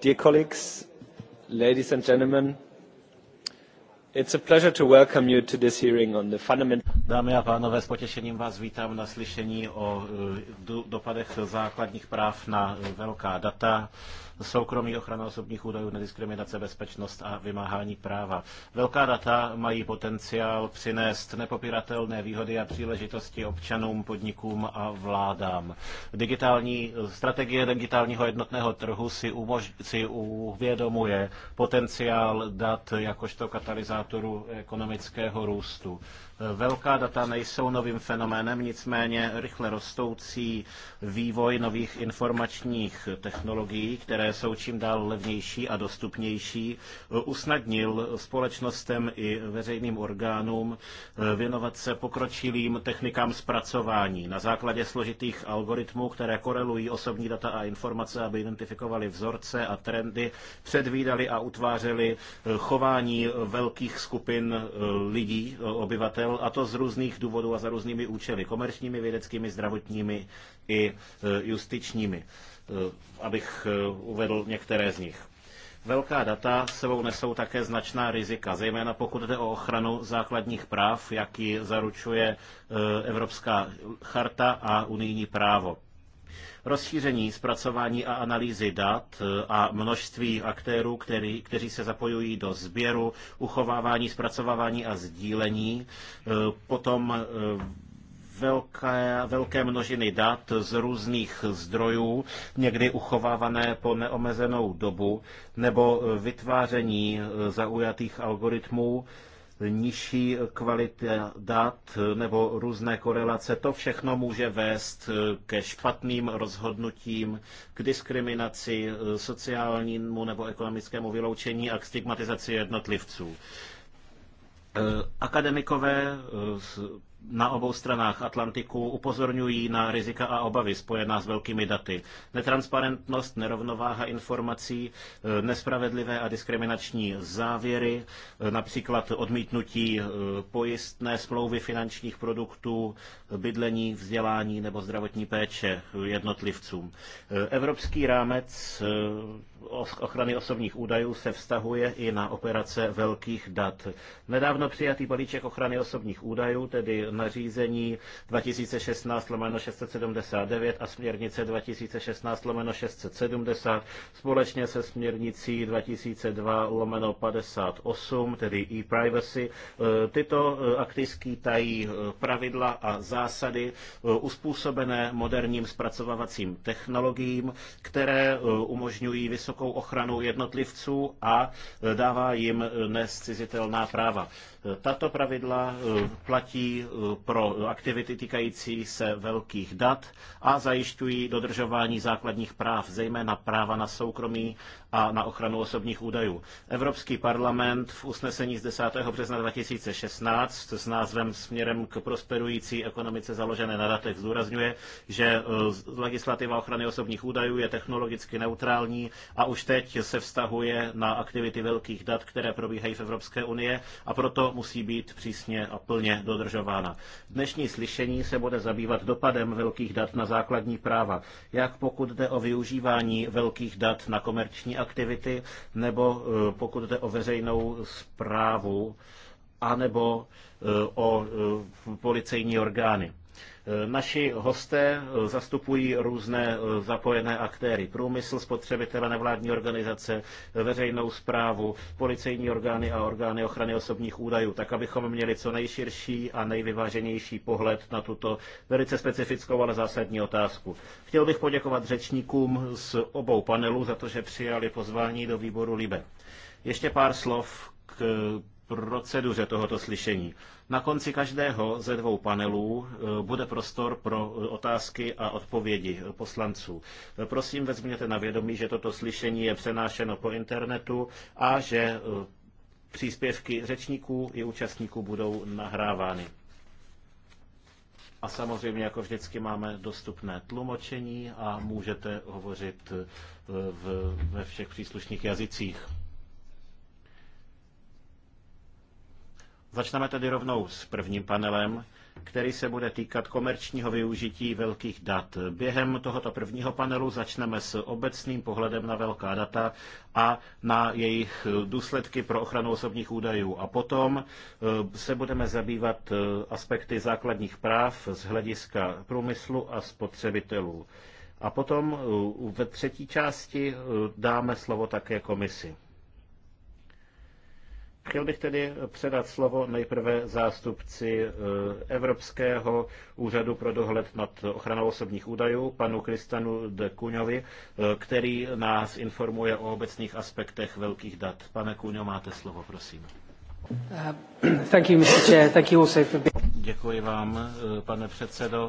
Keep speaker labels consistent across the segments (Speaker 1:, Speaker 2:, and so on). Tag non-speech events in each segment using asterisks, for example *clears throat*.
Speaker 1: Dear colleagues, ladies and gentlemen, it is a pleasure to welcome you to this hearing on the fundamental rights of the european union. Dámy a pánové, s potěšením vás vítám na slyšení o eh, dopadech základních práv na eh, velká data, soukromí ochrana osobních údajů, nediskriminace, bezpečnost a vymáhání práva. Velká data mají potenciál přinést nepopiratelné výhody a příležitosti občanům, podnikům a vládám. Digitální eh, strategie digitálního jednotného trhu si, umož, si uvědomuje potenciál dat jakožto katalyzátoru ekonomického růstu. Velká data nejsou novým fenoménem, nicméně rychle rostoucí vývoj nových informačních technologií, které jsou čím dál levnější a dostupnější, usnadnil společnostem i veřejným orgánům eh, věnovat se pokročilým technikám zpracování na základě složitých algoritmů, které korelují osobní data a informace, aby identifikovali vzorce a trendy, předvídali a utvářeli eh, chování velkých skupin eh, lidí, obyvatel pravidel, a to z různých důvodů a za různými účely, komerčními, vědeckými, zdravotními i eh, justičními, eh, abych eh, uvedl některé z nich. Velká data sebou nesou také značná rizika, zejména pokud jde o ochranu základních práv, jaký zaručuje Evropská charta a unijní právo. Rozšíření zpracování a analýzy dat eh, a množství aktérů, který, kteří se zapojují do sběru, uchovávání, zpracovávání a sdílení, eh, potom eh, velké, velké množiny dat z různých zdrojů, někdy uchovávané po neomezenou dobu, nebo vytváření zaujatých algoritmů, nižší kvalita dat nebo různé korelace, to všechno může vést ke špatným rozhodnutím, k diskriminaci, eh, sociálnímu nebo ekonomickému vyloučení a k stigmatizaci jednotlivců. Eh, akademikové eh, na obou stranách Atlantiku upozorňují na rizika a obavy spojená s velkými daty. Netransparentnost, nerovnováha informací, eh, nespravedlivé a diskriminační závěry, eh, například odmítnutí eh, pojistné smlouvy finančních produktů, bydlení, vzdělání nebo zdravotní péče jednotlivcům. Evropský rámec ochrany osobních údajů se vztahuje i na operace velkých dat. Nedávno přijatý balíček ochrany osobních údajů, tedy nařízení 2016-679 a směrnice 2016-670 společně se směrnicí 2002-58, tedy e-privacy. Eh, tyto eh, akty skýtají eh, pravidla a zásady uspůsobené moderním zpracovávacím technologiím, které umožňují vysokou ochranu jednotlivců a dává jim nescizitelná práva. Tato pravidla eh, platí eh, pro aktivity týkající se velkých dat a zajišťují dodržování základních práv, zejména práva na soukromí a na ochranu osobních údajů. Evropský parlament v usnesení z 10. března 2016 s názvem Směrem k prosperující ekonomice založené na datech zdůrazňuje, že eh, legislativa ochrany osobních údajů je technologicky neutrální a už teď se vztahuje na aktivity velkých dat, které probíhají v Evropské unie a proto musí být přísně a plně dodržována. Dnešní slyšení se bude zabývat dopadem velkých dat na základní práva, jak pokud jde o využívání velkých dat na komerční aktivity, nebo e, pokud jde o veřejnou zprávu, anebo e, o e, policejní orgány. Naši hosté eh, zastupují různé eh, zapojené aktéry. Průmysl, spotřebitele, nevládní organizace, eh, veřejnou zprávu, policejní orgány a orgány ochrany osobních údajů, tak abychom měli co nejširší a nejvyváženější pohled na tuto velice specifickou, ale zásadní otázku. Chtěl bych poděkovat řečníkům z obou panelů za to, že přijali pozvání do výboru LIBE. Ještě pár slov k proceduře tohoto slyšení. Na konci každého ze dvou panelů eh, bude prostor pro eh, otázky a odpovědi eh, poslanců. Prosím, vezměte na vědomí, že toto slyšení je přenášeno po internetu a že příspěvky řečníků i účastníků budou nahrávány. A samozřejmě, jako vždycky, máme dostupné tlumočení a můžete hovořit v, ve všech příslušných jazycích. Začneme tedy rovnou s prvním panelem, který se bude týkat komerčního využití velkých dat. Během tohoto prvního panelu začneme s obecným pohledem na velká data a na jejich důsledky pro ochranu osobních údajů. A potom eh, se budeme zabývat eh, aspekty základních práv z hlediska průmyslu a spotřebitelů. A potom eh, ve třetí části dáme slovo také komisi. Chtěl bych tedy předat slovo nejprve zástupci eh, Evropského úřadu pro dohled nad ochranou osobních údajů, panu Kristanu de Kuňovi, eh, který nás informuje o obecných aspektech velkých dat. Pane Kuňo, máte slovo, prosím.
Speaker 2: Uh, *clears throat*
Speaker 1: děkuji vám, uh, pane předsedo.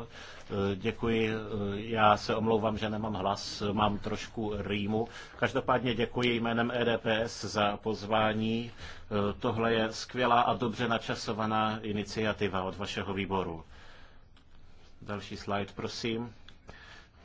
Speaker 1: Uh, děkuji, já se omlouvám, že nemám hlas, mám trošku rýmu. Každopádně děkuji jménem EDPS za pozvání. Tohle je skvělá a dobře načasovaná iniciativa od vašeho výboru. Další slide, prosím.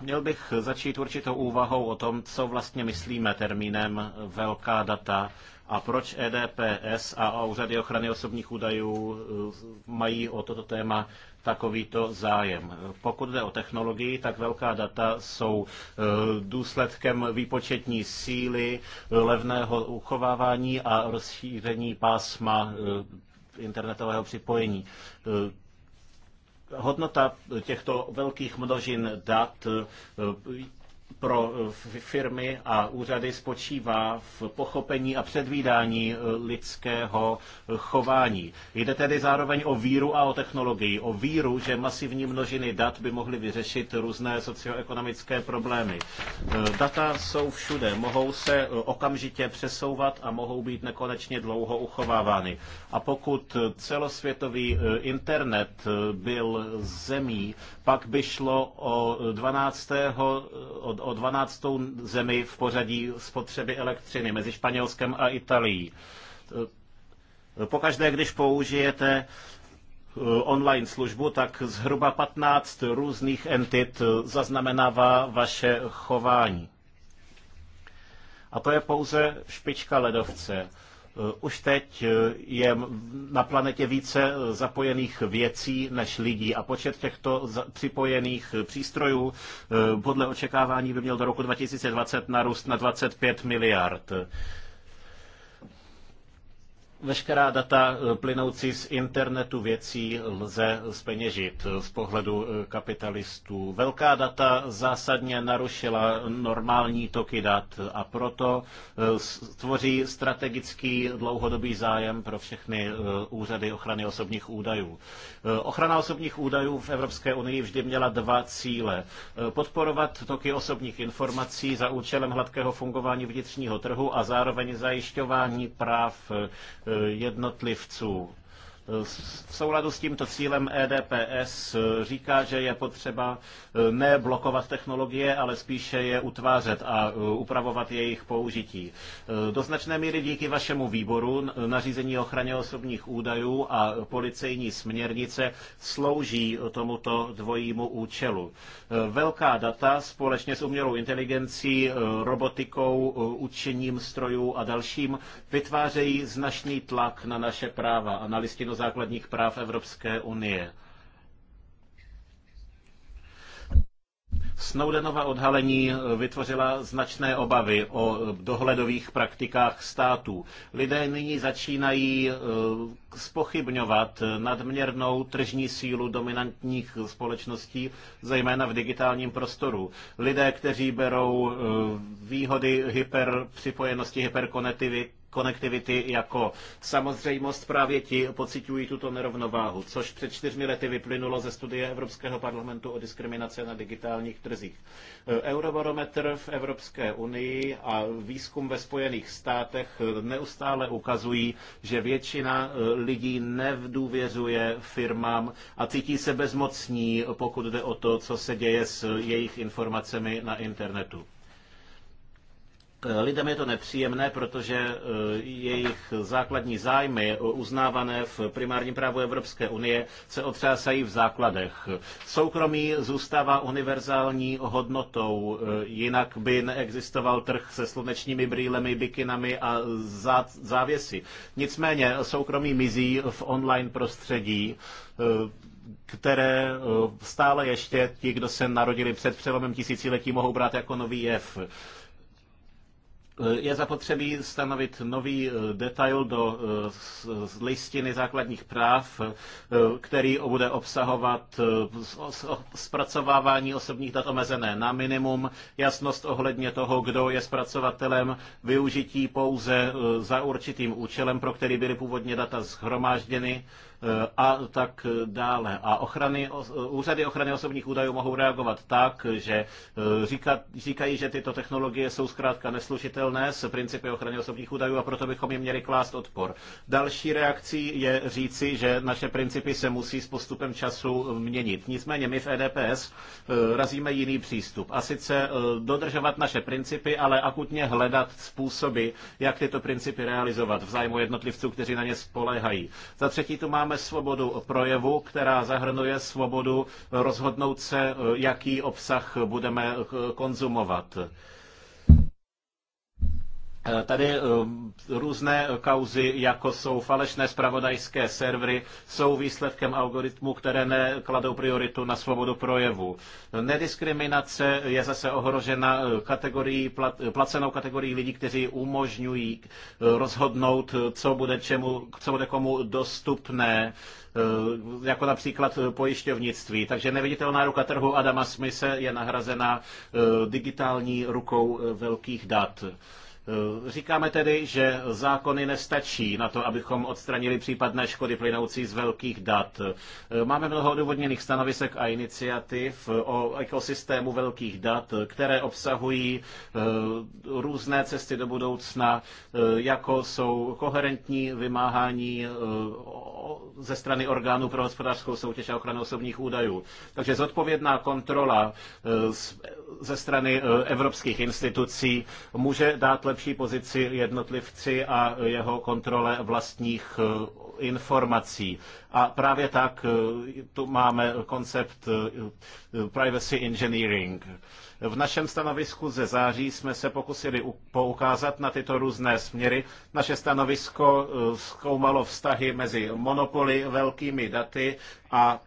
Speaker 1: Měl bych začít určitou úvahou o tom, co vlastně myslíme termínem velká data a proč EDPS a úřady ochrany osobních údajů eh, mají o toto téma takovýto zájem. Pokud jde o technologii, tak velká data jsou eh, důsledkem výpočetní síly, eh, levného uchovávání a rozšíření pásma internetového připojení. Hodnota těchto velkých množin dat pro eh, firmy a úřady spočívá v pochopení a předvídání eh, lidského eh, chování. Jde tedy zároveň o víru a o technologii. O víru, že masivní množiny dat by mohly vyřešit různé socioekonomické problémy. Data jsou všude, mohou se okamžitě přesouvat a mohou být nekonečně dlouho uchovávány. A pokud celosvětový internet byl zemí, pak by šlo o 12. o o 12. zemi v pořadí spotřeby elektřiny mezi Španělskem a Italií. Pokaždé, když použijete eh, online službu, tak zhruba 15 různých entit zaznamenává vaše chování. A to je pouze špička ledovce. Eh, už teď eh, je na planetě více eh, zapojených věcí než lidí a počet těchto připojených přístrojů podle očekávání by měl do roku 2020 narůst na 25 miliard. Veškerá data eh, plynoucí z internetu věcí lze zpeněžit z pohledu eh, kapitalistů. Velká data zásadně narušila normální toky dat a proto eh, tvoří strategický dlouhodobý zájem pro všechny úřady ochrany osobních údajů. Ochrana osobních údajů v Evropské unii vždy měla dva cíle. Podporovat toky osobních informací za účelem hladkého fungování vnitřního trhu a zároveň zajišťování práv jednotlivců v souladu s tímto cílem EDPS říká, že je potřeba e, ne blokovat technologie, ale spíše je utvářet a e, upravovat jejich použití. E, do značné míry díky vašemu výboru nařízení ochraně osobních údajů a policejní směrnice slouží tomuto dvojímu účelu. Velká data společně s umělou inteligencí, robotikou, učením strojů a dalším vytvářejí značný tlak na naše práva a na listinu základních práv Evropské unie. Snowdenova odhalení vytvořila značné obavy o dohledových praktikách států. Lidé nyní začínají eh, spochybňovat nadměrnou tržní sílu dominantních společností, zejména v digitálním prostoru. Lidé, kteří berou eh, výhody hyperpřipojenosti, hyperkonektivit, konektivity jako samozřejmost, právě ti pocitují tuto nerovnováhu, což před čtyřmi lety vyplynulo ze studie Evropského parlamentu o diskriminaci na digitálních trzích. Eurobarometr v Evropské unii a výzkum ve Spojených státech neustále ukazují, že většina eh, lidí nevdůvěřuje firmám a cítí se bezmocní, pokud jde o to, co se děje s jejich informacemi na internetu. Eh, lidem je to nepříjemné, protože eh, jejich základní zájmy eh, uznávané v primárním právu Evropské unie se otřásají v základech. Soukromí zůstává univerzální hodnotou, jinak by neexistoval trh se slunečními brýlemi, bikinami a závěsy. Nicméně soukromí mizí v online prostředí které stále ještě ti, kdo se narodili před přelomem tisíciletí, mohou brát jako nový jev je zapotřebí stanovit nový eh, detail do eh, listiny základních práv, eh, který bude obsahovat zpracovávání osobních dat omezené na minimum, jasnost ohledně toho, kdo je zpracovatelem, využití pouze za určitým účelem, pro který byly původně data zhromážděny, Eh, a tak dále. A ochrany, úřady ochrany osobních údajů mohou reagovat tak, že eh, říkají, že tyto technologie jsou zkrátka neslušitelné s principy ochrany osobních údajů a proto bychom jim měli klást odpor. Další reakcí je říci, že naše principy se musí s postupem času eh, měnit. Nicméně my v EDPS razíme jiný přístup. A sice dodržovat naše principy, ale akutně hledat způsoby, jak tyto principy realizovat v zájmu jednotlivců, kteří na ně spolehají. Za třetí tu máme máme svobodu projevu, která zahrnuje svobodu rozhodnout se, jaký obsah budeme konzumovat. Eh, tady eh, různé kauzy, jako jsou falešné spravodajské servery, jsou výsledkem algoritmů, které nekladou prioritu na svobodu projevu. Nediskriminace je zase ohrožena eh, kategorií, placenou kategorií lidí, kteří umožňují rozhodnout, co bude, čemu, co bude komu dostupné jako například pojišťovnictví. Takže neviditelná ruka trhu Adama Smise je nahrazena digitální rukou velkých dat. Eh, říkáme tedy, že zákony nestačí na to, abychom odstranili případné škody plynoucí z velkých dat. Eh, máme mnoho odůvodněných stanovisek a iniciativ eh, o ekosystému velkých dat, které obsahují různé cesty do budoucna, jako jsou koherentní vymáhání ze strany orgánů pro hospodářskou soutěž a ochranu osobních údajů. Takže zodpovědná kontrola ze strany e, evropských institucí může dát lepší pozici jednotlivci a jeho kontrole vlastních e, informací. A právě tak e, tu máme koncept privacy engineering. V našem stanovisku ze září jsme se pokusili poukázat na tyto různé směry. Naše stanovisko zkoumalo vztahy mezi monopoly, velkými daty a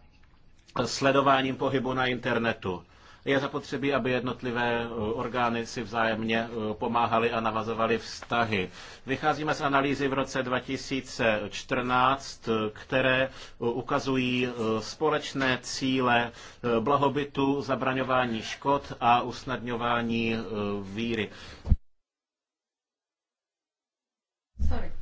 Speaker 1: sledováním pohybu na internetu. Je zapotřebí, aby jednotlivé eh, orgány si vzájemně eh, pomáhaly a navazovaly vztahy. Vycházíme z analýzy v roce 2014, eh, které ukazují společné cíle blahobytu, zabraňování škod a usnadňování víry. Sorry.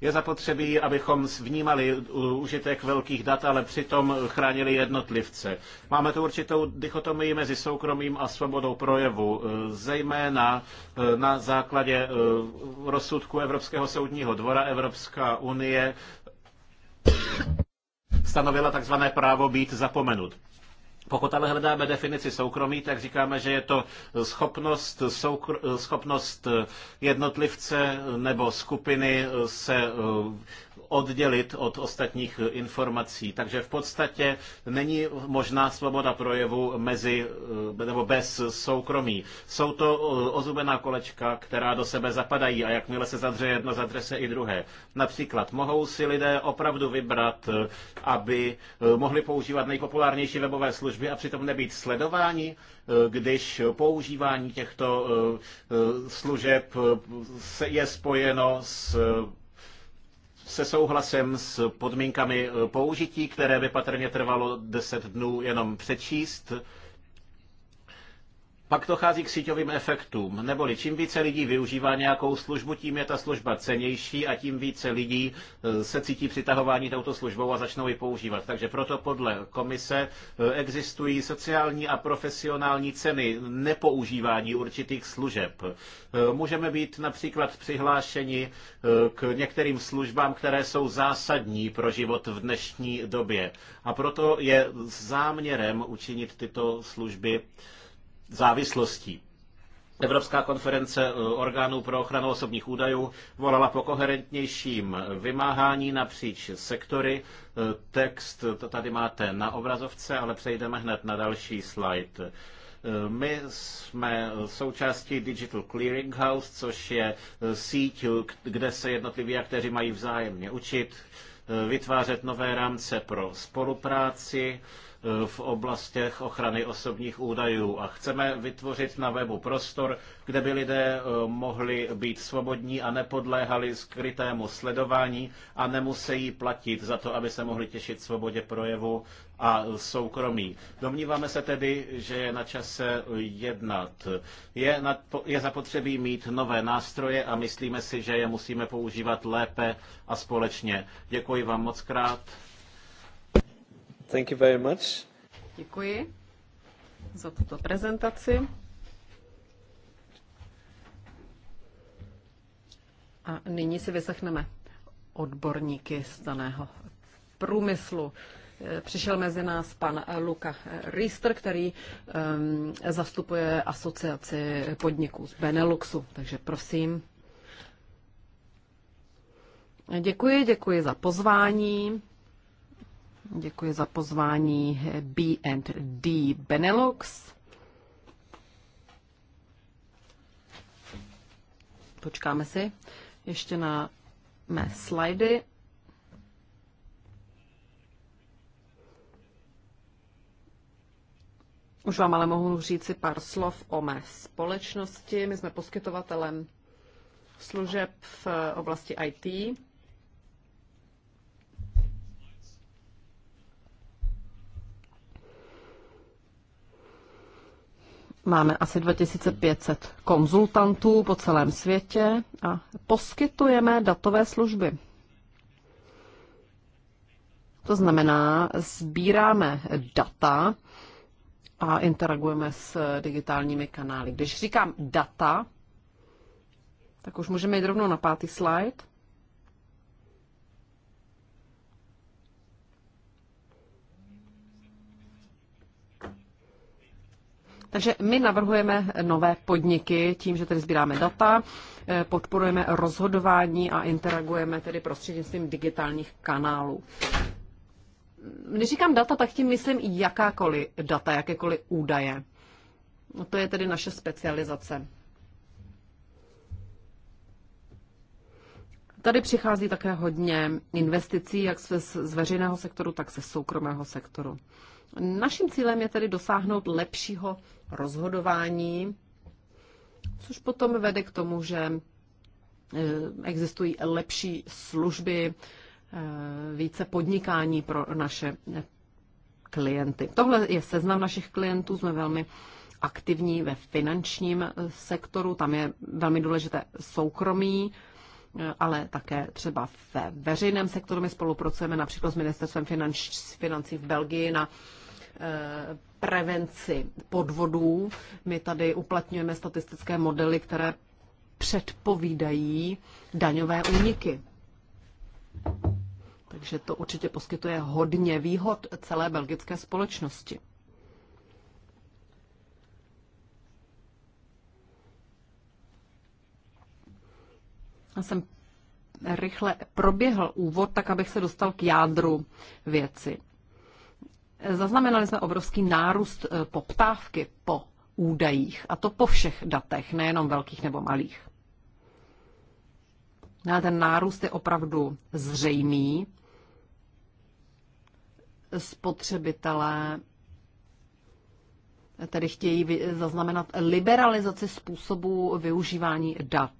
Speaker 1: Je zapotřebí, abychom vnímali uh, užitek velkých dat, ale přitom chránili jednotlivce. Máme tu určitou dichotomii mezi soukromím a svobodou projevu, uh, zejména uh, na základě rozsudku Evropského soudního dvora Evropská unie stanovila takzvané právo být zapomenut. Pokud ale hledáme definici soukromí, tak říkáme, že je to schopnost, soukr- schopnost jednotlivce nebo skupiny se oddělit od ostatních informací. Takže v podstatě není možná svoboda projevu mezi eh, nebo bez soukromí. Jsou to eh, ozubená kolečka, která do sebe zapadají a jakmile se zadře jedno, zadře se i druhé. Například mohou si lidé opravdu vybrat, eh, aby mohli používat nejpopulárnější webové služby a přitom nebýt sledováni, když používání těchto služeb je spojeno s se souhlasem s podmínkami eh, použití, které by patrně trvalo 10 dnů jenom přečíst, pak dochází k síťovým efektům, neboli čím více lidí využívá nějakou službu, tím je ta služba cenější a tím více lidí eh, se cítí přitahování touto službou a začnou ji používat. Takže proto podle komise eh, existují sociální a profesionální ceny nepoužívání určitých služeb. Eh, můžeme být například přihlášeni k některým službám, které jsou zásadní pro život v dnešní době. A proto je záměrem učinit tyto služby závislostí. Evropská konference eh, orgánů pro ochranu osobních údajů volala po koherentnějším vymáhání napříč sektory. Eh, text to tady máte na obrazovce, ale přejdeme hned na další slide. Eh, my jsme součástí Digital Clearing House, což je síť, kde se jednotliví aktéři mají vzájemně učit, vytvářet nové rámce pro spolupráci v oblastech ochrany osobních údajů. A chceme vytvořit na webu prostor, kde by lidé eh, mohli být svobodní a nepodléhali skrytému sledování a nemusí platit za to, aby se mohli těšit svobodě projevu a soukromí. Domníváme se tedy, že je na čase jednat. Je, na, je zapotřebí mít nové nástroje a myslíme si, že je musíme používat lépe a společně. Děkuji vám moc krát. Thank you very much.
Speaker 2: Děkuji za tuto prezentaci. A nyní si vyslechneme odborníky z daného průmyslu. Přišel mezi nás pan Luka Riester, který um, zastupuje asociaci podniků z Beneluxu. Takže prosím. Děkuji, děkuji za pozvání. Děkuji za pozvání B&D Benelux. Počkáme si ještě na mé slajdy. Už vám ale mohu říct si pár slov o mé společnosti. My jsme poskytovatelem služeb v oblasti IT. Máme asi 2500 konzultantů po celém světě a poskytujeme datové služby. To znamená, sbíráme data a interagujeme s digitálními kanály. Když říkám data, tak už můžeme jít rovnou na pátý slide. Takže my navrhujeme nové podniky tím, že tedy sbíráme data, eh, podporujeme rozhodování a interagujeme tedy prostřednictvím digitálních kanálů. Když říkám data, tak tím myslím i jakákoliv data, jakékoliv údaje. No to je tedy naše specializace. Tady přichází také hodně investicí, jak z veřejného sektoru, tak ze soukromého sektoru. Naším cílem je tedy dosáhnout lepšího rozhodování, což potom vede k tomu, že eh, existují lepší služby, eh, více podnikání pro naše eh, klienty. Tohle je seznam našich klientů, jsme velmi aktivní ve finančním sektoru, tam je velmi důležité soukromí, ale také třeba ve veřejném sektoru. My spolupracujeme například s ministerstvem financ, financí v Belgii na eh, prevenci podvodů. My tady uplatňujeme statistické modely, které předpovídají daňové úniky. Takže to určitě poskytuje hodně výhod celé belgické společnosti. jsem rychle proběhl úvod, tak abych se dostal k jádru věci. Zaznamenali jsme obrovský nárůst eh, poptávky po údajích, a to po všech datech, nejenom velkých nebo malých. No a ten nárůst je opravdu zřejmý. Spotřebitelé tedy chtějí zaznamenat liberalizaci způsobu využívání dat.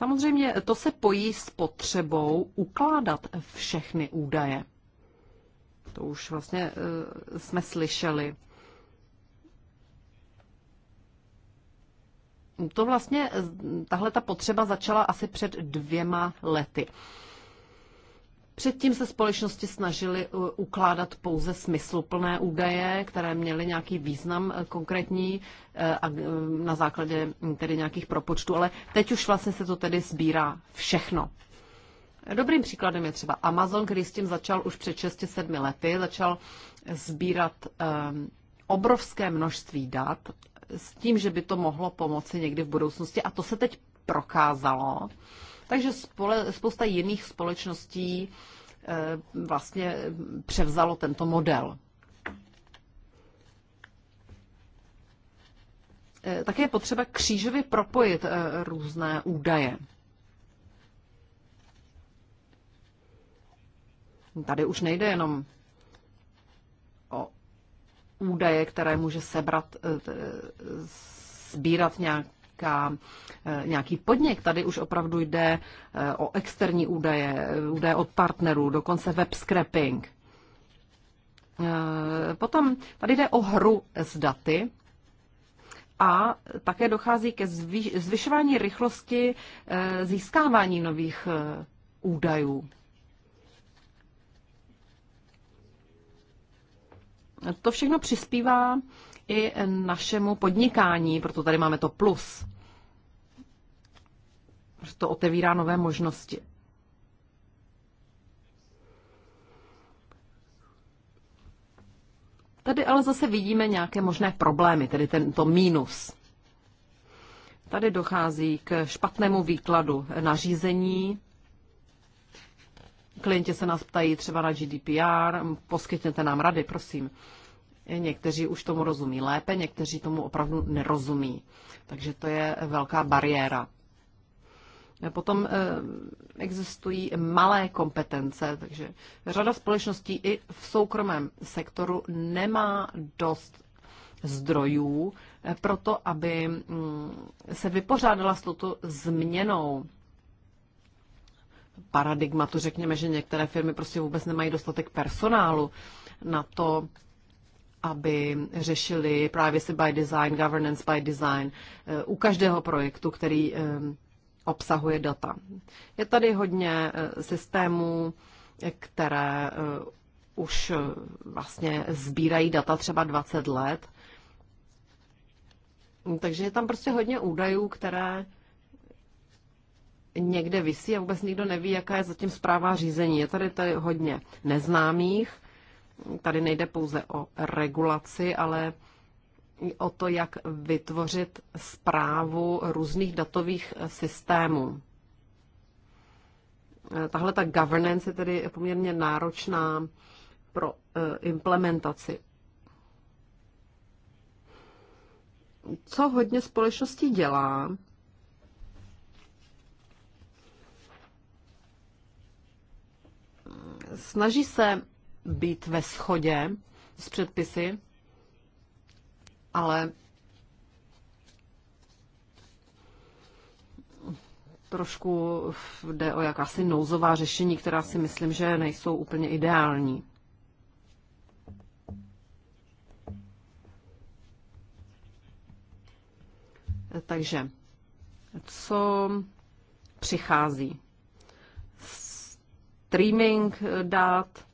Speaker 2: Samozřejmě to se pojí s potřebou ukládat všechny údaje. To už vlastně uh, jsme slyšeli. To vlastně, tahle ta potřeba začala asi před dvěma lety. Uh, Předtím se společnosti snažily uh, ukládat pouze smysluplné údaje, které měly nějaký význam uh, konkrétní uh, a na základě mm, tedy nějakých propočtů, ale teď už vlastně se to tedy sbírá všechno. Dobrým příkladem je třeba Amazon, který s tím začal už před 6-7 lety, začal sbírat um, obrovské množství dat s tím, že by to mohlo pomoci někdy v budoucnosti a to se teď prokázalo. Takže spole, spousta jiných společností eh, vlastně převzalo tento model. Eh, také je potřeba křížově propojit eh, různé údaje. Tady už nejde jenom o údaje, které může sebrat, sbírat nějak nějaká, eh, nějaký podnik. Tady už opravdu jde eh, o externí údaje, eh, údaje od partnerů, dokonce web scrapping. Potom tady jde o hru s daty, a také dochází ke zvyšování rychlosti získávání nových údajů. To všechno přispívá i našemu podnikání, proto tady máme to plus. Prostě to otevírá nové možnosti. Tady ale zase vidíme nějaké možné problémy, tedy tento mínus. Tady dochází k špatnému výkladu nařízení. Klienti se nás ptají třeba na GDPR, poskytněte nám rady, prosím. Někteří už tomu rozumí lépe, někteří tomu opravdu nerozumí. Takže to je velká bariéra. Potom eh, existují malé kompetence, takže řada společností i v soukromém sektoru nemá dost zdrojů eh, pro to, aby mm, se vypořádala s touto změnou paradigmatu. Řekněme, že některé firmy prostě vůbec nemají dostatek personálu na to, aby řešili privacy by design, governance by design eh, u každého projektu, který obsahuje data. Je tady hodně eh, systémů, které eh, už eh, vlastně sbírají data třeba 20 let. Takže je tam prostě hodně údajů, které někde visí a vůbec nikdo neví, jaká je zatím zpráva řízení. Je tady, tady hodně neznámých. Tady nejde pouze o regulaci, ale o to, jak vytvořit zprávu různých datových systémů. Tahle ta governance je tedy poměrně náročná pro e, implementaci. Co hodně společností dělá, snaží se být ve shodě s předpisy, ale trošku jde o jakási nouzová řešení, která si myslím, že nejsou úplně ideální. Takže, co přichází? Streaming dát,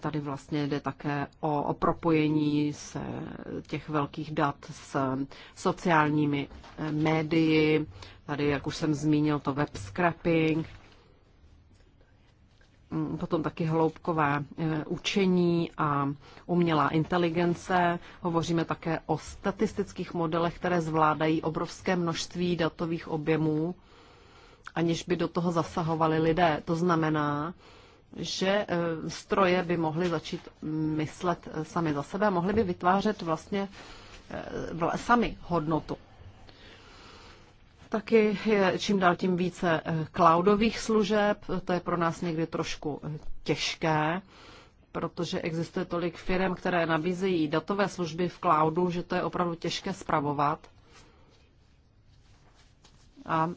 Speaker 2: Tady vlastně jde také o, o propojení se těch velkých dat s sociálními eh, médii. Tady, jak už jsem zmínil, to web scrapping, mm, potom taky hloubkové eh, učení a umělá inteligence. Hovoříme také o statistických modelech, které zvládají obrovské množství datových objemů, aniž by do toho zasahovali lidé. To znamená, že eh, stroje by mohly začít myslet eh, sami za sebe a mohly by vytvářet vlastně eh, sami hodnotu. Taky je čím dál tím více cloudových služeb, to je pro nás někdy trošku těžké, protože existuje tolik firm, které nabízejí datové služby v cloudu, že to je opravdu těžké spravovat. A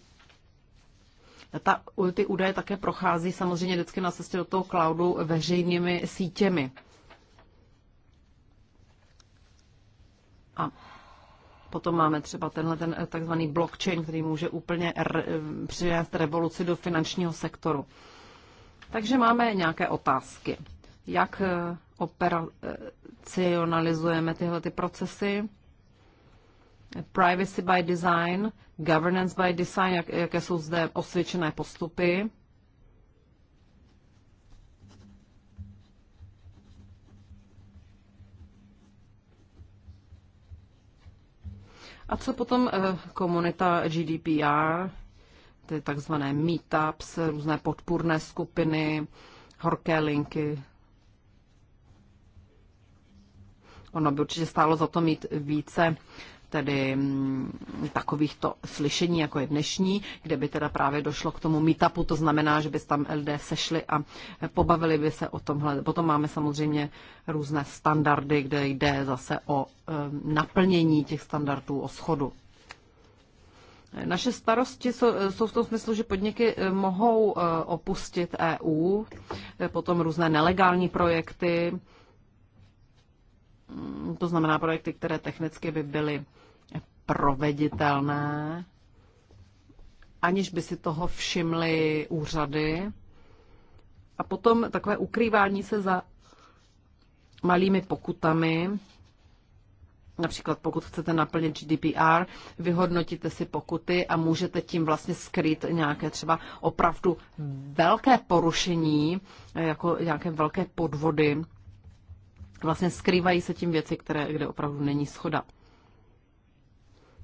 Speaker 2: ta, ty údaje také prochází samozřejmě vždycky na cestě do toho cloudu veřejnými sítěmi. A potom máme třeba tenhle ten eh, takzvaný blockchain, který může úplně re, eh, přinést revoluci do finančního sektoru. Takže máme nějaké otázky. Jak eh, operacionalizujeme tyhle ty procesy? Privacy by design, governance by design, jak, jaké jsou zde osvědčené postupy. A co potom eh, komunita GDPR, ty takzvané meetups, různé podpůrné skupiny, horké linky. Ono by určitě stálo za to mít více tedy mm, takovýchto slyšení, jako je dnešní, kde by teda právě došlo k tomu meetupu, to znamená, že by tam LD sešli a pobavili by se o tomhle. Potom máme samozřejmě různé standardy, kde jde zase o eh, naplnění těch standardů, o schodu. Naše starosti jsou eh, v tom smyslu, že podniky eh, mohou opustit EU, potom různé nelegální projekty, Mm, to znamená projekty, které technicky by byly proveditelné, aniž by si toho všimly úřady. A potom takové ukrývání se za malými pokutami, Například pokud chcete naplnit GDPR, vyhodnotíte si pokuty a můžete tím vlastně skrýt nějaké třeba opravdu velké porušení, jako nějaké velké podvody vlastně skrývají se tím věci, které, kde opravdu není schoda.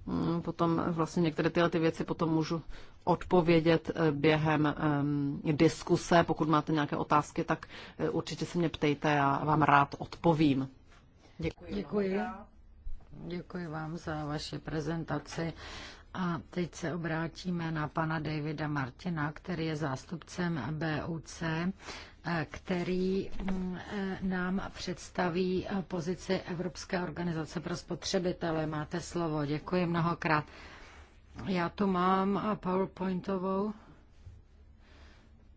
Speaker 2: Mm, potom vlastně některé tyhle ty věci potom můžu odpovědět eh, během um, diskuse. Pokud máte nějaké otázky, tak eh, určitě se mě ptejte, a vám rád
Speaker 3: odpovím. Děkuji. Děkuji. Děkuji vám za vaši prezentaci. A teď se obrátíme na pana Davida Martina, který je zástupcem BUC který mm, eh, nám představí eh, pozici Evropské organizace pro spotřebitele. Máte slovo, děkuji mnohokrát. Já tu mám eh, PowerPointovou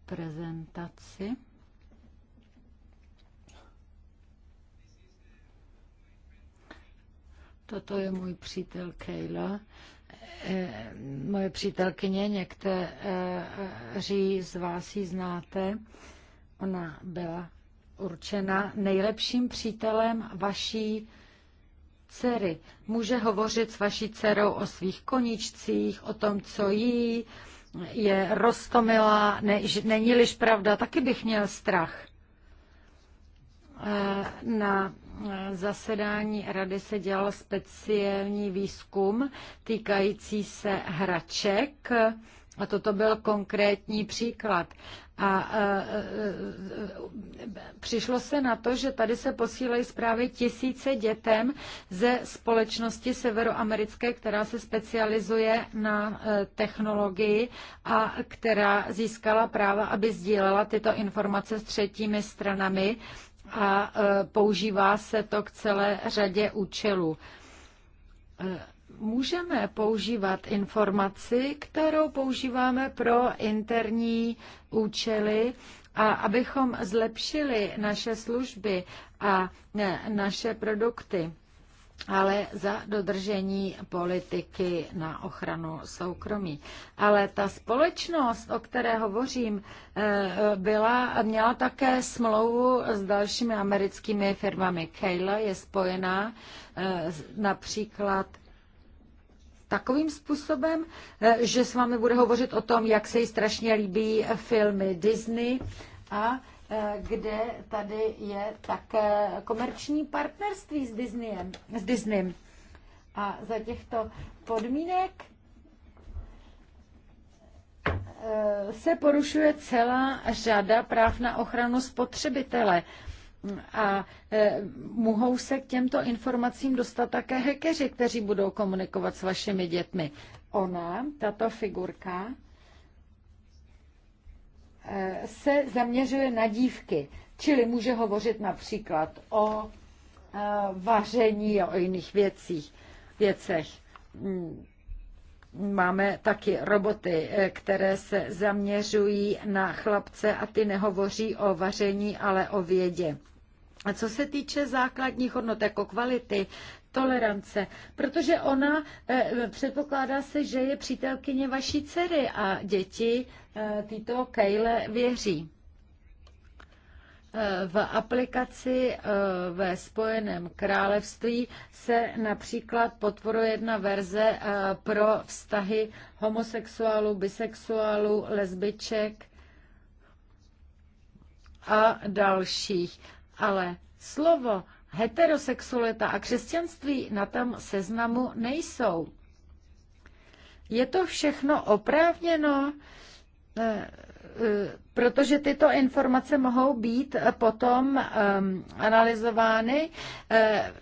Speaker 3: prezentaci. Toto je můj přítel Kejla moje přítelkyně, někteří z vás ji znáte. Ona byla určena nejlepším přítelem vaší dcery. Může hovořit s vaší dcerou o svých koníčcích, o tom, co jí, je rostomilá, ne, není-liž pravda, taky bych měl strach. Eh, na eh, zasedání rady se dělal speciální výzkum týkající se hraček, a toto byl konkrétní příklad. A, e, e, e, přišlo se na to, že tady se posílají zprávy tisíce dětem ze společnosti severoamerické, která se specializuje na e, technologii a která získala práva, aby sdílela tyto informace s třetími stranami a e, používá se to k celé řadě účelů. E, můžeme používat informaci, kterou používáme pro interní účely a abychom zlepšili naše služby a e, naše produkty ale za dodržení politiky na ochranu soukromí. Ale ta společnost, o které hovořím, e, byla, měla také smlouvu s dalšími americkými firmami. Kayla je spojená e, například takovým způsobem, eh, že s vámi bude hovořit o tom, jak se jí strašně líbí filmy Disney a eh, kde tady je také komerční partnerství s Disneyem. S Disneym. A za těchto podmínek eh, se porušuje celá řada práv na ochranu spotřebitele. A e, mohou se k těmto informacím dostat také hekeři, kteří budou komunikovat s vašimi dětmi. Ona, tato figurka, e, se zaměřuje na dívky, čili může hovořit například o e, vaření a o jiných věcích, věcech. Máme taky roboty, e, které se zaměřují na chlapce a ty nehovoří o vaření, ale o vědě. A co se týče základních hodnot jako kvality, tolerance, protože ona e, předpokládá se, že je přítelkyně vaší dcery a děti e, tyto Kejle věří. Eh, v aplikaci ve Spojeném království se například potvoruje jedna verze pro vztahy homosexuálů, bisexuálů, lesbiček a dalších ale slovo heterosexualita a křesťanství na tom seznamu nejsou. Je to všechno oprávněno, eh, eh, protože tyto informace mohou být potom ehm, analyzovány eh,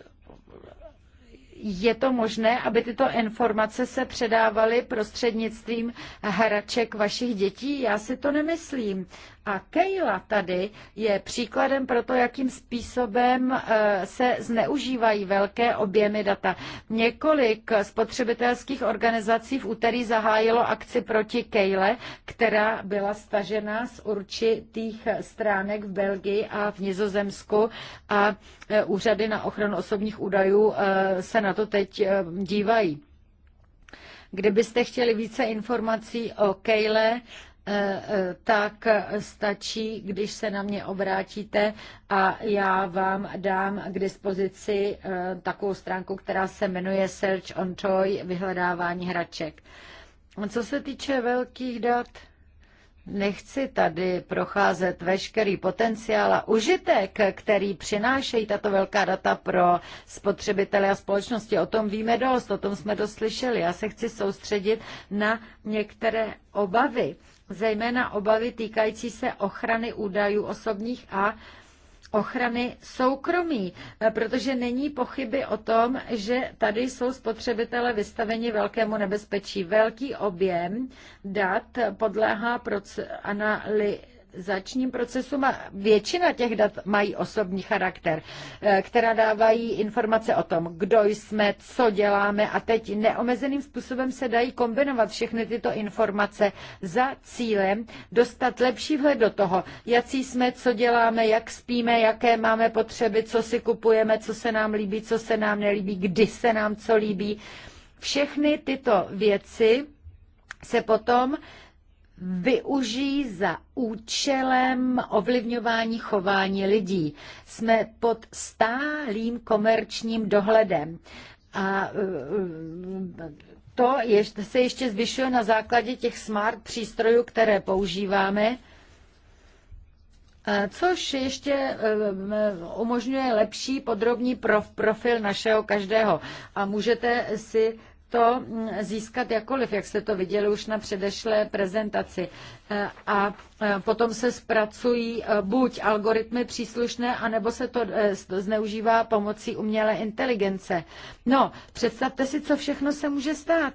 Speaker 3: je to možné, aby tyto informace se předávaly prostřednictvím hraček vašich dětí? Já si to nemyslím. A Kejla tady je příkladem pro to, jakým způsobem eh, se zneužívají velké objemy data. Několik spotřebitelských organizací v úterý zahájilo akci proti Kejle, která byla stažena z určitých stránek v Belgii a v Nizozemsku a eh, úřady na ochranu osobních údajů eh, se na to teď dívají. Kdybyste chtěli více informací o Kejle, Eh, eh, tak stačí, když se na mě obrátíte a já vám dám k dispozici eh, takovou stránku, která se jmenuje Search on Toy, vyhledávání hraček. Co se týče velkých dat, Nechci tady procházet veškerý potenciál a užitek, který přinášejí tato velká data pro spotřebitele a společnosti. O tom víme dost, o tom jsme doslyšeli. Já se chci soustředit na některé obavy zejména obavy týkající se ochrany údajů osobních a ochrany soukromí, eh, protože není pochyby o tom, že tady jsou spotřebitele vystaveni velkému nebezpečí. Velký objem dat podléhá analýze Začním procesu má, většina těch dat mají osobní charakter, eh, která dávají informace o tom, kdo jsme, co děláme a teď neomezeným způsobem se dají kombinovat všechny tyto informace za cílem dostat lepší vhled do toho, jaký jsme, co děláme, jak spíme, jaké máme potřeby, co si kupujeme, co se nám líbí, co se nám nelíbí, kdy se nám co líbí. Všechny tyto věci se potom využijí za účelem ovlivňování chování lidí. Jsme pod stálým komerčním dohledem. A e, e, to ještě, se ještě zvyšuje na základě těch smart přístrojů, které používáme, e, což ještě umožňuje lepší podrobný prof, profil našeho každého. A můžete si to získat jakoliv, jak jste to viděli už na předešlé prezentaci. E, a e, potom se zpracují e, buď algoritmy příslušné, anebo se to zneužívá pomocí umělé inteligence. No, představte si, co všechno se může stát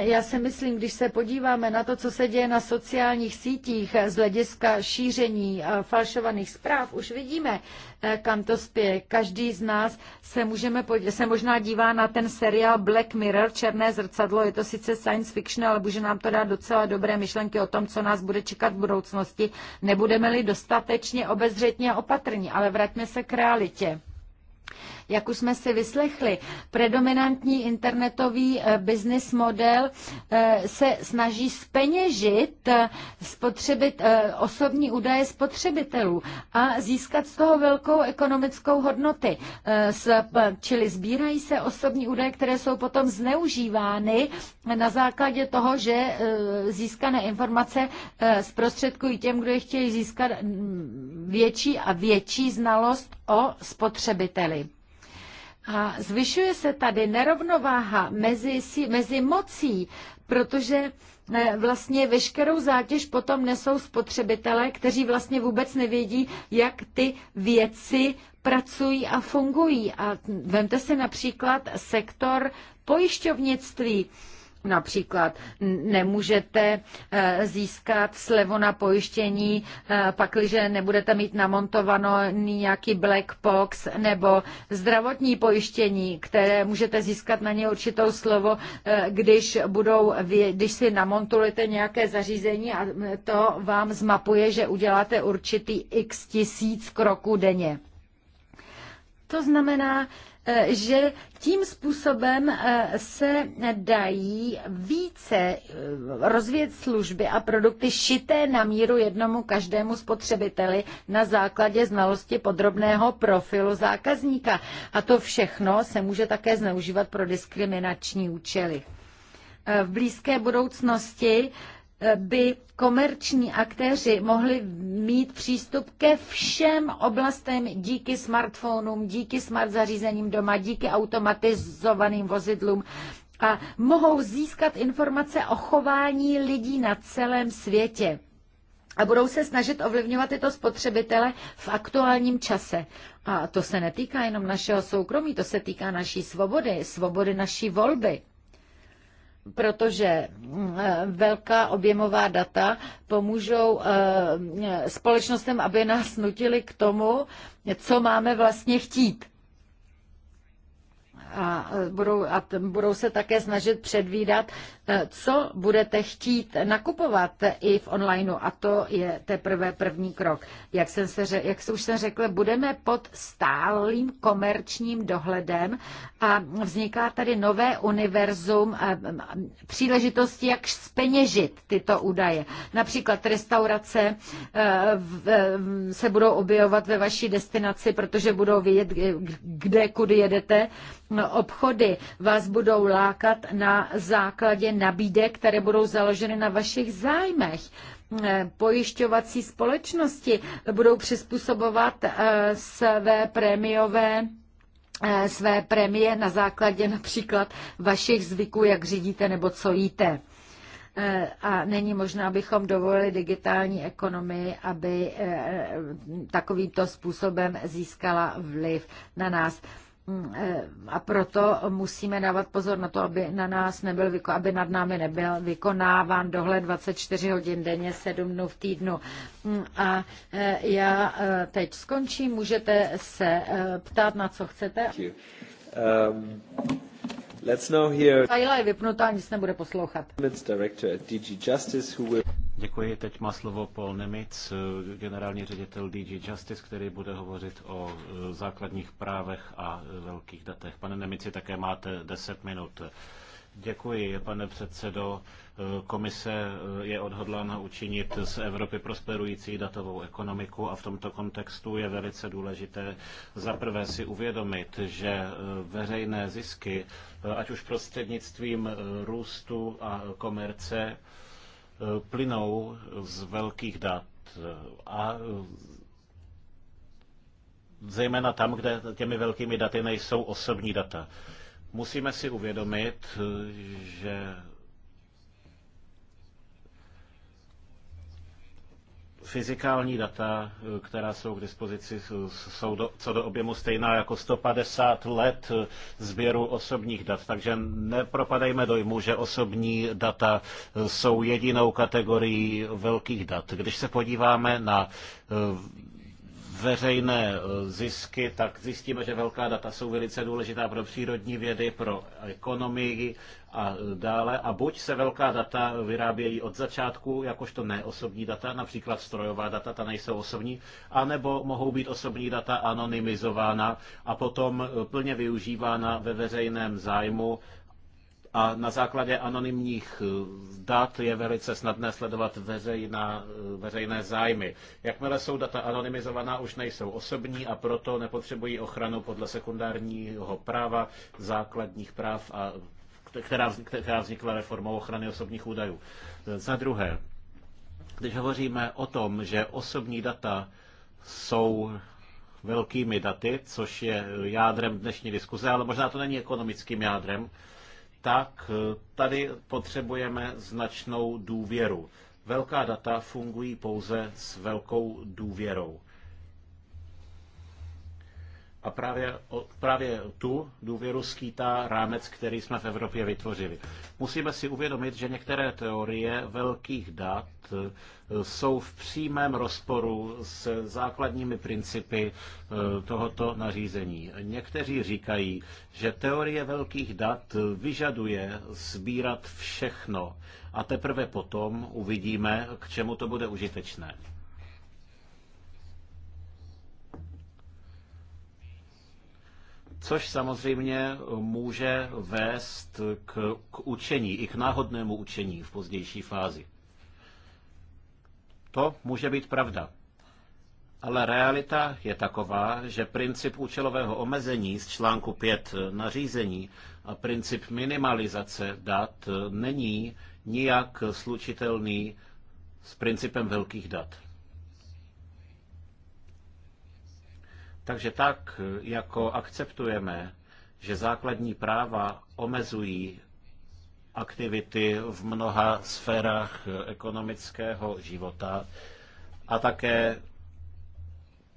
Speaker 3: já si myslím, když se podíváme na to, co se děje na sociálních sítích z hlediska šíření eh, falšovaných zpráv, už vidíme, eh, kam to spěje. Každý z nás se, můžeme podívat, se možná dívá na ten seriál Black Mirror, Černé zrcadlo, je to sice science fiction, ale může nám to dát docela dobré myšlenky o tom, co nás bude čekat v budoucnosti. Nebudeme-li dostatečně obezřetně a opatrní, ale vraťme se k realitě. Jak už jsme si vyslechli, predominantní internetový eh, business model eh, se snaží speněžit eh, spotřebit, osobní údaje spotřebitelů a získat z toho velkou ekonomickou hodnoty. Čili sbírají se osobní údaje, které jsou potom zneužívány na základě toho, že získané informace zprostředkují těm, kdo je chtějí získat mm, větší a větší znalost o spotřebiteli. A zvyšuje se tady nerovnováha mezi, mezi mocí, protože eh, vlastně veškerou zátěž potom nesou spotřebitelé, kteří vlastně vůbec nevědí, jak ty věci pracují a fungují. A vemte si například sektor pojišťovnictví Například nemůžete eh, získat slevu na pojištění, eh, pakliže nebudete mít namontovaný nějaký black box nebo zdravotní pojištění, které můžete získat na ně určitou slovo, eh, když, budou, když si namontujete nějaké zařízení a to vám zmapuje, že uděláte určitý x tisíc kroků denně. To znamená, že tím způsobem eh, se dají více eh, rozvíjet služby a produkty šité na míru jednomu každému spotřebiteli na základě znalosti podrobného profilu zákazníka. A to všechno se může také zneužívat pro diskriminační účely. Eh, v blízké budoucnosti by komerční aktéři mohli mít přístup ke všem oblastem díky smartphonům, díky smart zařízením doma, díky automatizovaným vozidlům a mohou získat informace o chování lidí na celém světě. A budou se snažit ovlivňovat tyto spotřebitele v aktuálním čase. A to se netýká jenom našeho soukromí, to se týká naší svobody, svobody naší volby protože eh, velká objemová data pomůžou eh, společnostem, aby nás nutili k tomu, co máme vlastně chtít. A eh, budou, a budou se také snažit předvídat, Eh, co budete chtít nakupovat i v onlineu a to je teprve první krok. Jak, jsem se, jak už jsem řekla, budeme pod stálým komerčním dohledem a vzniká tady nové univerzum eh, eh, příležitosti, jak speněžit tyto údaje. Například restaurace se budou objevovat ve vaší destinaci, protože budou vědět, kde, kudy jedete. Obchody vás budou lákat na základě nabídek, které budou založeny na vašich zájmech. Eh, pojišťovací společnosti budou přizpůsobovat eh, své prémiové eh, své prémie na základě například vašich zvyků, jak řídíte nebo co jíte a není možná, abychom dovolili digitální ekonomii, aby takovýmto způsobem získala vliv na nás. Mm, eh, a proto musíme dávat pozor na to, aby na nás nebyl, aby nad námi nebyl vykonáván dohled 24 hodin denně, 7 dnů v týdnu. Mm, a eh, já eh, teď skončím, můžete se ptát na co chcete.
Speaker 1: Um... Let's now hear... Kajla
Speaker 3: je vypnutá, nic nebude poslouchat. Director at DG Justice, who will...
Speaker 1: Děkuji, teď má slovo Paul Nemitz, eh, generální ředitel DG Justice, který bude hovořit o eh, základních právech a eh, velkých datech. Pane Nemici, také máte 10 minut. Děkuji, pane předsedo. Komise eh, je odhodlána učinit z Evropy prosperující datovou ekonomiku a v tomto kontextu je velice důležité zaprvé si uvědomit, že eh, veřejné zisky, eh, ať už prostřednictvím růstu a komerce, plynou z velkých dat a zejména tam, kde těmi velkými daty nejsou osobní data. Musíme si uvědomit, že fyzikální data, eh, která jsou k dispozici, jsou do, co do objemu stejná jako 150 let eh, sběru osobních dat. Takže nepropadejme dojmu, že osobní data eh, jsou jedinou kategorií velkých dat. Když se podíváme na veřejné eh, zisky, tak zjistíme, že velká data jsou velice důležitá pro přírodní vědy, pro ekonomii a dále. A buď se velká data vyrábějí od začátku, jakožto neosobní data, například strojová data, ta nejsou osobní, anebo mohou být osobní data anonymizována a potom eh, plně využívána ve veřejném zájmu a na základě anonymních eh, dat je velice snadné sledovat veřejná, eh, veřejné zájmy. Jakmile jsou data anonymizovaná, už nejsou osobní a proto nepotřebují ochranu podle sekundárního práva, základních práv, a, která, která vznikla reformou ochrany osobních údajů. Eh, za druhé, když hovoříme o tom, že osobní data jsou velkými daty, což je jádrem dnešní diskuze, ale možná to není ekonomickým jádrem, tak eh, tady potřebujeme značnou důvěru. Velká data fungují pouze s velkou důvěrou. A právě, právě tu důvěru skýtá rámec, který jsme v Evropě vytvořili. Musíme si uvědomit, že některé teorie velkých dat eh, jsou v přímém rozporu s základními principy eh, tohoto nařízení. Někteří říkají, že teorie velkých dat vyžaduje sbírat všechno a teprve potom uvidíme, k čemu to bude užitečné. což samozřejmě může vést k, k učení, i k náhodnému učení v pozdější fázi. To může být pravda. Ale realita je taková, že princip účelového omezení z článku 5 nařízení a princip minimalizace dat není nijak slučitelný s principem velkých dat. Takže tak, jako akceptujeme, že základní práva omezují aktivity v mnoha sférách ekonomického života a také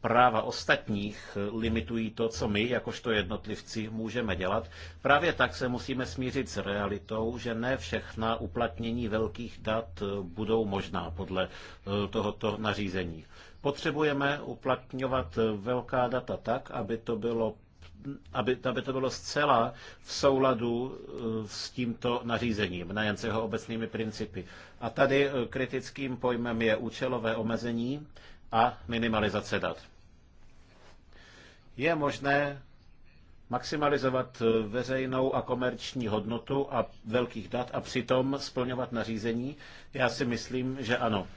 Speaker 1: práva ostatních limitují to, co my, jakožto jednotlivci, můžeme dělat. Právě tak se musíme smířit s realitou, že ne všechna uplatnění velkých dat budou možná podle eh, tohoto nařízení. Potřebujeme uplatňovat velká data tak, aby to bylo aby, aby to bylo zcela v souladu eh, s tímto nařízením, nejen s jeho obecnými principy. A tady eh, kritickým pojmem je účelové omezení a minimalizace dat. Je možné maximalizovat eh, veřejnou a komerční hodnotu a velkých dat a přitom splňovat nařízení? Já si myslím, že ano.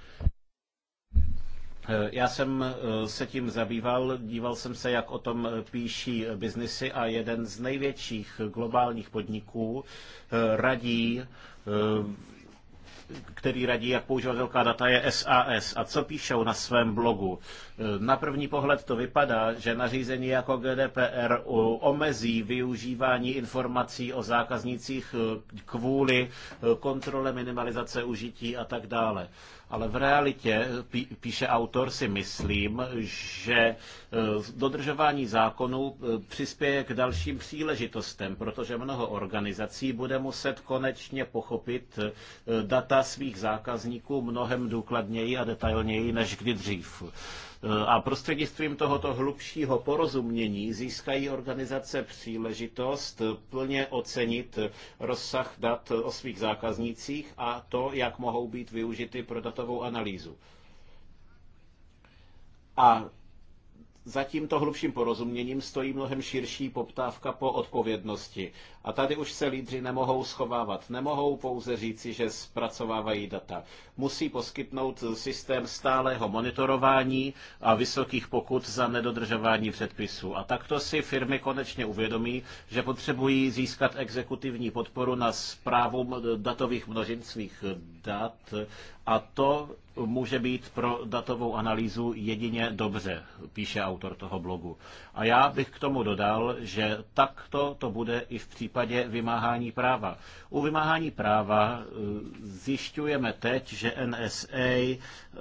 Speaker 1: Eh, já jsem eh, se tím zabýval, díval jsem se, jak o tom eh, píší biznisy a jeden z největších globálních podniků radí který radí, jak používat velká data, je SAS. A co píšou na svém blogu? Na první pohled to vypadá, že nařízení jako GDPR omezí využívání informací o zákaznicích eh, kvůli eh, kontrole minimalizace užití a tak dále. Ale v realitě, eh, píše autor, si myslím, že dodržování zákonů přispěje k dalším příležitostem, protože mnoho organizací bude muset konečně pochopit data svých zákazníků mnohem důkladněji a detailněji než kdy dřív. Eh, a prostřednictvím tohoto hlubšího porozumění získají organizace příležitost plně ocenit rozsah dat o svých zákaznících a to, jak mohou být využity pro datovou analýzu. A za tímto hlubším porozuměním stojí mnohem širší poptávka po odpovědnosti. A tady už se lídři nemohou schovávat. Nemohou pouze říci, že zpracovávají data. Musí poskytnout systém stálého monitorování a vysokých pokut za nedodržování předpisů. A takto si firmy konečně uvědomí, že potřebují získat exekutivní podporu na zprávu datových svých dat a to může být pro datovou analýzu jedině dobře, píše autor toho blogu. A já bych k tomu dodal, že takto to bude i v případě případě vymáhání práva. U vymáhání práva e, zjišťujeme teď, že NSA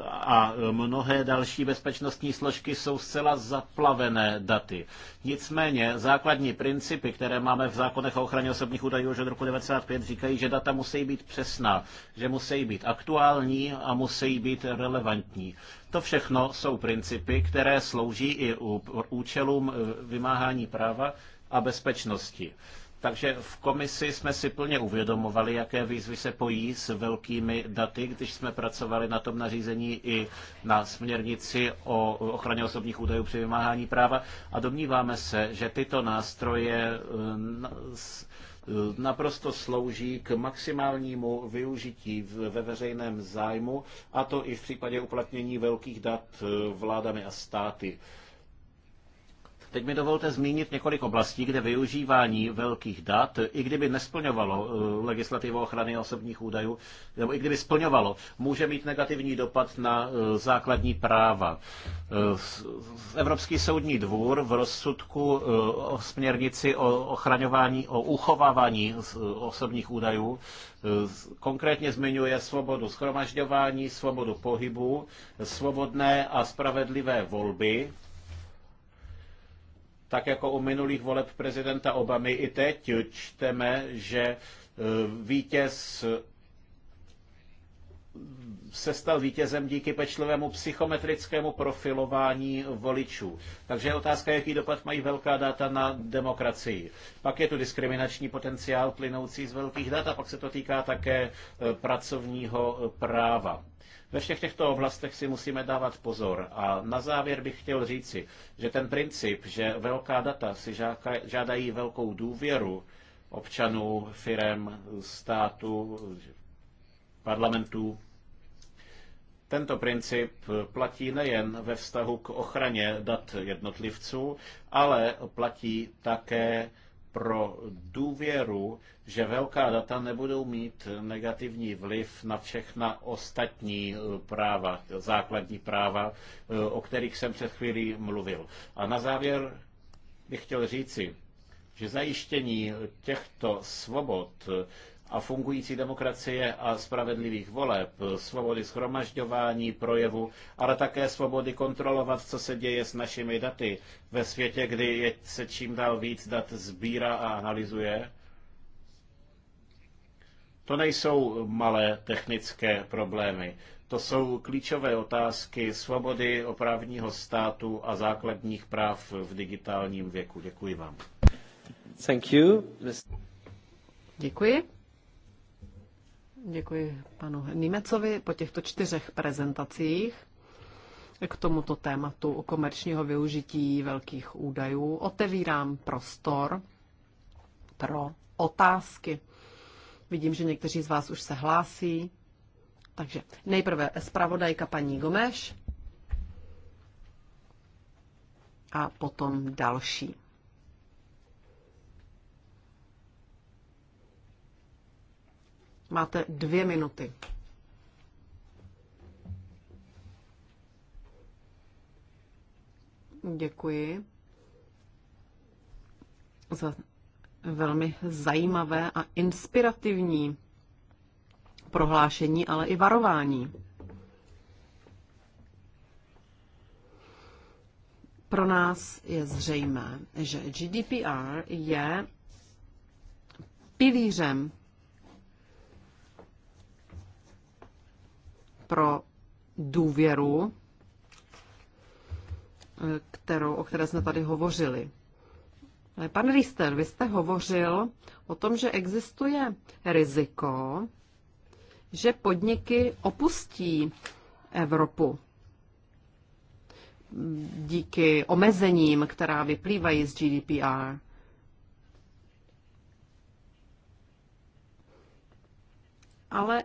Speaker 1: a mnohé další bezpečnostní složky jsou zcela zaplavené daty. Nicméně základní principy, které máme v zákonech o ochraně osobních údajů už od roku 1995, říkají, že data musí být přesná, že musí být aktuální a musí být relevantní. To všechno jsou principy, které slouží i u účelům e, vymáhání práva a bezpečnosti. Takže v komisi jsme si plně uvědomovali, jaké výzvy se pojí s velkými daty, když jsme pracovali na tom nařízení i na směrnici o ochraně osobních údajů při vymáhání práva a domníváme se, že tyto nástroje eh, eh, naprosto slouží k maximálnímu využití ve veřejném zájmu, a to i v případě uplatnění velkých dat eh, vládami a státy. Teď mi dovolte zmínit několik oblastí, kde využívání velkých dat, i kdyby nesplňovalo eh, legislativu ochrany osobních údajů, nebo i kdyby splňovalo, může mít negativní dopad na eh, základní práva. Eh, Evropský soudní dvůr v rozsudku o směrnici o ochraňování, o uchovávání osobních údajů konkrétně zmiňuje svobodu schromažďování, svobodu pohybu, svobodné a spravedlivé volby, tak jako u minulých voleb prezidenta Obamy, i teď čteme, že e, vítěz se stal vítězem díky pečlivému psychometrickému profilování voličů. Takže je otázka, jaký dopad mají velká data na demokracii. Pak je tu diskriminační potenciál plynoucí z velkých dat a pak se to týká také e, pracovního e, práva. Ve všech těchto oblastech si musíme dávat pozor. A na závěr bych chtěl říci, že ten princip, že velká data si žádají velkou důvěru občanů, firem, státu, parlamentů, tento princip platí nejen ve vztahu k ochraně dat jednotlivců, ale platí také pro důvěru, že velká data nebudou mít negativní vliv na všechna ostatní eh, práva, základní práva, eh, o kterých jsem před chvílí mluvil. A na závěr bych chtěl říci, že zajištění těchto svobod a fungující demokracie a spravedlivých voleb, svobody schromažďování, projevu, ale také svobody kontrolovat, co se děje s našimi daty ve světě, kdy se čím dál víc dat sbírá a analyzuje. To nejsou malé technické problémy. To jsou klíčové otázky svobody opravního státu a základních práv v digitálním věku. Děkuji vám.
Speaker 2: Thank you. Děkuji. Děkuji panu Nimecovi po těchto čtyřech prezentacích k tomuto tématu o komerčního využití velkých údajů. Otevírám prostor pro otázky. Vidím, že někteří z vás už se hlásí. Takže nejprve zpravodajka paní Gomeš a potom další. Máte dvě minuty. Děkuji za velmi zajímavé a inspirativní prohlášení, ale i varování. Pro nás je zřejmé, že GDPR je pilířem pro důvěru, kterou, o které jsme tady hovořili. Pan Rister, vy jste hovořil o tom, že existuje riziko, že podniky opustí Evropu díky omezením, která vyplývají z GDPR. Ale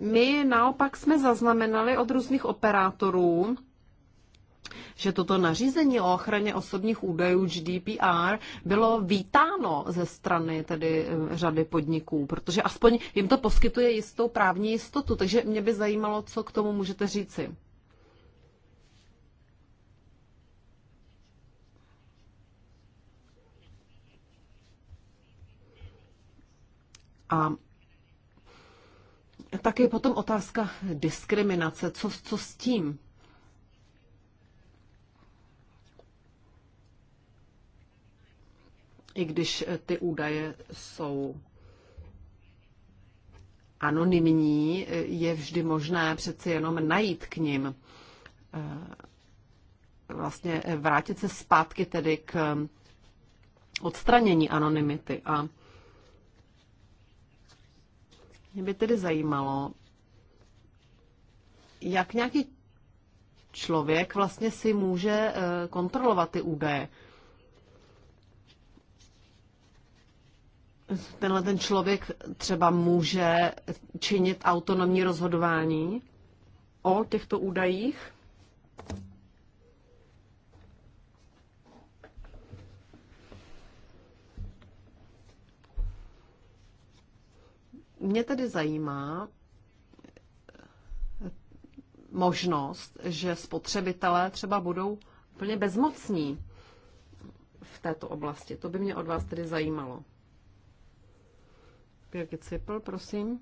Speaker 2: my naopak jsme zaznamenali od různých operátorů, že toto nařízení o ochraně osobních údajů GDPR bylo vítáno ze strany tedy eh, řady podniků, protože aspoň jim to poskytuje jistou právní jistotu, takže mě by zajímalo, co k tomu můžete říci. A také potom otázka diskriminace. Co, co s tím? I když ty údaje jsou anonymní, je vždy možné přeci jenom najít k ním. Eh, vlastně vrátit se zpátky tedy k odstranění anonymity a mě by tedy zajímalo, jak nějaký člověk vlastně si může eh, kontrolovat ty údaje. Tenhle ten člověk třeba může činit autonomní rozhodování o těchto údajích. Mě tedy zajímá eh, možnost, že spotřebitelé třeba budou úplně bezmocní v této oblasti. To by mě od vás tedy zajímalo. Birgit Cipl, prosím.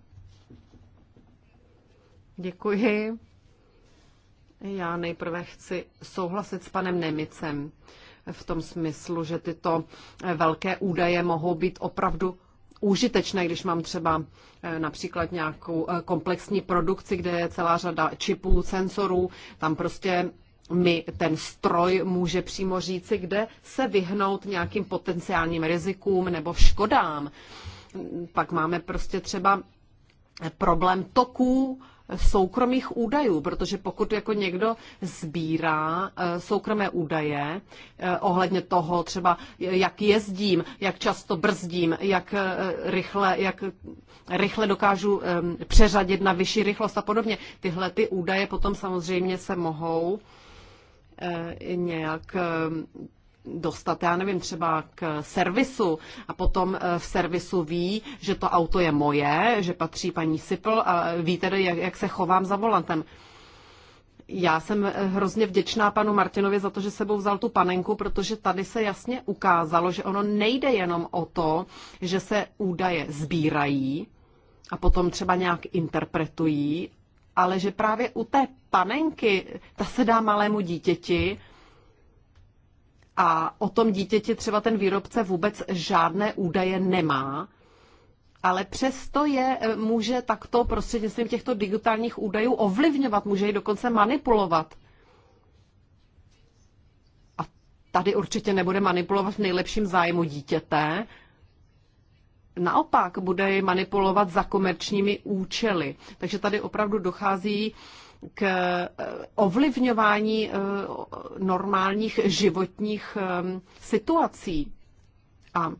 Speaker 2: Děkuji. Já nejprve chci souhlasit s panem Nemicem v tom smyslu, že tyto velké údaje mohou být opravdu užitečné, když mám třeba eh, například nějakou eh, komplexní produkci, kde je celá řada čipů, senzorů, tam prostě mi ten stroj může přímo říci, kde se vyhnout nějakým potenciálním rizikům nebo škodám. Pak máme prostě třeba problém toků, soukromých údajů, protože pokud jako někdo sbírá eh, soukromé údaje eh, ohledně toho třeba, jak jezdím, jak často brzdím, jak eh, rychle, jak rychle dokážu přeřadit na vyšší rychlost a podobně, tyhle ty údaje potom samozřejmě se mohou nějak dostat, já nevím, třeba k servisu a potom eh, v servisu ví, že to auto je moje, že patří paní Sipl a ví tedy, jak, jak se chovám za volantem. Já jsem eh, hrozně vděčná panu Martinovi za to, že sebou vzal tu panenku, protože tady se jasně ukázalo, že ono nejde jenom o to, že se údaje sbírají a potom třeba nějak interpretují, ale že právě u té panenky, ta se dá malému dítěti, a o tom dítěti třeba ten výrobce vůbec žádné údaje nemá, ale přesto je e, může takto prostřednictvím těchto digitálních údajů ovlivňovat, může ji dokonce manipulovat. A tady určitě nebude manipulovat v nejlepším zájmu dítěte, naopak bude ji manipulovat za komerčními účely. Takže tady opravdu dochází k eh, ovlivňování eh, normálních životních eh, situací. A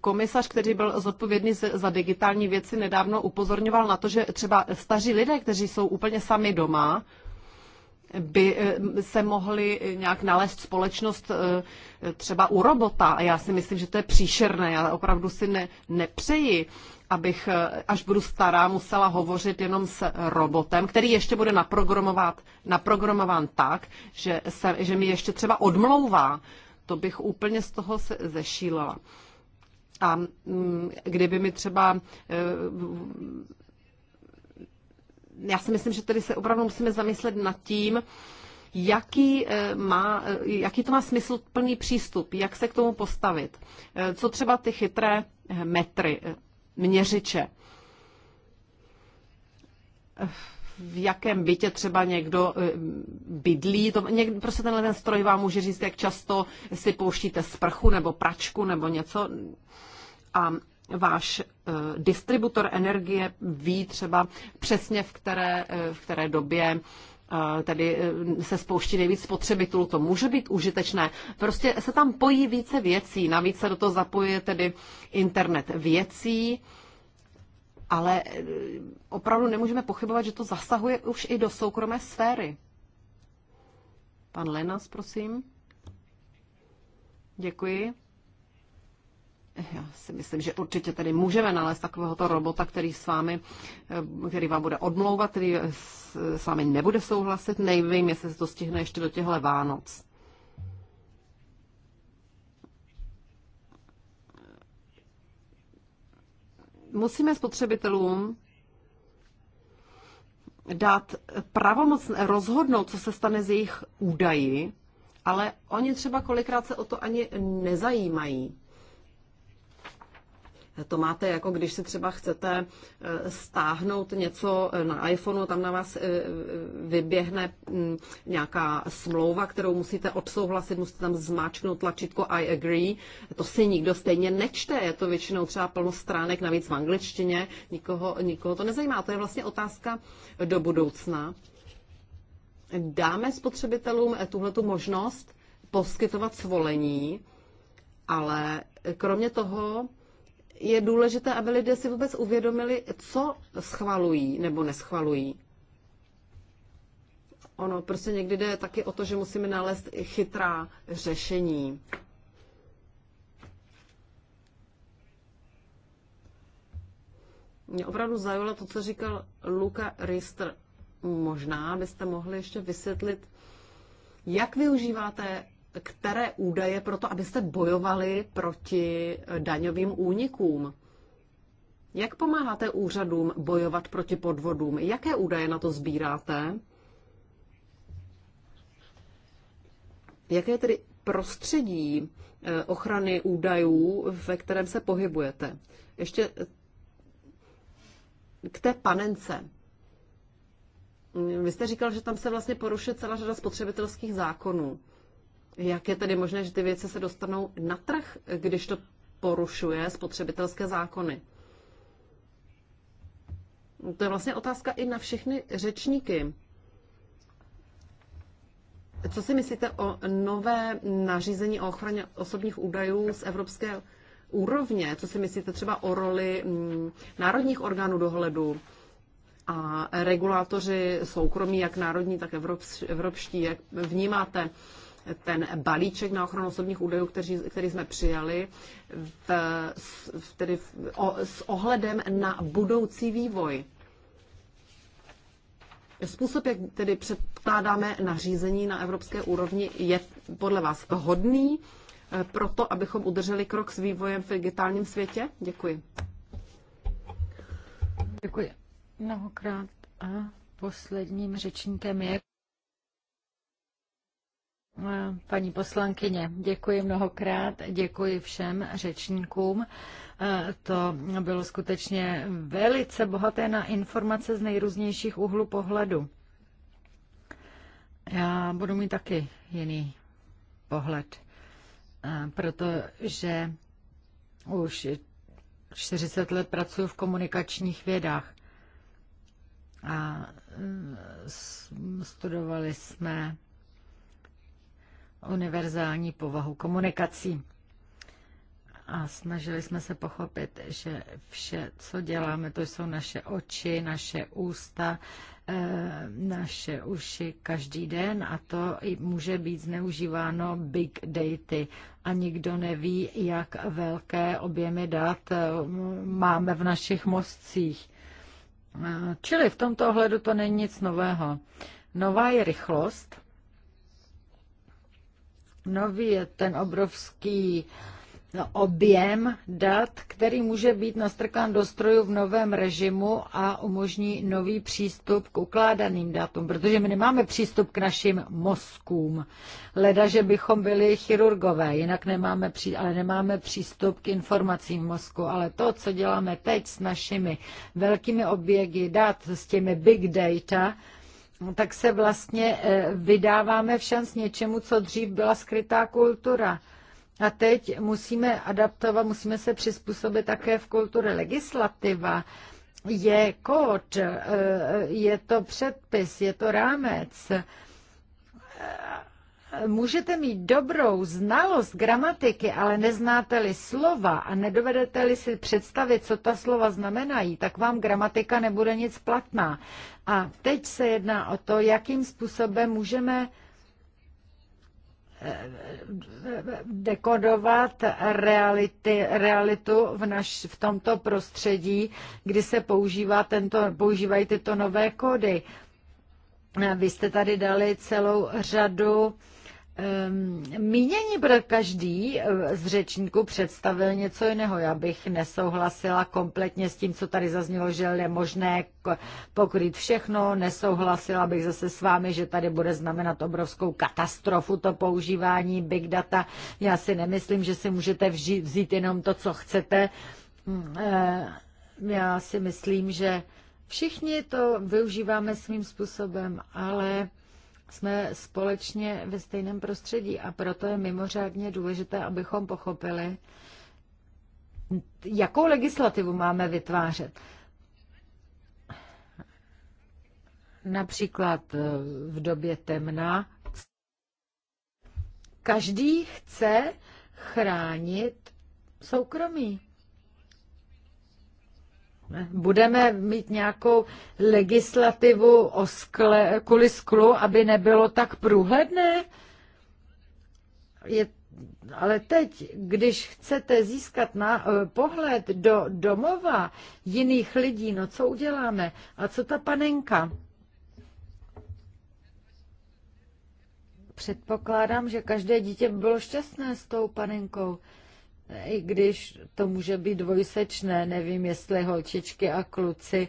Speaker 2: komisař, který byl zodpovědný za digitální věci, nedávno upozorňoval na to, že třeba staří lidé, kteří jsou úplně sami doma, by se mohli nějak nalézt společnost třeba u robota. A já si myslím, že to je příšerné. Já opravdu si ne, nepřeji abych, eh, až budu stará, musela hovořit jenom s robotem, který ještě bude naprogramovat, naprogramován tak, že, se, že mi ještě třeba odmlouvá. To bych úplně z toho se zešílela. A mm, kdyby mi třeba eh, já si myslím, že tady se opravdu musíme zamyslet nad tím, jaký, eh, má, jaký to má smysl plný přístup, jak se k tomu postavit. Co třeba ty chytré metry, měřiče. V jakém bytě třeba někdo eh, bydlí, to, někdo, prostě tenhle ten stroj vám může říct, jak často si pouštíte sprchu nebo pračku nebo něco. A váš eh, distributor energie ví třeba přesně, v které, eh, v které době tady e, se spouští nejvíc spotřebitelů, to může být užitečné. Prostě se tam pojí více věcí, navíc se do toho zapojuje tedy internet věcí, ale e, opravdu nemůžeme pochybovat, že to zasahuje už i do soukromé sféry. Pan Lenas, prosím. Děkuji já si myslím, že určitě tady můžeme nalézt takovéhoto robota, který s vámi, eh, který vám bude odmlouvat, který eh, s, vámi nebude souhlasit. Nevím, jestli se to stihne ještě do těchto Vánoc. Musíme spotřebitelům dát pravomoc rozhodnout, co se stane z jejich údaji, ale oni třeba kolikrát se o to ani nezajímají. To máte jako když si třeba chcete e, stáhnout něco e, na iPhoneu, tam na vás e, vyběhne mm, nějaká smlouva, kterou musíte odsouhlasit, musíte tam zmáčknout tlačítko I agree. To si nikdo stejně nečte, je to většinou třeba plno stránek, navíc v angličtině, nikoho, nikoho to nezajímá. To je vlastně otázka do budoucna. Dáme spotřebitelům tuhletu možnost poskytovat svolení, ale kromě toho je důležité, aby lidé si vůbec uvědomili, co schvalují nebo neschvalují. Ono prostě někdy jde taky o to, že musíme nalézt chytrá řešení. Mě opravdu zajímalo to, co říkal Luka Rister. Možná byste mohli ještě vysvětlit, jak využíváte které údaje pro to, abyste bojovali proti eh, daňovým únikům? Jak pomáháte úřadům bojovat proti podvodům? Jaké údaje na to sbíráte? Jaké je tedy prostředí eh, ochrany údajů, ve kterém se pohybujete? Ještě eh, k té panence. Vy jste říkal, že tam se vlastně porušuje celá řada spotřebitelských zákonů. Jak je tedy možné, že ty věci se dostanou na trh, když to porušuje spotřebitelské zákony? To je vlastně otázka i na všechny řečníky. Co si myslíte o nové nařízení o ochraně osobních údajů z evropské úrovně? Co si myslíte třeba o roli mm, národních orgánů dohledu a regulátoři soukromí, jak národní, tak evropští? Jak vnímáte ten balíček na ochranu osobních údajů, který, který jsme přijali, v, v, tedy v, o, s ohledem na budoucí vývoj. Způsob, jak tedy předkládáme nařízení na evropské úrovni, je podle vás hodný eh, pro to, abychom udrželi krok s vývojem v digitálním světě? Děkuji.
Speaker 3: Děkuji mnohokrát a posledním řečníkem je Paní poslankyně, děkuji mnohokrát, děkuji všem řečníkům. To bylo skutečně velice bohaté na informace z nejrůznějších úhlů pohledu. Já budu mít taky jiný pohled, protože už 40 let pracuji v komunikačních vědách a studovali jsme univerzální povahu komunikací. A snažili jsme se pochopit, že vše, co děláme, to jsou naše oči, naše ústa, eh, naše uši každý den a to i může být zneužíváno big daty a nikdo neví, jak velké objemy dat eh, máme v našich mozcích. Eh, čili v tomto ohledu to není nic nového. Nová je rychlost, nový ten obrovský no, objem dat, který může být nastrkán do strojů v novém režimu a umožní nový přístup k ukládaným datům, protože my nemáme přístup k našim mozkům. Leda, že bychom byli chirurgové, jinak nemáme, pří, ale nemáme přístup k informacím v mozku. Ale to, co děláme teď s našimi velkými objekty dat, s těmi big data, No, tak se vlastně eh, vydáváme v šanc něčemu, co dřív byla skrytá kultura. A teď musíme adaptovat, musíme se přizpůsobit také v kultuře. Legislativa je kód, eh, je to předpis, je to rámec můžete mít dobrou znalost gramatiky, ale neznáte-li slova a nedovedete-li si představit, co ta slova znamenají, tak vám gramatika nebude nic platná. A teď se jedná o to, jakým způsobem můžeme eh, dekodovat reality, realitu v, naš, v tomto prostředí, kdy se používá tento, používají tyto nové kódy. Vy jste tady dali celou řadu Ehm, mínění, pro každý eh, z řečníků představil něco jiného. Já bych nesouhlasila kompletně s tím, co tady zaznělo, že je možné pokryt všechno. Nesouhlasila bych zase s vámi, že tady bude znamenat obrovskou katastrofu to používání big data. Já si nemyslím, že si můžete vzít jenom to, co chcete. Hm, eh, já si myslím, že všichni to využíváme svým způsobem, ale jsme společně ve stejném prostředí a proto je mimořádně důležité, abychom pochopili, jakou legislativu máme vytvářet. Například eh, v době temna. Každý chce chránit soukromí budeme mít nějakou legislativu o skle, kvůli sklu, aby nebylo tak průhledné? Je, ale teď, když chcete získat na, eh, pohled do domova jiných lidí, no co uděláme? A co ta panenka? Předpokládám, že každé dítě by bylo šťastné s tou panenkou i když to může být dvojsečné, nevím, jestli holčičky a kluci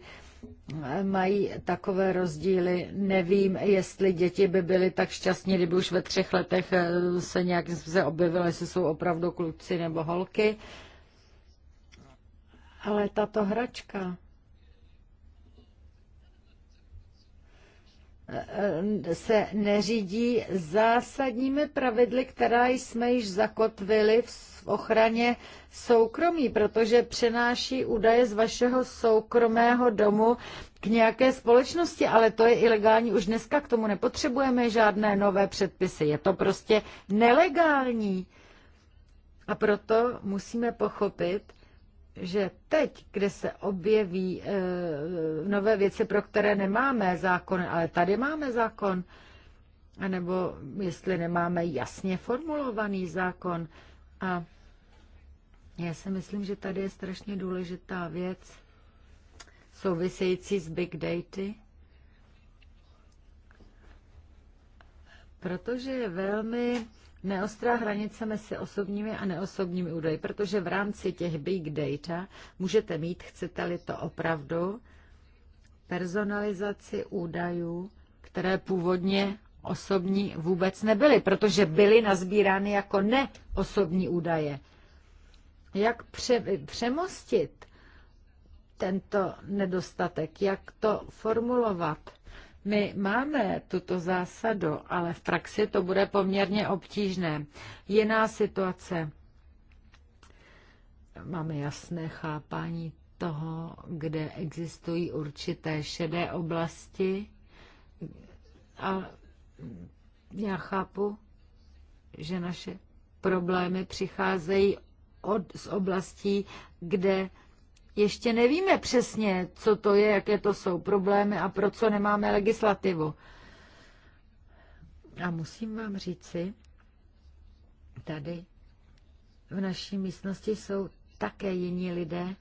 Speaker 3: eh, mají takové rozdíly. Nevím, jestli děti by byly tak šťastní, kdyby už ve třech letech eh, se nějakým způsobem objevily, jestli jsou opravdu kluci nebo holky. Ale tato hračka eh, se neřídí zásadními pravidly, která jsme již zakotvili v ochraně soukromí, protože přenáší údaje z vašeho soukromého domu k nějaké společnosti, ale to je ilegální už dneska, k tomu nepotřebujeme žádné nové předpisy. Je to prostě nelegální. A proto musíme pochopit, že teď, kde se objeví e, nové věci, pro které nemáme zákon, ale tady máme zákon, anebo jestli nemáme jasně formulovaný zákon. A já si myslím, že tady je strašně důležitá věc související s big daty, protože je velmi neostrá hranice mezi osobními a neosobními údaji, protože v rámci těch big data můžete mít, chcete-li to opravdu, personalizaci údajů, které původně osobní vůbec nebyly, protože byly nazbírány jako neosobní údaje jak pře- přemostit tento nedostatek, jak to formulovat. My máme tuto zásadu, ale v praxi to bude poměrně obtížné. Jiná situace. Máme jasné chápání toho, kde existují určité šedé oblasti. A já chápu, že naše problémy přicházejí od, z oblastí, kde ještě nevíme přesně, co to je, jaké to jsou problémy a pro co nemáme legislativu. A musím vám říci, tady v naší místnosti jsou také jiní lidé,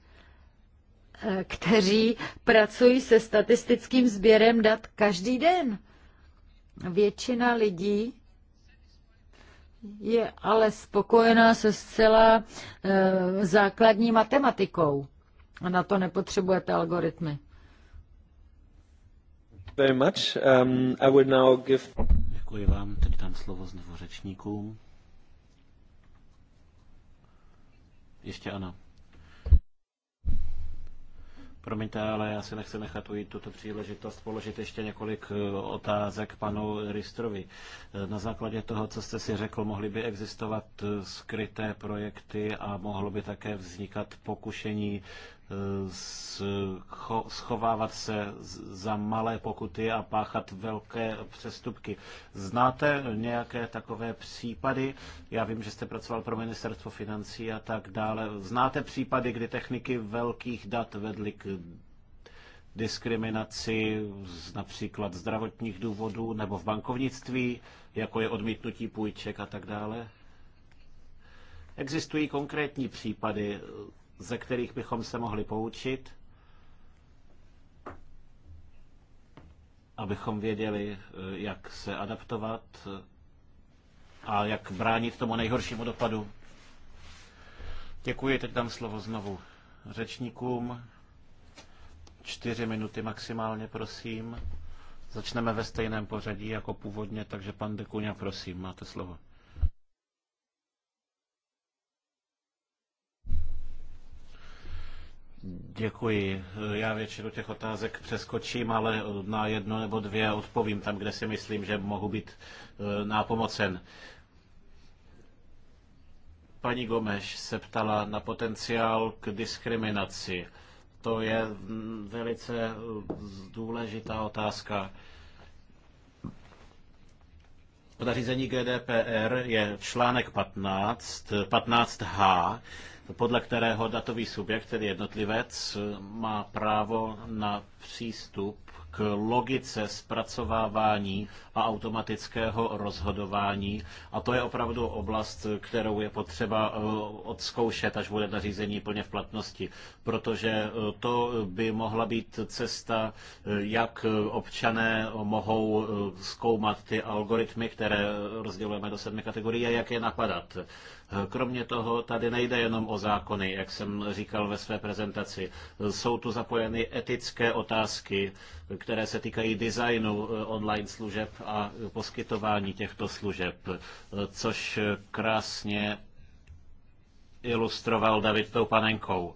Speaker 3: eh, kteří pracují se statistickým sběrem dat každý den. Většina lidí je ale spokojená se zcela e, základní matematikou. A na to nepotřebujete algoritmy.
Speaker 1: Very much. Um, I would now give... Děkuji vám, teď dám slovo znovu řečníkům. Ještě ano. Promiňte, ale já si nechci nechat ujít tuto příležitost položit ještě několik eh, otázek panu Ristrovi. Eh, na základě toho, co jste si řekl, mohly by existovat eh, skryté projekty a mohlo by také vznikat pokušení schovávat se za malé pokuty a páchat velké přestupky. Znáte nějaké takové případy? Já vím, že jste pracoval pro ministerstvo financí a tak dále. Znáte případy, kdy techniky velkých dat vedly k diskriminaci z například zdravotních důvodů nebo v bankovnictví, jako je odmítnutí půjček a tak dále? Existují konkrétní případy ze kterých bychom se mohli poučit, abychom věděli, eh, jak se adaptovat eh, a jak bránit tomu nejhoršímu dopadu. Děkuji, teď dám slovo znovu řečníkům. Čtyři minuty maximálně, prosím. Začneme ve stejném pořadí jako původně, takže pan Dekuňa, prosím, máte slovo. Děkuji. Já většinu těch otázek přeskočím, ale na jedno nebo dvě odpovím tam, kde si myslím, že mohu být eh, nápomocen. Paní Gomeš se ptala na potenciál k diskriminaci. To je mm, velice eh, důležitá otázka. V nařízení GDPR je článek 15, 15H, podle kterého datový subjekt, tedy jednotlivec, má právo na přístup k logice zpracovávání a automatického rozhodování. A to je opravdu oblast, kterou je potřeba eh, odzkoušet, až bude nařízení plně v platnosti. Protože eh, to by mohla být cesta, eh, jak občané mohou zkoumat ty algoritmy, které rozdělujeme do sedmi kategorií a jak je napadat. Kromě toho tady nejde jenom o zákony, jak jsem říkal ve své prezentaci. Jsou tu zapojeny etické otázky, které se týkají designu eh, online služeb a poskytování těchto služeb, eh, což eh, krásně ilustroval David panenkou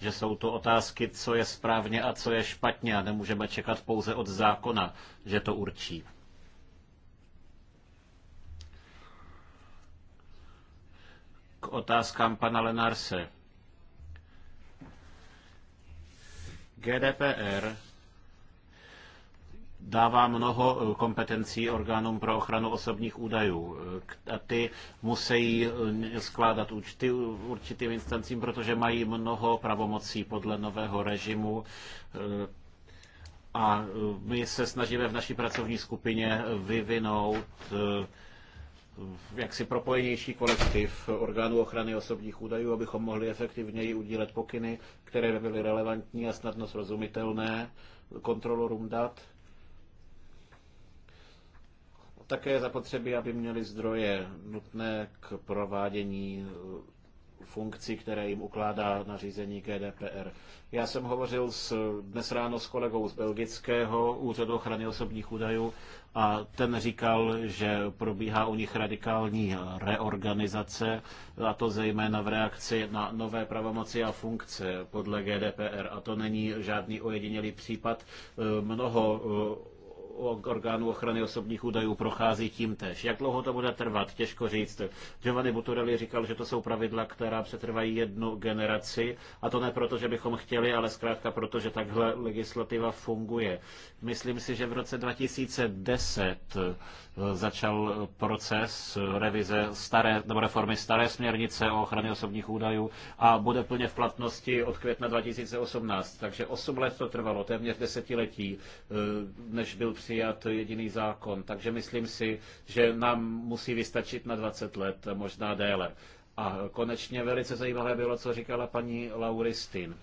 Speaker 1: že jsou to otázky, co je správně a co je špatně a nemůžeme čekat pouze od zákona, že to určí. k otázkám pana Lenarse. GDPR dává mnoho eh, kompetencí orgánům pro ochranu osobních údajů. Eh, a ty musí eh, skládat účty určitým instancím, protože mají mnoho pravomocí podle nového režimu. A my se snažíme v naší pracovní skupině vyvinout jaksi propojenější kolektiv orgánů ochrany osobních údajů, abychom mohli efektivněji udílet pokyny, které by byly relevantní a snadno srozumitelné kontrolorům dat. Také zapotřebí, aby měli zdroje nutné k provádění eh, funkcí, které jim ukládá nařízení GDPR. Já jsem hovořil s, dnes ráno s kolegou z Belgického úřadu ochrany osobních údajů a ten říkal, že probíhá u nich radikální reorganizace, a to zejména v reakci na nové pravomoci a funkce podle GDPR. A to není žádný ojedinělý případ. Mnoho orgánů ochrany osobních údajů prochází tím tež. Jak dlouho to bude trvat, těžko říct. Giovanni Buturelli říkal, že to jsou pravidla, která přetrvají jednu generaci a to ne proto, že bychom chtěli, ale zkrátka proto, že takhle legislativa funguje. Myslím si, že v roce 2010 eh, začal proces revize staré, nebo reformy staré směrnice o ochraně osobních údajů a bude plně v platnosti od května 2018. Takže 8 let to trvalo, téměř desetiletí, eh, než byl při přijat jediný zákon, takže myslím si, že nám musí vystačit na 20 let, možná déle. A konečně velice zajímavé bylo, co říkala paní Lauristin.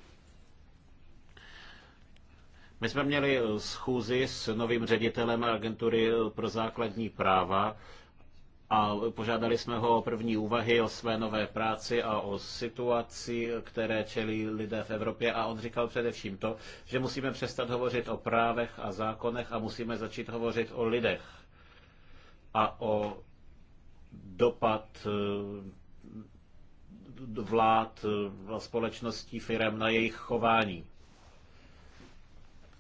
Speaker 1: My jsme měli schůzi s novým ředitelem agentury pro základní práva a požádali jsme ho o první úvahy o své nové práci a o situaci, které čelí lidé v Evropě a on říkal především to, že musíme přestat hovořit o právech a zákonech a musíme začít hovořit o lidech a o dopad eh, vlád a eh, společností firem na jejich chování.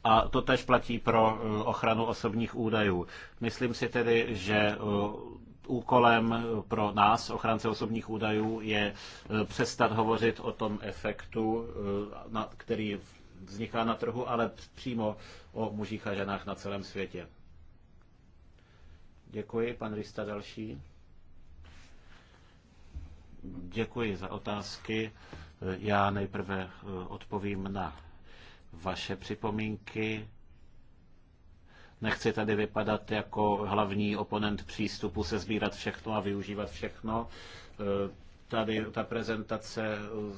Speaker 1: A to tež platí pro eh, ochranu osobních údajů. Myslím si tedy, že úkolem pro nás, ochránce osobních údajů, je e, přestat hovořit o tom efektu, e, který vzniká na trhu, ale přímo o mužích a ženách na celém světě. Děkuji, pan Rista další. Děkuji za otázky. E, já nejprve odpovím na vaše připomínky Nechci tady vypadat jako hlavní oponent přístupu se sbírat všechno a využívat všechno. Eh, tady ta prezentace eh,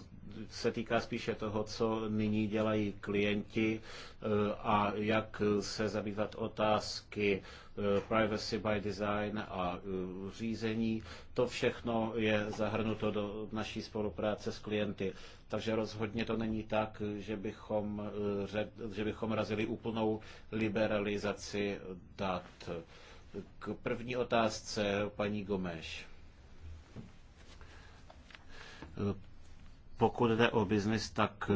Speaker 1: se týká spíše toho, co nyní dělají klienti eh, a jak se zabývat otázky Eh, privacy by design a eh, řízení. To všechno je zahrnuto do naší spolupráce s klienty. Takže rozhodně to není tak, že bychom, eh, že bychom razili úplnou liberalizaci dat. K první otázce paní Gomeš. Pokud jde o biznis, tak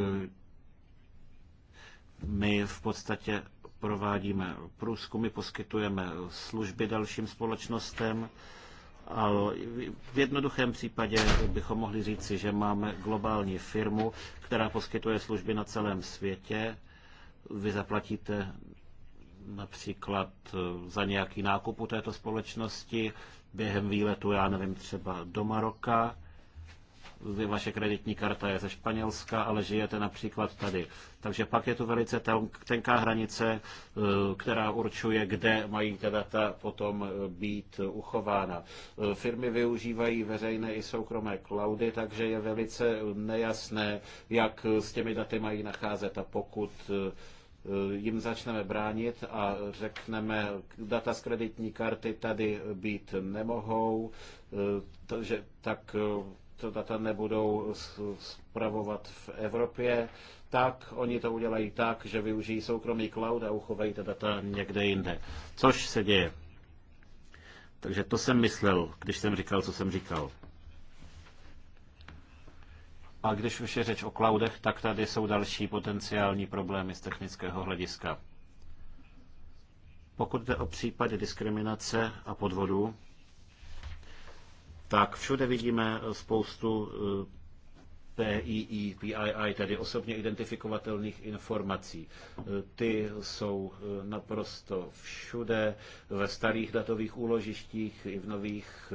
Speaker 1: my v podstatě provádíme průzkumy, poskytujeme služby dalším společnostem. A v jednoduchém případě bychom mohli říci, že máme globální firmu, která poskytuje služby na celém světě. Vy zaplatíte například eh, za nějaký nákup u této společnosti během výletu, já nevím, třeba do Maroka vaše kreditní karta je ze Španělska, ale žijete například tady. Takže pak je tu velice tenká hranice, eh, která určuje, kde mají ta data potom eh, být uchována. Eh, firmy využívají veřejné i soukromé cloudy, takže je velice nejasné, jak s těmi daty mají nacházet a pokud jim začneme bránit a řekneme, data z kreditní karty tady být nemohou, takže tak to data nebudou spravovat v Evropě, tak oni to udělají tak, že využijí soukromý cloud a uchovají ta data někde jinde. Což se děje. Takže to jsem myslel, když jsem říkal, co jsem říkal. A když už je řeč o cloudech, tak tady jsou další potenciální problémy z technického hlediska. Pokud jde o případy diskriminace a podvodu, tak všude vidíme spoustu eh, PII, PII, tedy osobně identifikovatelných informací. Eh, ty jsou eh, naprosto všude, ve starých datových úložištích i v nových.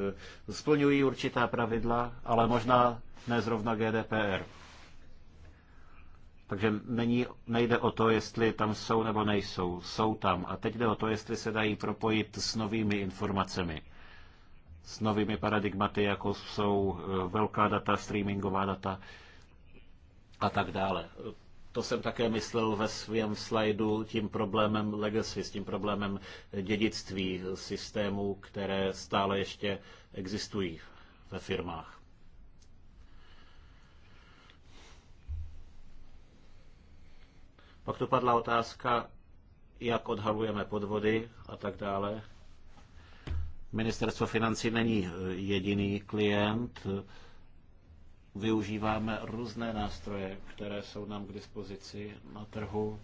Speaker 1: Splňují určitá pravidla, ale možná ne zrovna GDPR. Takže není, nejde o to, jestli tam jsou nebo nejsou. Jsou tam. A teď jde o to, jestli se dají propojit s novými informacemi s novými paradigmaty, jako jsou e, velká data, streamingová data a tak dále. To jsem také myslel ve svém slajdu tím problémem legacy, s tím problémem dědictví systémů, které stále ještě existují ve firmách. Pak tu padla otázka, jak odhalujeme podvody a tak dále. Ministerstvo financí není eh, jediný klient. Využíváme různé nástroje, které jsou nám k dispozici na trhu.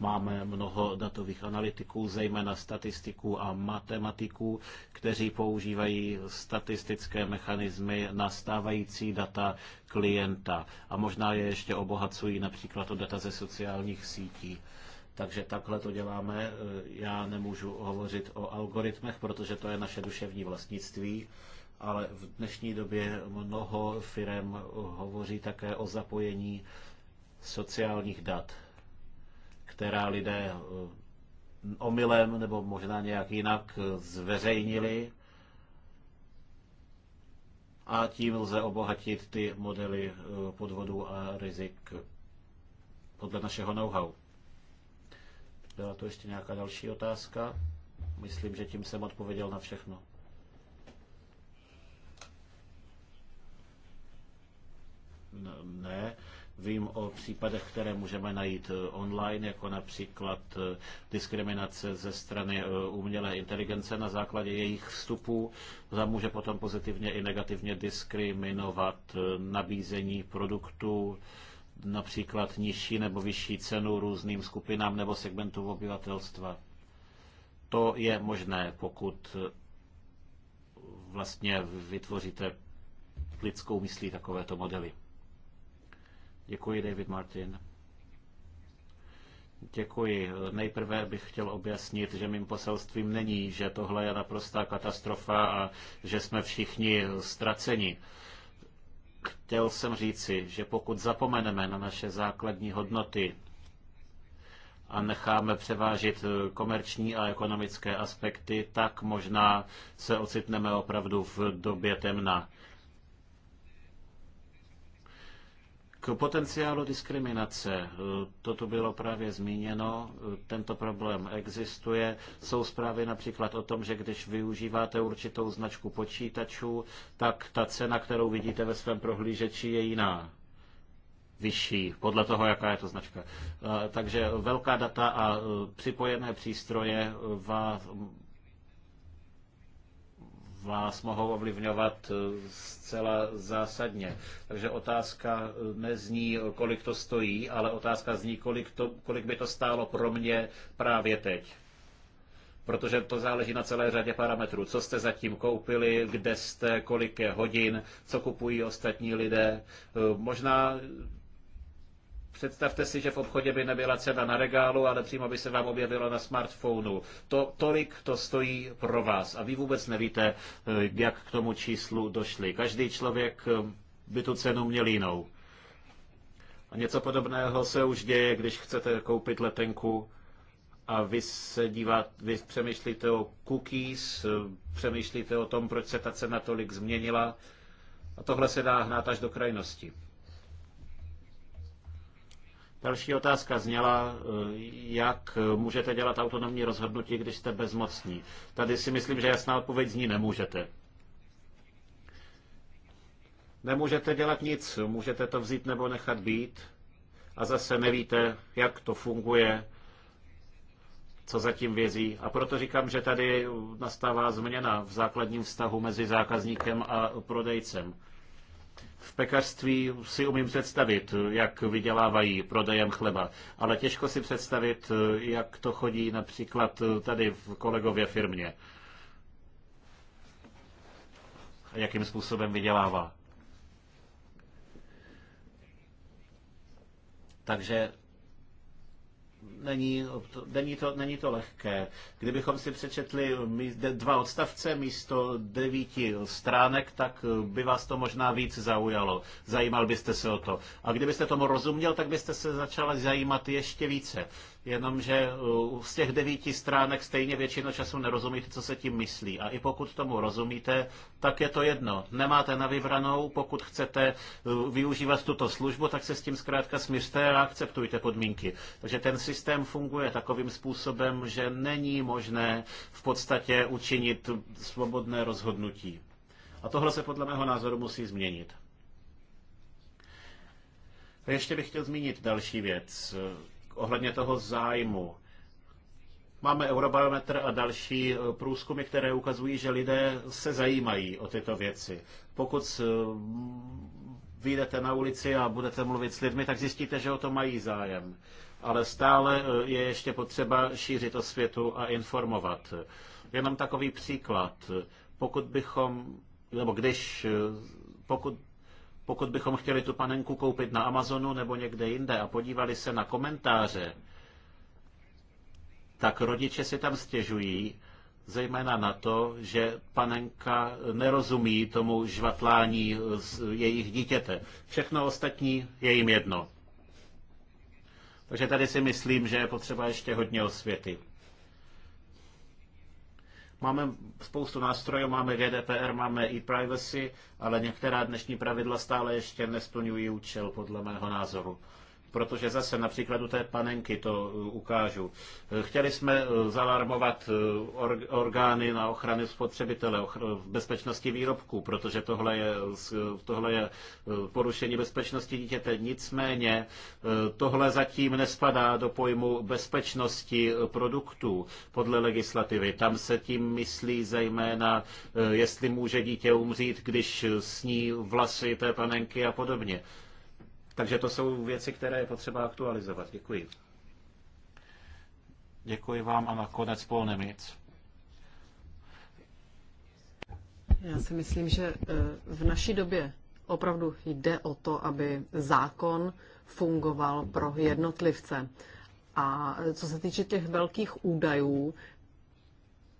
Speaker 1: Máme mnoho datových analytiků, zejména statistiků a matematiků, kteří používají statistické mechanismy na stávající data klienta a možná je ještě obohacují například o data ze sociálních sítí. Takže takhle to děláme. E, Já nemůžu hovořit o algoritmech, protože to je naše duševní vlastnictví, ale v dnešní době mnoho firm hovoří také o zapojení sociálních dat, která lidé e, omylem nebo možná nějak jinak e, zveřejnili a tím lze obohatit ty modely podvodů a rizik podle našeho know-how. Byla tu ještě nějaká další otázka? Myslím, že tím jsem odpověděl na všechno. Ne, vím o případech, které můžeme najít eh, online, jako například eh, diskriminace ze strany eh, umělé inteligence na základě jejich vstupů. Za může potom pozitivně i negativně diskriminovat nabízení produktů, například nižší nebo vyšší cenu různým skupinám nebo segmentům obyvatelstva. To je možné, pokud vlastně vytvoříte lidskou myslí takovéto modely. Děkuji, David Martin. Děkuji. Nejprve bych chtěl objasnit, že mým poselstvím není, že tohle je naprostá katastrofa a že jsme všichni ztraceni. Chtěl jsem říci, že pokud zapomeneme na naše základní hodnoty a necháme převážit eh, komerční a ekonomické aspekty, tak možná se ocitneme opravdu v době temna. K potenciálu diskriminace, eh, toto bylo právě zmíněno, eh, tento problém existuje. Jsou zprávy například o tom, že když využíváte určitou značku počítačů, tak ta cena, kterou vidíte ve svém prohlížeči, je jiná vyšší, podle toho, jaká je to značka. Eh, takže velká data a připojené přístroje vás mohou ovlivňovat eh, zcela zásadně. Takže otázka eh, nezní, kolik to stojí, ale otázka zní, kolik, to, kolik by to stálo pro mě právě teď protože to záleží na celé řadě parametrů. Co jste zatím koupili, kde jste, kolik je hodin, co kupují ostatní lidé. Eh, možná Představte si, že v obchodě by nebyla cena na regálu, ale přímo by se vám objevila na smartphonu. To, tolik to stojí pro vás a vy vůbec nevíte, eh, jak k tomu číslu došli. Každý člověk eh, by tu cenu měl jinou. A něco podobného se už děje, když chcete koupit letenku a vy se díváte, vy přemýšlíte o cookies, eh, přemýšlíte o tom, proč se ta cena tolik změnila. A tohle se dá hnát až do krajnosti. Další otázka zněla, eh, jak můžete dělat autonomní rozhodnutí, když jste bezmocní. Tady si myslím, že jasná odpověď zní nemůžete. Nemůžete dělat nic, můžete to vzít nebo nechat být a zase nevíte, jak to funguje, co zatím vězí. A proto říkám, že tady nastává změna v základním vztahu mezi zákazníkem a prodejcem. V pekařství si umím představit, jak vydělávají prodejem chleba, ale těžko si představit, jak to chodí například tady v kolegově firmě. Jakým způsobem vydělává. Takže není, to, není, to, není to lehké. Kdybychom si přečetli dva odstavce místo devíti stránek, tak eh, by vás to možná víc zaujalo. Zajímal byste se o to. A kdybyste tomu rozuměl, tak byste se začala zajímat ještě více jenomže z těch devíti stránek stejně většinu času nerozumíte, co se tím myslí. A i pokud tomu rozumíte, tak je to jedno. Nemáte na vybranou, pokud chcete e, využívat tuto službu, tak se s tím zkrátka smířte a akceptujte podmínky. Takže ten systém funguje takovým způsobem, že není možné v podstatě učinit svobodné rozhodnutí. A tohle se podle mého názoru musí změnit. A ještě bych chtěl zmínit další věc ohledně toho zájmu. Máme Eurobarometr a další eh, průzkumy, které ukazují, že lidé se zajímají o tyto věci. Pokud eh, vyjdete na ulici a budete mluvit s lidmi, tak zjistíte, že o to mají zájem. Ale stále eh, je ještě potřeba šířit o světu a informovat. Jenom takový příklad. Pokud bychom, nebo když, pokud pokud bychom chtěli tu panenku koupit na Amazonu nebo někde jinde a podívali se na komentáře, tak rodiče si tam stěžují, zejména na to, že panenka nerozumí tomu žvatlání z jejich dítěte. Všechno ostatní je jim jedno. Takže tady si myslím, že je potřeba ještě hodně osvěty. Máme spoustu nástrojů, máme GDPR, máme e-privacy, ale některá dnešní pravidla stále ještě nesplňují účel, podle mého názoru protože zase na příkladu té panenky to e, ukážu. E, chtěli jsme e, zalarmovat orgány na ochranu spotřebitele, v bezpečnosti výrobků, protože tohle je, tohle je porušení bezpečnosti dítěte. Nicméně tohle zatím nespadá do pojmu bezpečnosti produktů podle legislativy. Tam se tím myslí zejména, jestli může dítě umřít, když sní vlasy té panenky a podobně. Takže to jsou věci, které je potřeba aktualizovat. Děkuji. Děkuji vám a nakonec Paul Nemic.
Speaker 2: Já si myslím, že e, v naší době opravdu jde o to, aby zákon fungoval pro jednotlivce. A co se týče těch velkých údajů,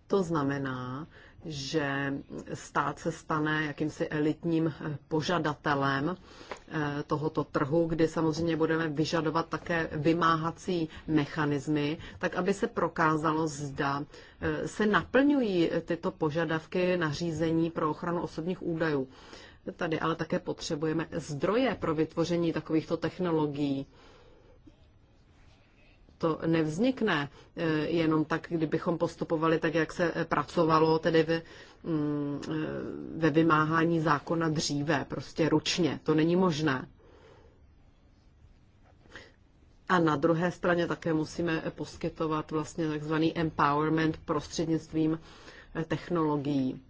Speaker 2: to znamená, že stát se stane jakýmsi elitním eh, požadatelem eh, tohoto trhu, kdy samozřejmě budeme vyžadovat také vymáhací mechanismy, tak aby se prokázalo, zda eh, se naplňují tyto požadavky nařízení pro ochranu osobních údajů. Tady ale také potřebujeme zdroje pro vytvoření takovýchto technologií to nevznikne eh, jenom tak, kdybychom postupovali tak, jak se eh, pracovalo, tedy ve, mm, eh, ve vymáhání zákona dříve, prostě ručně. To není možné. A na druhé straně také musíme poskytovat vlastně takzvaný empowerment prostřednictvím technologií.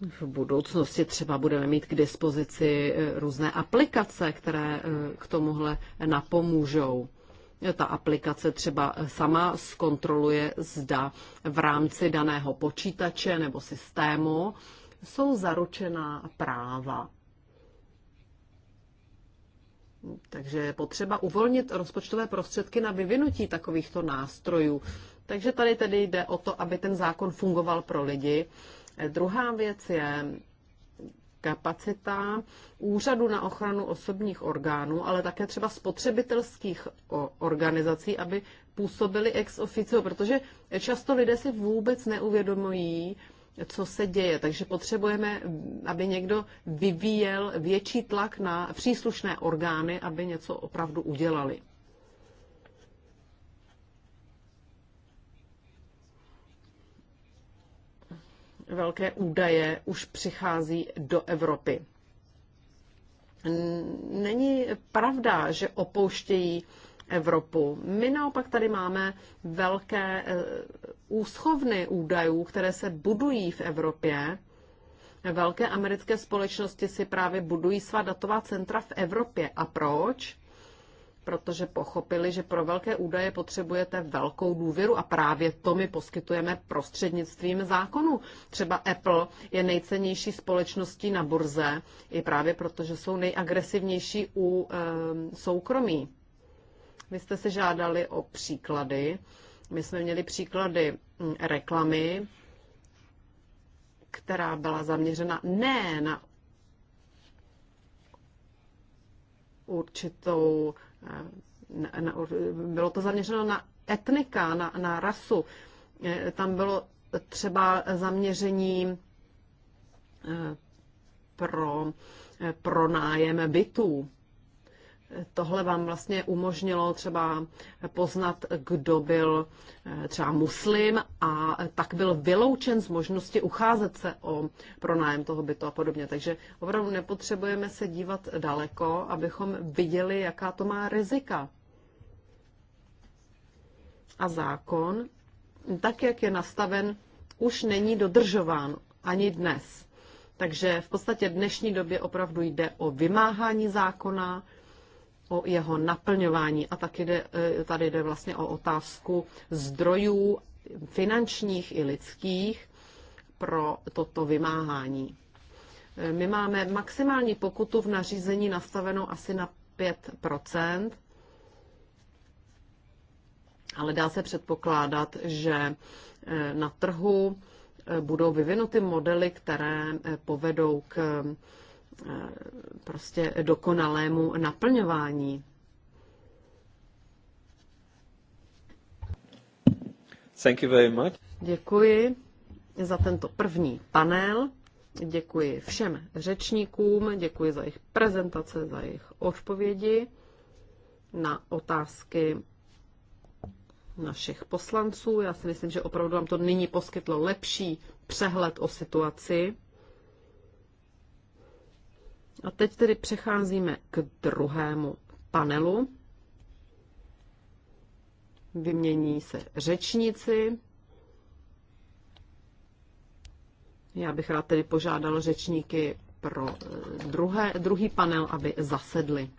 Speaker 2: V budoucnosti třeba budeme mít k dispozici různé aplikace, které k tomuhle napomůžou ta aplikace třeba sama zkontroluje, zda v rámci daného počítače nebo systému jsou zaručená práva. Takže je potřeba uvolnit rozpočtové prostředky na vyvinutí takovýchto nástrojů. Takže tady tedy jde o to, aby ten zákon fungoval pro lidi. Druhá věc je kapacita úřadu na ochranu osobních orgánů, ale také třeba spotřebitelských organizací, aby působili ex officio, protože často lidé si vůbec neuvědomují, co se děje. Takže potřebujeme, aby někdo vyvíjel větší tlak na příslušné orgány, aby něco opravdu udělali. velké údaje už přichází do Evropy. Není pravda, že opouštějí Evropu. My naopak tady máme velké eh, úschovny údajů, které se budují v Evropě. Velké americké společnosti si právě budují svá datová centra v Evropě. A proč? protože pochopili, že pro velké údaje potřebujete velkou důvěru a právě to my poskytujeme prostřednictvím zákonů. Třeba Apple je nejcennější společností na burze i právě proto, že jsou nejagresivnější u e, soukromí. Vy jste se žádali o příklady. My jsme měli příklady hm, reklamy, která byla zaměřena ne na určitou na, na, bylo to zaměřeno na etnika, na, na rasu. Eh, tam bylo třeba zaměření eh, pro eh, pronájem bytů tohle vám vlastně umožnilo třeba poznat, kdo byl eh, třeba muslim a tak byl vyloučen z možnosti ucházet se o pronájem toho bytu a podobně. Takže opravdu nepotřebujeme se dívat daleko, abychom viděli, jaká to má rizika. A zákon, tak jak je nastaven, už není dodržován ani dnes. Takže v podstatě dnešní době opravdu jde o vymáhání zákona, o jeho naplňování. A taky jde, e, tady jde vlastně o otázku zdrojů finančních i lidských pro toto vymáhání. E, my máme maximální pokutu v nařízení nastavenou asi na 5 ale dá se předpokládat, že e, na trhu budou vyvinuty modely, které povedou k Eh, prostě dokonalému naplňování. Thank you very much. Děkuji za tento první panel. Děkuji všem řečníkům, děkuji za jejich prezentace, za jejich odpovědi na otázky našich poslanců. Já si myslím, že opravdu vám to nyní poskytlo lepší přehled o situaci. A teď tedy přecházíme k druhému panelu. Vymění se řečníci. Já bych rád tedy požádal řečníky pro eh, druhé, druhý panel, aby zasedli.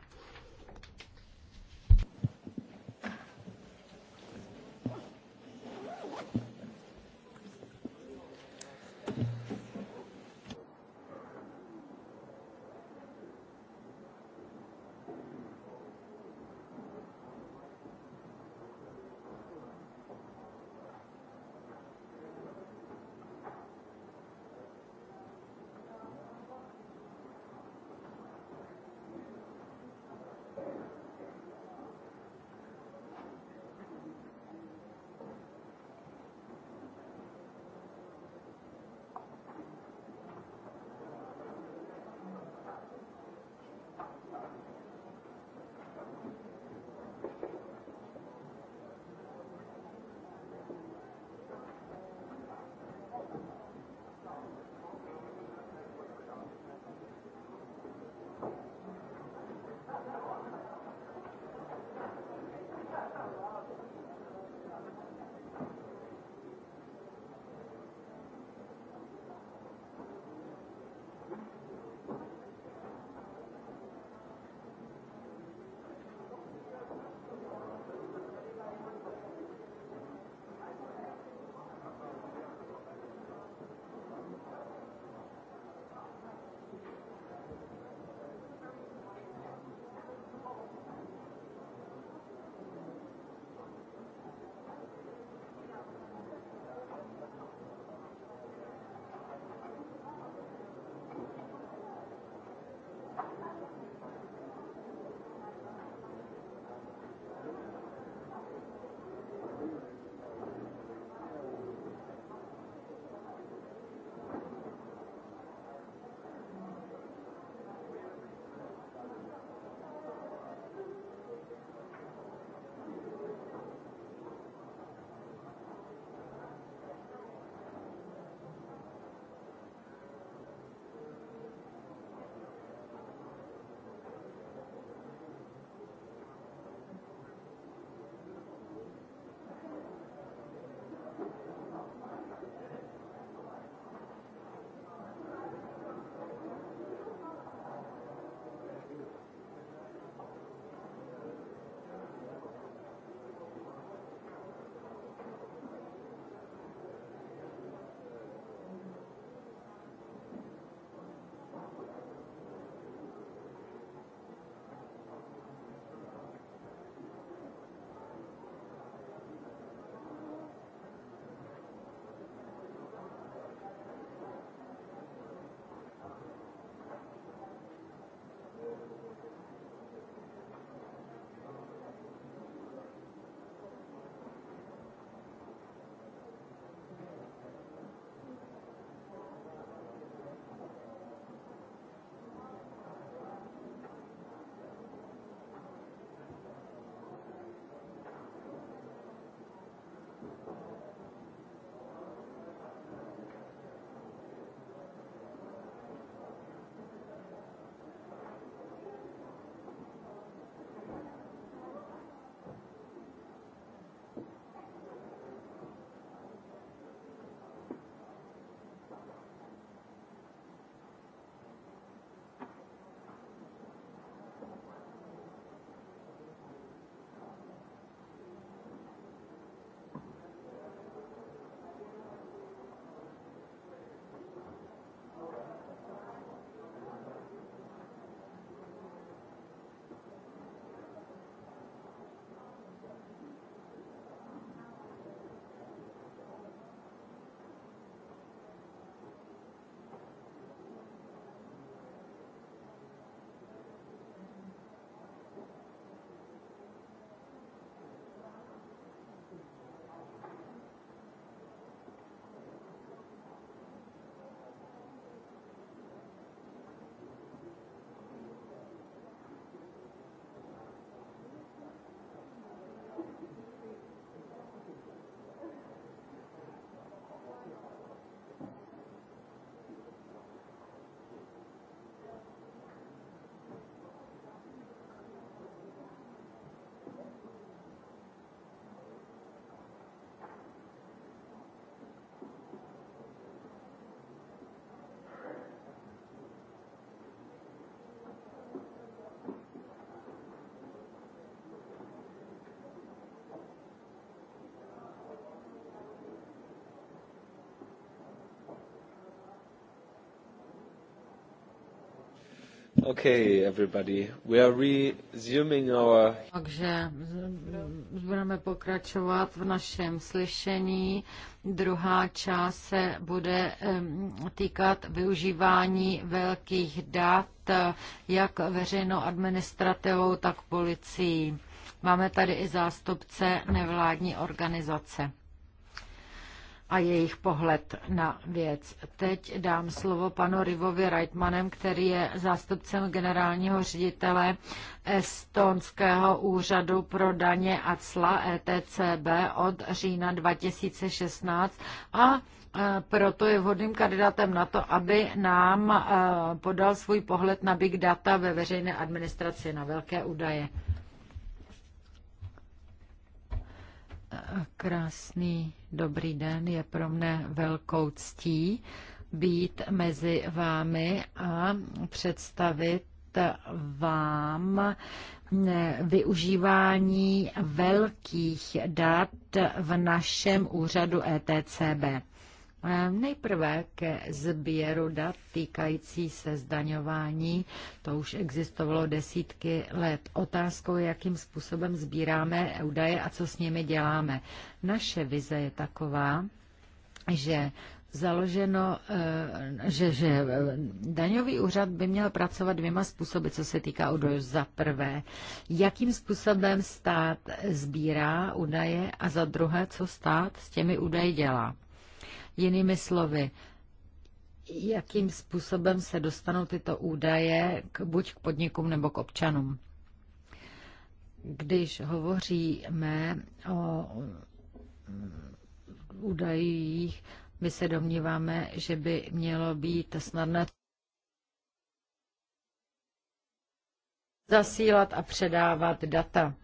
Speaker 3: Okay, everybody. We are resuming our... Takže budeme pokračovat v našem slyšení. Druhá část se bude týkat využívání velkých dat jak veřejnou administrativou, tak policií. Máme tady i zástupce nevládní organizace a jejich pohled na věc. Teď dám slovo panu Rivovi Reitmanem, který je zástupcem generálního ředitele Estonského úřadu pro daně a cla ETCB od října 2016 a e, proto je vhodným kandidátem na to, aby nám e, podal svůj pohled na big data ve veřejné administraci, na velké údaje. Krásný dobrý den, je pro mne velkou ctí být mezi vámi a představit vám využívání velkých dat v našem úřadu ETCB. Nejprve ke sběru dat týkající se zdaňování, to už existovalo desítky let. Otázkou je, jakým způsobem sbíráme údaje a co s nimi děláme. Naše vize je taková, že založeno, eh, že, že eh, daňový úřad by měl pracovat dvěma způsoby, co se týká údajů. Za prvé, jakým způsobem stát sbírá údaje a za druhé, co stát s těmi údaji dělá. Jinými slovy, jakým způsobem se dostanou tyto údaje k, buď k podnikům nebo k občanům. Když hovoříme o mm, údajích, my se domníváme, že by mělo být snadné zasílat a předávat data.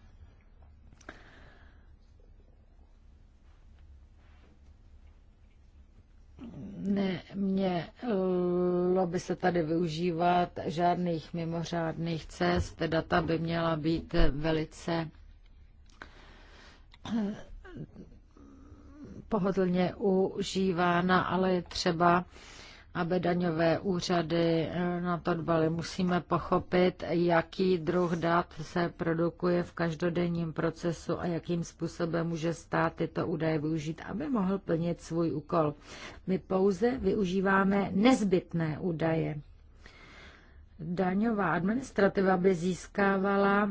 Speaker 3: Nemělo by se tady využívat žádných mimořádných cest. Data by měla být velice eh, pohodlně užívána, ale je třeba aby daňové úřady eh, na to dbaly. Musíme pochopit, jaký druh dat se produkuje v každodenním procesu a jakým způsobem může stát tyto údaje využít, aby mohl plnit svůj úkol. My pouze využíváme nezbytné údaje. Daňová administrativa by získávala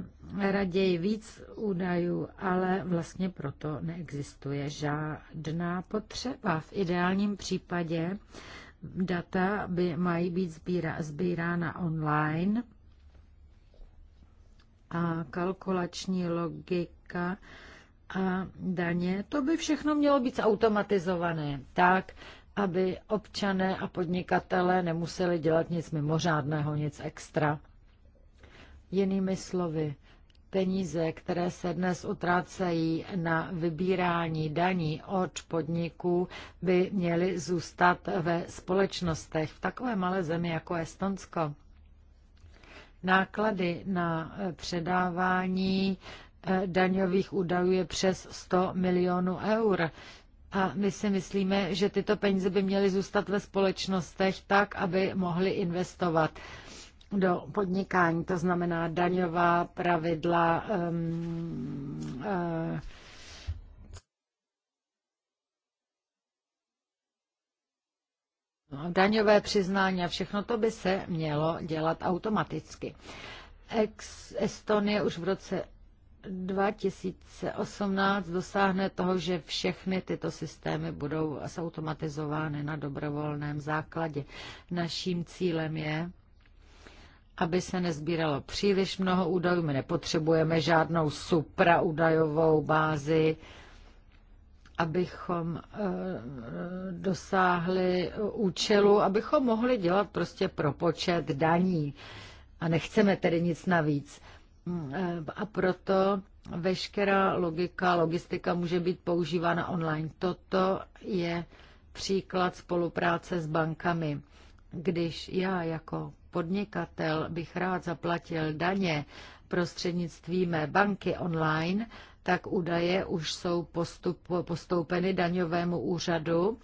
Speaker 3: raději víc údajů, ale vlastně proto neexistuje žádná potřeba. V ideálním případě Data by mají být sbírána online a kalkulační logika a daně, to by všechno mělo být automatizované tak, aby občané a podnikatele nemuseli dělat nic mimořádného, nic extra. Jinými slovy, Peníze, které se dnes utrácejí na vybírání daní od podniků, by měly zůstat ve společnostech v takové malé zemi jako Estonsko. Náklady na předávání eh, daňových údajů je přes 100 milionů eur. A my si myslíme, že tyto peníze by měly zůstat ve společnostech tak, aby mohly investovat do podnikání, to znamená daňová pravidla, um, uh, no, daňové přiznání a všechno to by se mělo dělat automaticky. Ex Estonie už v roce 2018 dosáhne toho, že všechny tyto systémy budou automatizovány na dobrovolném základě. Naším cílem je aby se nezbíralo příliš mnoho údajů. My nepotřebujeme žádnou supraudajovou bázi, abychom eh, dosáhli účelu, abychom mohli dělat prostě propočet daní. A nechceme tedy nic navíc. Eh, a proto veškerá logika, logistika může být používána online. Toto je příklad spolupráce s bankami. Když já jako podnikatel bych rád zaplatil daně prostřednictvím mé banky online, tak údaje už jsou postup, postoupeny daňovému úřadu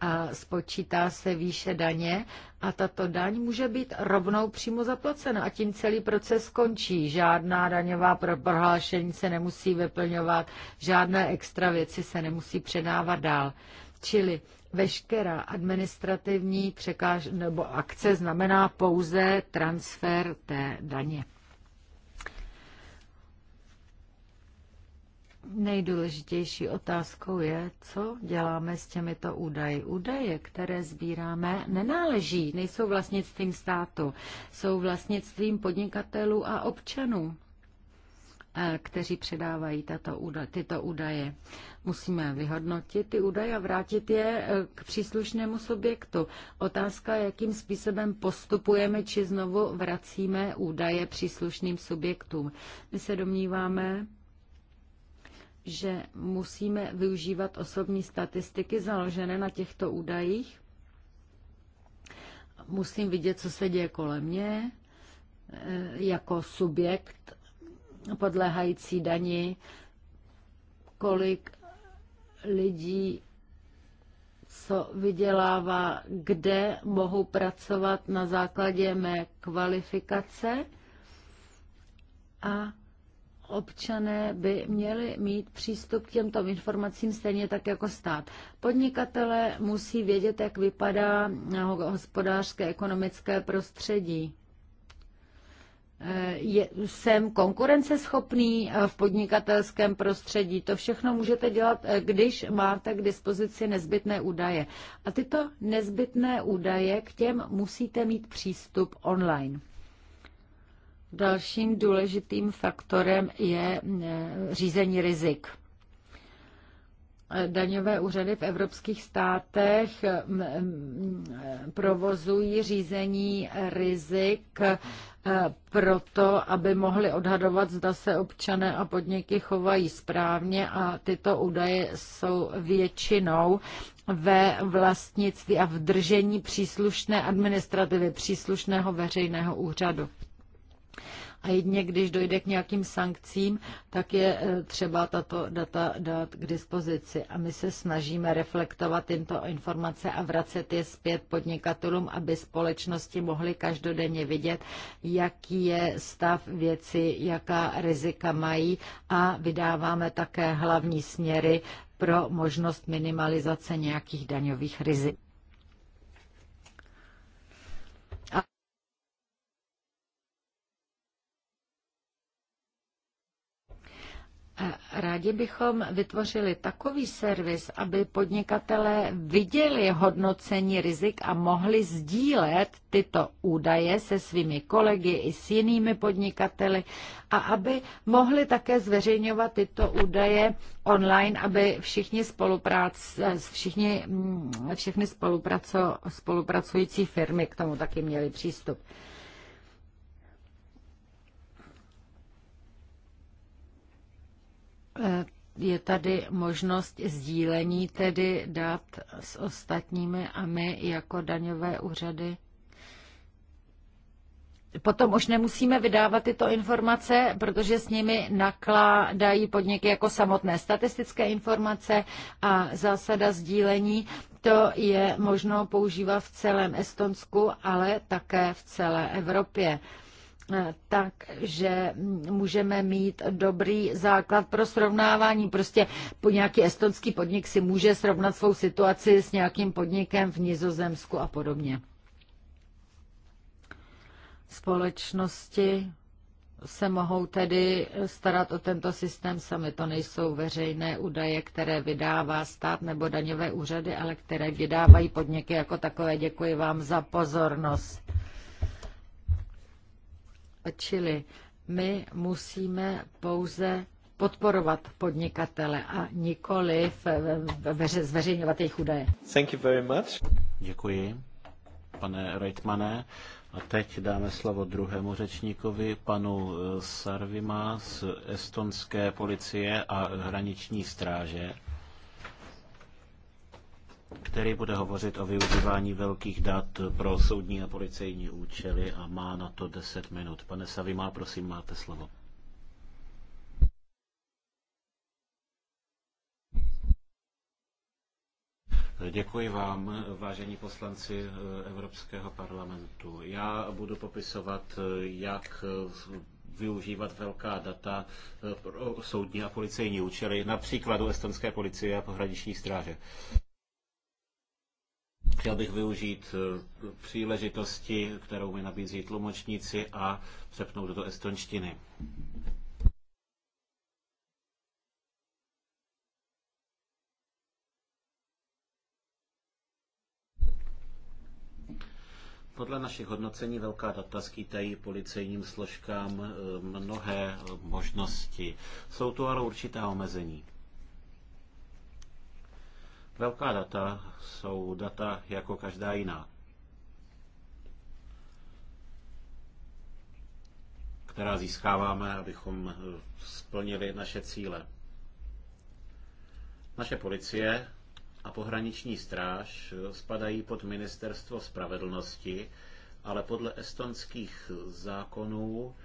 Speaker 3: a spočítá se výše daně a tato daň může být rovnou přímo zaplacena a tím celý proces skončí. Žádná daňová prohlášení se nemusí vyplňovat, žádné extra věci se nemusí předávat dál. Čili veškerá administrativní překáž, nebo akce znamená pouze transfer té daně. Nejdůležitější otázkou je, co děláme s těmito údaji. Údaje, které sbíráme, nenáleží, nejsou vlastnictvím státu, jsou vlastnictvím podnikatelů a občanů kteří předávají tato úda, tyto údaje. Musíme vyhodnotit ty údaje a vrátit je eh, k příslušnému subjektu. Otázka, jakým způsobem postupujeme, či znovu vracíme údaje příslušným subjektům. My se domníváme, že musíme využívat osobní statistiky založené na těchto údajích. Musím vidět, co se děje kolem mě, eh, jako subjekt podléhající dani, kolik lidí co vydělává, kde mohu pracovat na základě mé kvalifikace a občané by měli mít přístup k těmto informacím stejně tak jako stát. Podnikatele musí vědět, jak vypadá hospodářské ekonomické prostředí. Eh, je, jsem konkurenceschopný eh, v podnikatelském prostředí. To všechno můžete dělat, eh, když máte k dispozici nezbytné údaje. A tyto nezbytné údaje k těm musíte mít přístup online. Dalším důležitým faktorem je řízení rizik. Daňové úřady v evropských státech provozují řízení rizik Eh, proto, aby mohli odhadovat, zda se občané a podniky chovají správně a tyto údaje jsou většinou ve vlastnictví a v držení příslušné administrativy, příslušného veřejného úřadu. A jedině když dojde k nějakým sankcím, tak je eh, třeba tato data dát k dispozici. A my se snažíme reflektovat tyto informace a vracet je zpět podnikatelům, aby společnosti mohly každodenně vidět, jaký je stav věci, jaká rizika mají a vydáváme také hlavní směry pro možnost minimalizace nějakých daňových rizik. Rádi bychom vytvořili takový servis, aby podnikatelé viděli hodnocení rizik a mohli sdílet tyto údaje se svými kolegy i s jinými podnikateli a aby mohli také zveřejňovat tyto údaje online, aby všichni, spoluprác, všichni mm, všechny spolupracující firmy k tomu taky měli přístup. Eh, je tady možnost sdílení tedy dat s ostatními a my jako daňové úřady. Potom už nemusíme vydávat tyto informace, protože s nimi nakládají podniky jako samotné statistické informace a zásada sdílení. To je možno používat v celém Estonsku, ale také v celé Evropě. Eh, takže můžeme mít dobrý základ pro srovnávání. Prostě po nějaký estonský podnik si může srovnat svou situaci s nějakým podnikem v Nizozemsku a podobně. Společnosti se mohou tedy starat o tento systém sami. To nejsou veřejné údaje, které vydává stát nebo daňové úřady, ale které vydávají podniky jako takové. Děkuji vám za pozornost. Čili my musíme pouze podporovat podnikatele a nikoli zveřejňovat jejich údaje.
Speaker 1: Thank you very much. Děkuji, pane Reitmane. A teď dáme slovo druhému řečníkovi, panu eh, Sarvima z estonské policie a hraniční stráže který bude hovořit o využívání velkých dat pro soudní a policejní účely a má na to 10 minut. Pane Savima, prosím, máte slovo. Děkuji vám, vážení poslanci eh, Evropského parlamentu. Já budu popisovat, eh, jak eh, využívat velká data pro soudní a policejní účely, například u estonské policie a pohraniční stráže. Chtěl bych využít eh, příležitosti, kterou mi nabízí tlumočníci a přepnout do estonštiny. Podle našich hodnocení velká data skýtají policejním složkám eh, mnohé možnosti. Jsou tu ale určitá omezení. Velká data jsou data jako každá jiná, která získáváme, abychom splnili naše cíle. Naše policie a pohraniční stráž spadají pod Ministerstvo spravedlnosti, ale podle estonských zákonů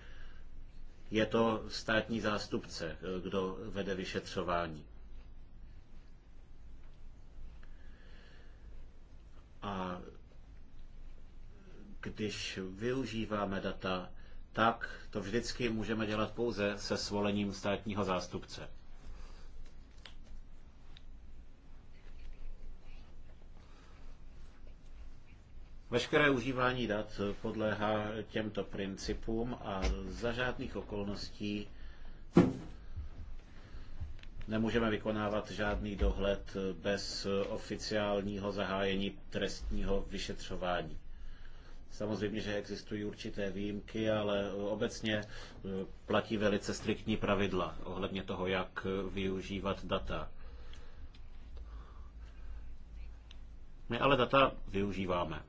Speaker 1: je to státní zástupce, kdo vede vyšetřování. A když využíváme data, tak to vždycky můžeme dělat pouze se svolením státního zástupce. Veškeré užívání dat podléhá těmto principům a za žádných okolností nemůžeme vykonávat žádný dohled bez oficiálního zahájení trestního vyšetřování. Samozřejmě, že existují určité výjimky, ale obecně eh, platí velice striktní pravidla ohledně toho, jak eh, využívat data. My ale data využíváme.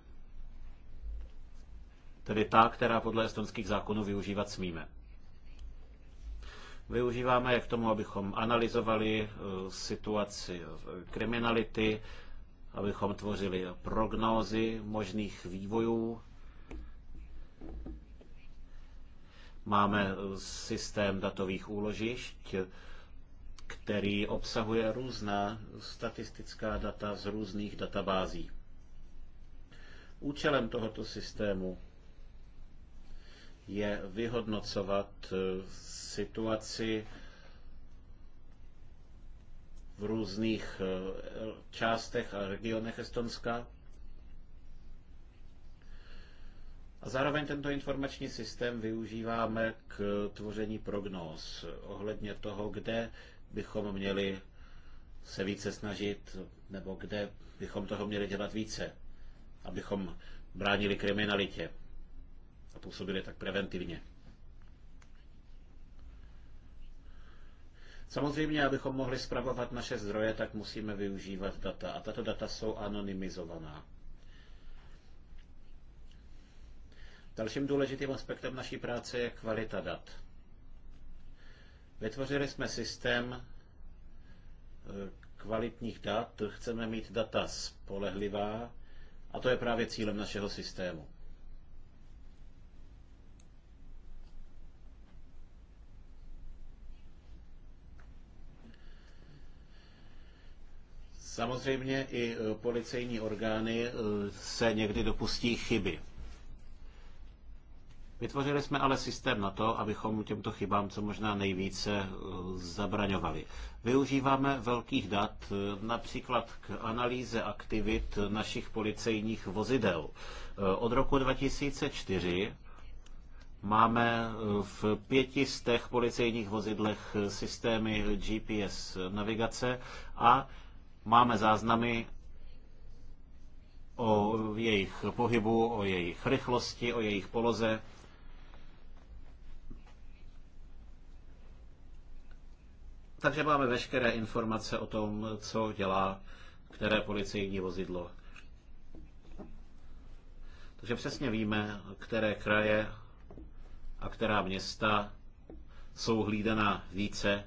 Speaker 1: Tedy ta, která podle estonských zákonů využívat smíme využíváme je k tomu, abychom analyzovali eh, situaci kriminality, abychom tvořili prognózy možných vývojů. Máme eh, systém datových úložišť, který obsahuje různá statistická data z různých databází. Účelem tohoto systému je vyhodnocovat eh, situaci v různých eh, částech a regionech Estonska. A zároveň tento informační systém využíváme k eh, tvoření prognóz ohledně toho, kde bychom měli se více snažit, nebo kde bychom toho měli dělat více, abychom bránili kriminalitě a působili tak preventivně. Samozřejmě, abychom mohli spravovat naše zdroje, tak musíme využívat data. A tato data jsou anonymizovaná. Dalším důležitým aspektem naší práce je kvalita dat. Vytvořili jsme systém eh, kvalitních dat, chceme mít data spolehlivá a to je právě cílem našeho systému. Samozřejmě i e, policejní orgány e, se někdy dopustí chyby. Vytvořili jsme ale systém na to, abychom těmto chybám co možná nejvíce e, zabraňovali. Využíváme velkých dat například k analýze aktivit našich policejních vozidel. Od roku 2004 máme v pětistech policejních vozidlech systémy GPS navigace a Máme záznamy o jejich pohybu, o jejich rychlosti, o jejich poloze. Takže máme veškeré informace o tom, co dělá které policejní vozidlo. Takže přesně víme, které kraje a která města jsou hlídaná více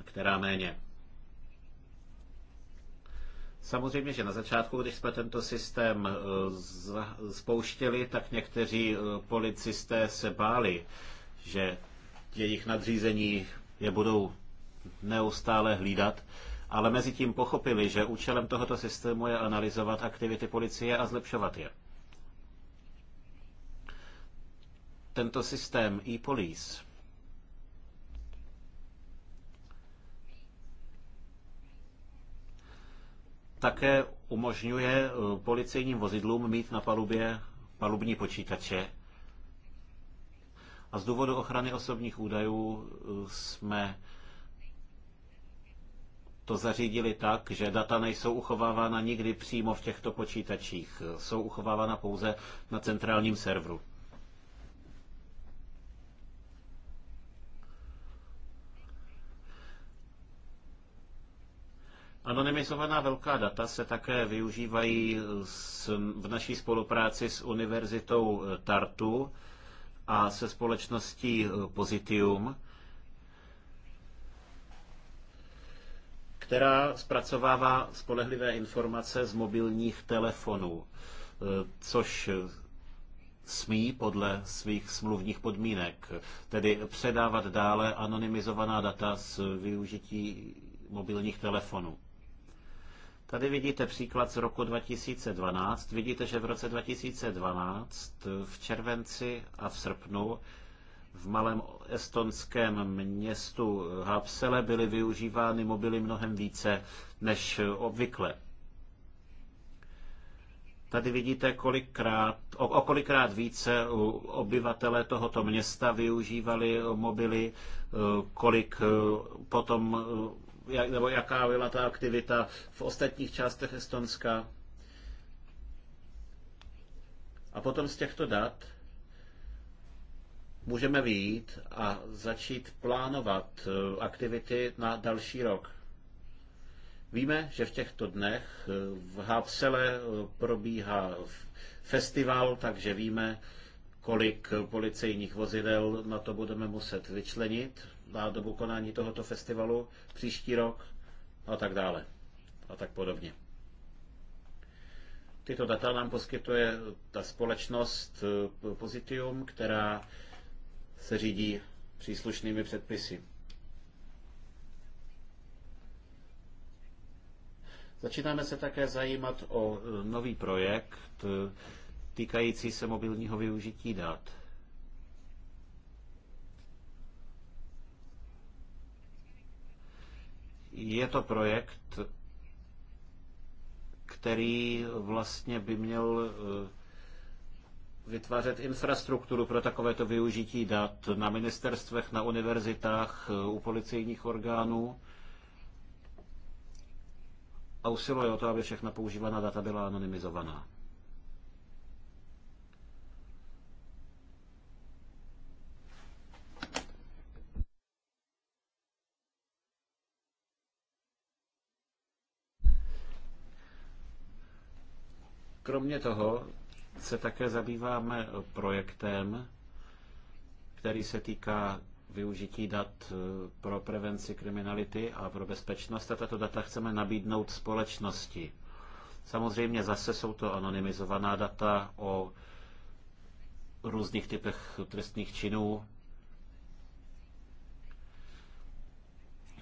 Speaker 1: a která méně. Samozřejmě, že na začátku, když jsme tento systém eh, spouštěli, tak někteří eh, policisté se báli, že jejich nadřízení je budou neustále hlídat, ale mezi tím pochopili, že účelem tohoto systému je analyzovat aktivity policie a zlepšovat je. Tento systém e-police také umožňuje eh, policejním vozidlům mít na palubě palubní počítače. A z důvodu ochrany osobních údajů eh, jsme to zařídili tak, že data nejsou uchovávána nikdy přímo v těchto počítačích. Jsou uchovávána pouze na centrálním serveru. Anonymizovaná velká data se také využívají v naší spolupráci s Univerzitou eh, Tartu a se společností eh, Pozitium, která zpracovává spolehlivé informace z mobilních telefonů, eh, což smí podle svých smluvních podmínek, tedy předávat dále anonymizovaná data z využití mobilních telefonů. Tady vidíte příklad z roku 2012. Vidíte, že v roce 2012 v červenci a v srpnu v malém estonském městu Hapsele byly využívány mobily mnohem více než obvykle. Tady vidíte, kolikrát, o, o kolikrát více obyvatelé tohoto města využívali mobily, eh, kolik eh, potom eh, nebo jaká byla ta aktivita v ostatních částech Estonska. A potom z těchto dat můžeme vyjít a začít plánovat eh, aktivity na další rok. Víme, že v těchto dnech eh, v Hápsele eh, probíhá festival, takže víme, kolik policejních vozidel na to budeme muset vyčlenit, na dobu konání tohoto festivalu příští rok a tak dále a tak podobně. Tyto data nám poskytuje ta společnost eh, Pozitium, která se řídí příslušnými předpisy. Začínáme se také zajímat o eh, nový projekt eh, týkající se mobilního využití dat. Je to projekt, který vlastně by měl eh, vytvářet infrastrukturu pro takovéto využití dat na ministerstvech, na univerzitách, eh, u policejních orgánů a usiluje o to, aby všechna používaná data byla anonymizovaná. Kromě toho se také zabýváme projektem, který se týká využití dat eh, pro prevenci kriminality a pro bezpečnost a tato data chceme nabídnout společnosti. Samozřejmě zase jsou to anonymizovaná data o různých typech trestných činů.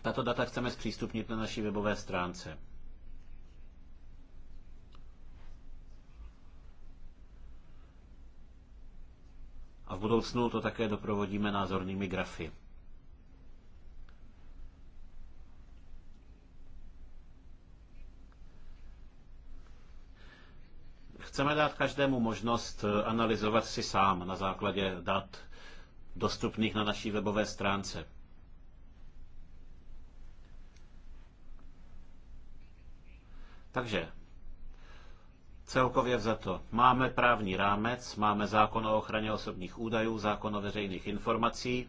Speaker 1: Tato data chceme zpřístupnit na naší webové stránce. a v budoucnu to také doprovodíme názornými grafy. Chceme dát každému možnost eh, analyzovat si sám na základě dat dostupných na naší webové stránce. Takže Celkově vzato máme právní rámec, máme zákon o ochraně osobních údajů, zákon o veřejných informací,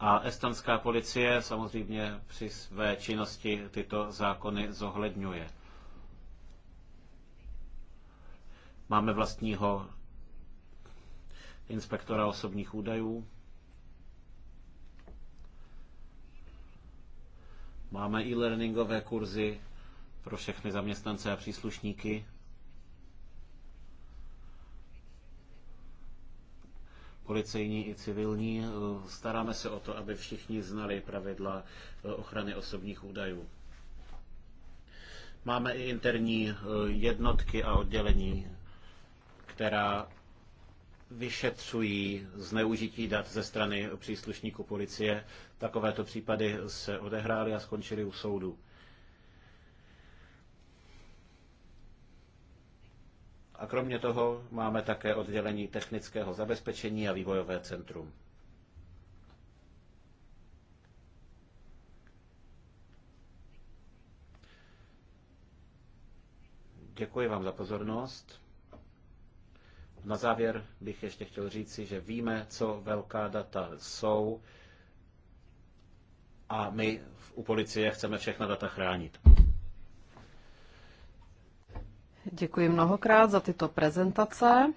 Speaker 1: A estonská policie samozřejmě při své činnosti tyto zákony zohledňuje. Máme vlastního inspektora osobních údajů. Máme e-learningové kurzy pro všechny zaměstnance a příslušníky. policejní i civilní. Staráme se o to, aby všichni znali pravidla eh, ochrany osobních údajů. Máme i interní eh, jednotky a oddělení, která vyšetřují zneužití dat ze strany příslušníků policie. Takovéto případy se odehrály a skončily u soudu. A kromě toho máme také oddělení technického zabezpečení a vývojové centrum. Děkuji vám za pozornost. Na závěr bych ještě chtěl říci, že víme, co velká data jsou a my u policie chceme všechna data chránit.
Speaker 2: Děkuji mnohokrát za tyto prezentace.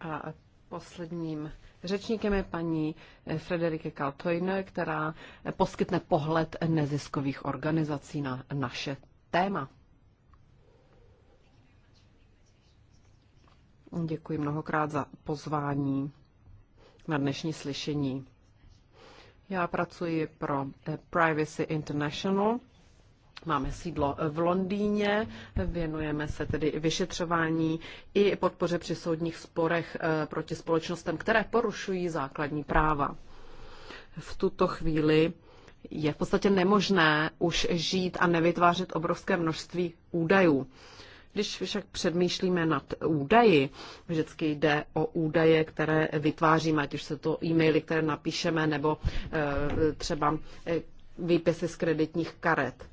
Speaker 2: A posledním řečníkem je paní Frederike Kaltojne, která poskytne pohled neziskových organizací na naše téma. Děkuji mnohokrát za pozvání na dnešní slyšení. Já pracuji pro eh, Privacy International. Máme sídlo eh, v Londýně, věnujeme se tedy vyšetřování i podpoře při soudních sporech eh, proti společnostem, které porušují základní práva. V tuto chvíli je v podstatě nemožné už žít a nevytvářet obrovské množství údajů. Když však předmýšlíme nad údaji, vždycky jde o údaje, které vytváříme, ať už se to e-maily, které napíšeme, nebo eh, třeba eh, výpisy z kreditních karet.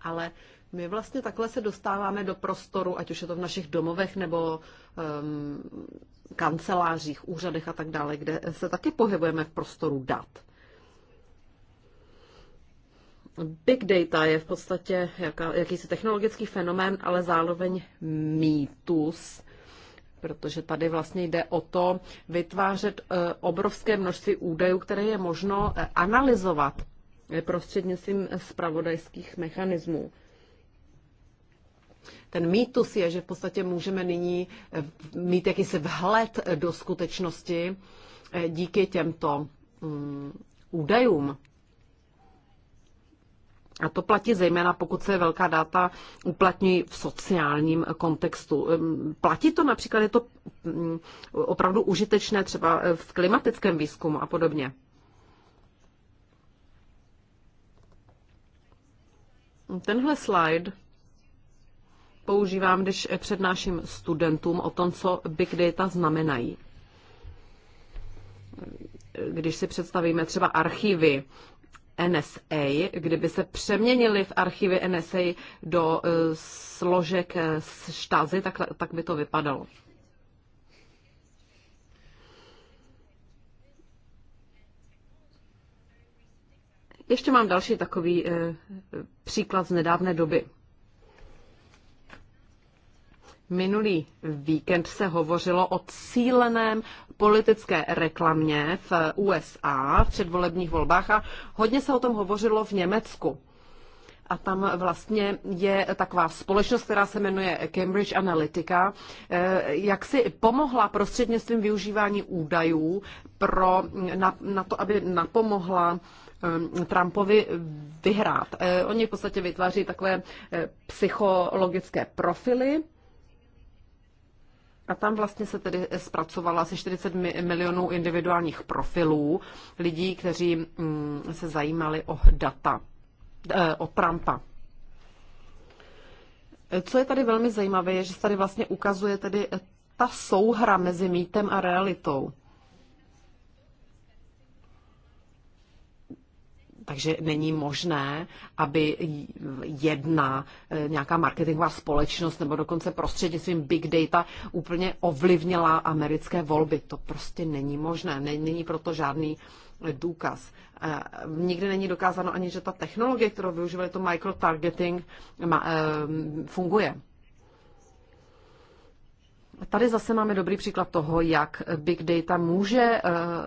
Speaker 2: Ale my vlastně takhle se dostáváme do prostoru, ať už je to v našich domovech nebo um, kancelářích, úřadech a tak dále, kde se taky pohybujeme v prostoru dat. Big data je v podstatě jaká, jakýsi technologický fenomén, ale zároveň mýtus, protože tady vlastně jde o to vytvářet eh, obrovské množství údajů, které je možno eh, analyzovat eh, prostřednictvím spravodajských mechanismů. Ten mýtus je, že v podstatě můžeme nyní mít jakýsi vhled do skutečnosti díky těmto mm, údajům. A to platí zejména, pokud se velká data uplatňují v sociálním kontextu. Platí to například, je to mm, opravdu užitečné třeba v klimatickém výzkumu a podobně. Tenhle slide používám, když přednáším studentům o tom, co big data znamenají. Když si představíme třeba archivy NSA, kdyby se přeměnili v archivy NSA do e, složek e, štazy, tak, tak by to vypadalo. Ještě mám další takový e, příklad z nedávné doby. Minulý víkend se hovořilo o cíleném politické reklamě v USA v předvolebních volbách a hodně se o tom hovořilo v Německu. A tam vlastně je taková společnost, která se jmenuje Cambridge Analytica, eh, jak si pomohla prostřednictvím využívání údajů pro, na, na to, aby napomohla eh, Trumpovi vyhrát. Eh, oni v podstatě vytváří takové psychologické profily a tam vlastně se tedy zpracovala asi 40 milionů individuálních profilů lidí, kteří mm, se zajímali o data, eh, o Trumpa. Co je tady velmi zajímavé, je, že se tady vlastně ukazuje tedy ta souhra mezi mýtem a realitou. takže není možné, aby jedna eh, nějaká marketingová společnost nebo dokonce prostřednictvím big data úplně ovlivnila americké volby. To prostě není možné. Není proto žádný eh, důkaz. Eh, nikdy není dokázáno ani, že ta technologie, kterou využívali to micro targeting, funguje. Tady zase máme dobrý příklad toho, jak big data může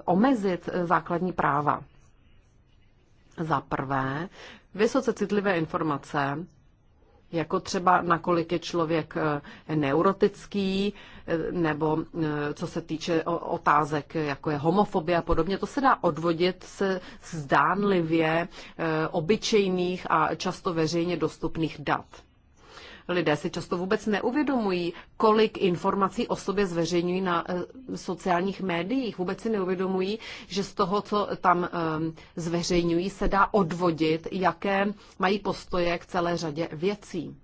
Speaker 2: omezit základní práva. Za prvé, vysoce citlivé informace, jako třeba nakolik je člověk eh, neurotický, eh, nebo eh, co se týče otázek, jako je homofobie a podobně, to se dá odvodit se zdánlivě obyčejných a často veřejně dostupných dat. Lidé si často vůbec neuvědomují, kolik informací o sobě zveřejňují na eh, sociálních médiích. Vůbec si neuvědomují, že z toho, co tam ehm, zveřejňují, se dá odvodit, jaké mají postoje k celé řadě věcí.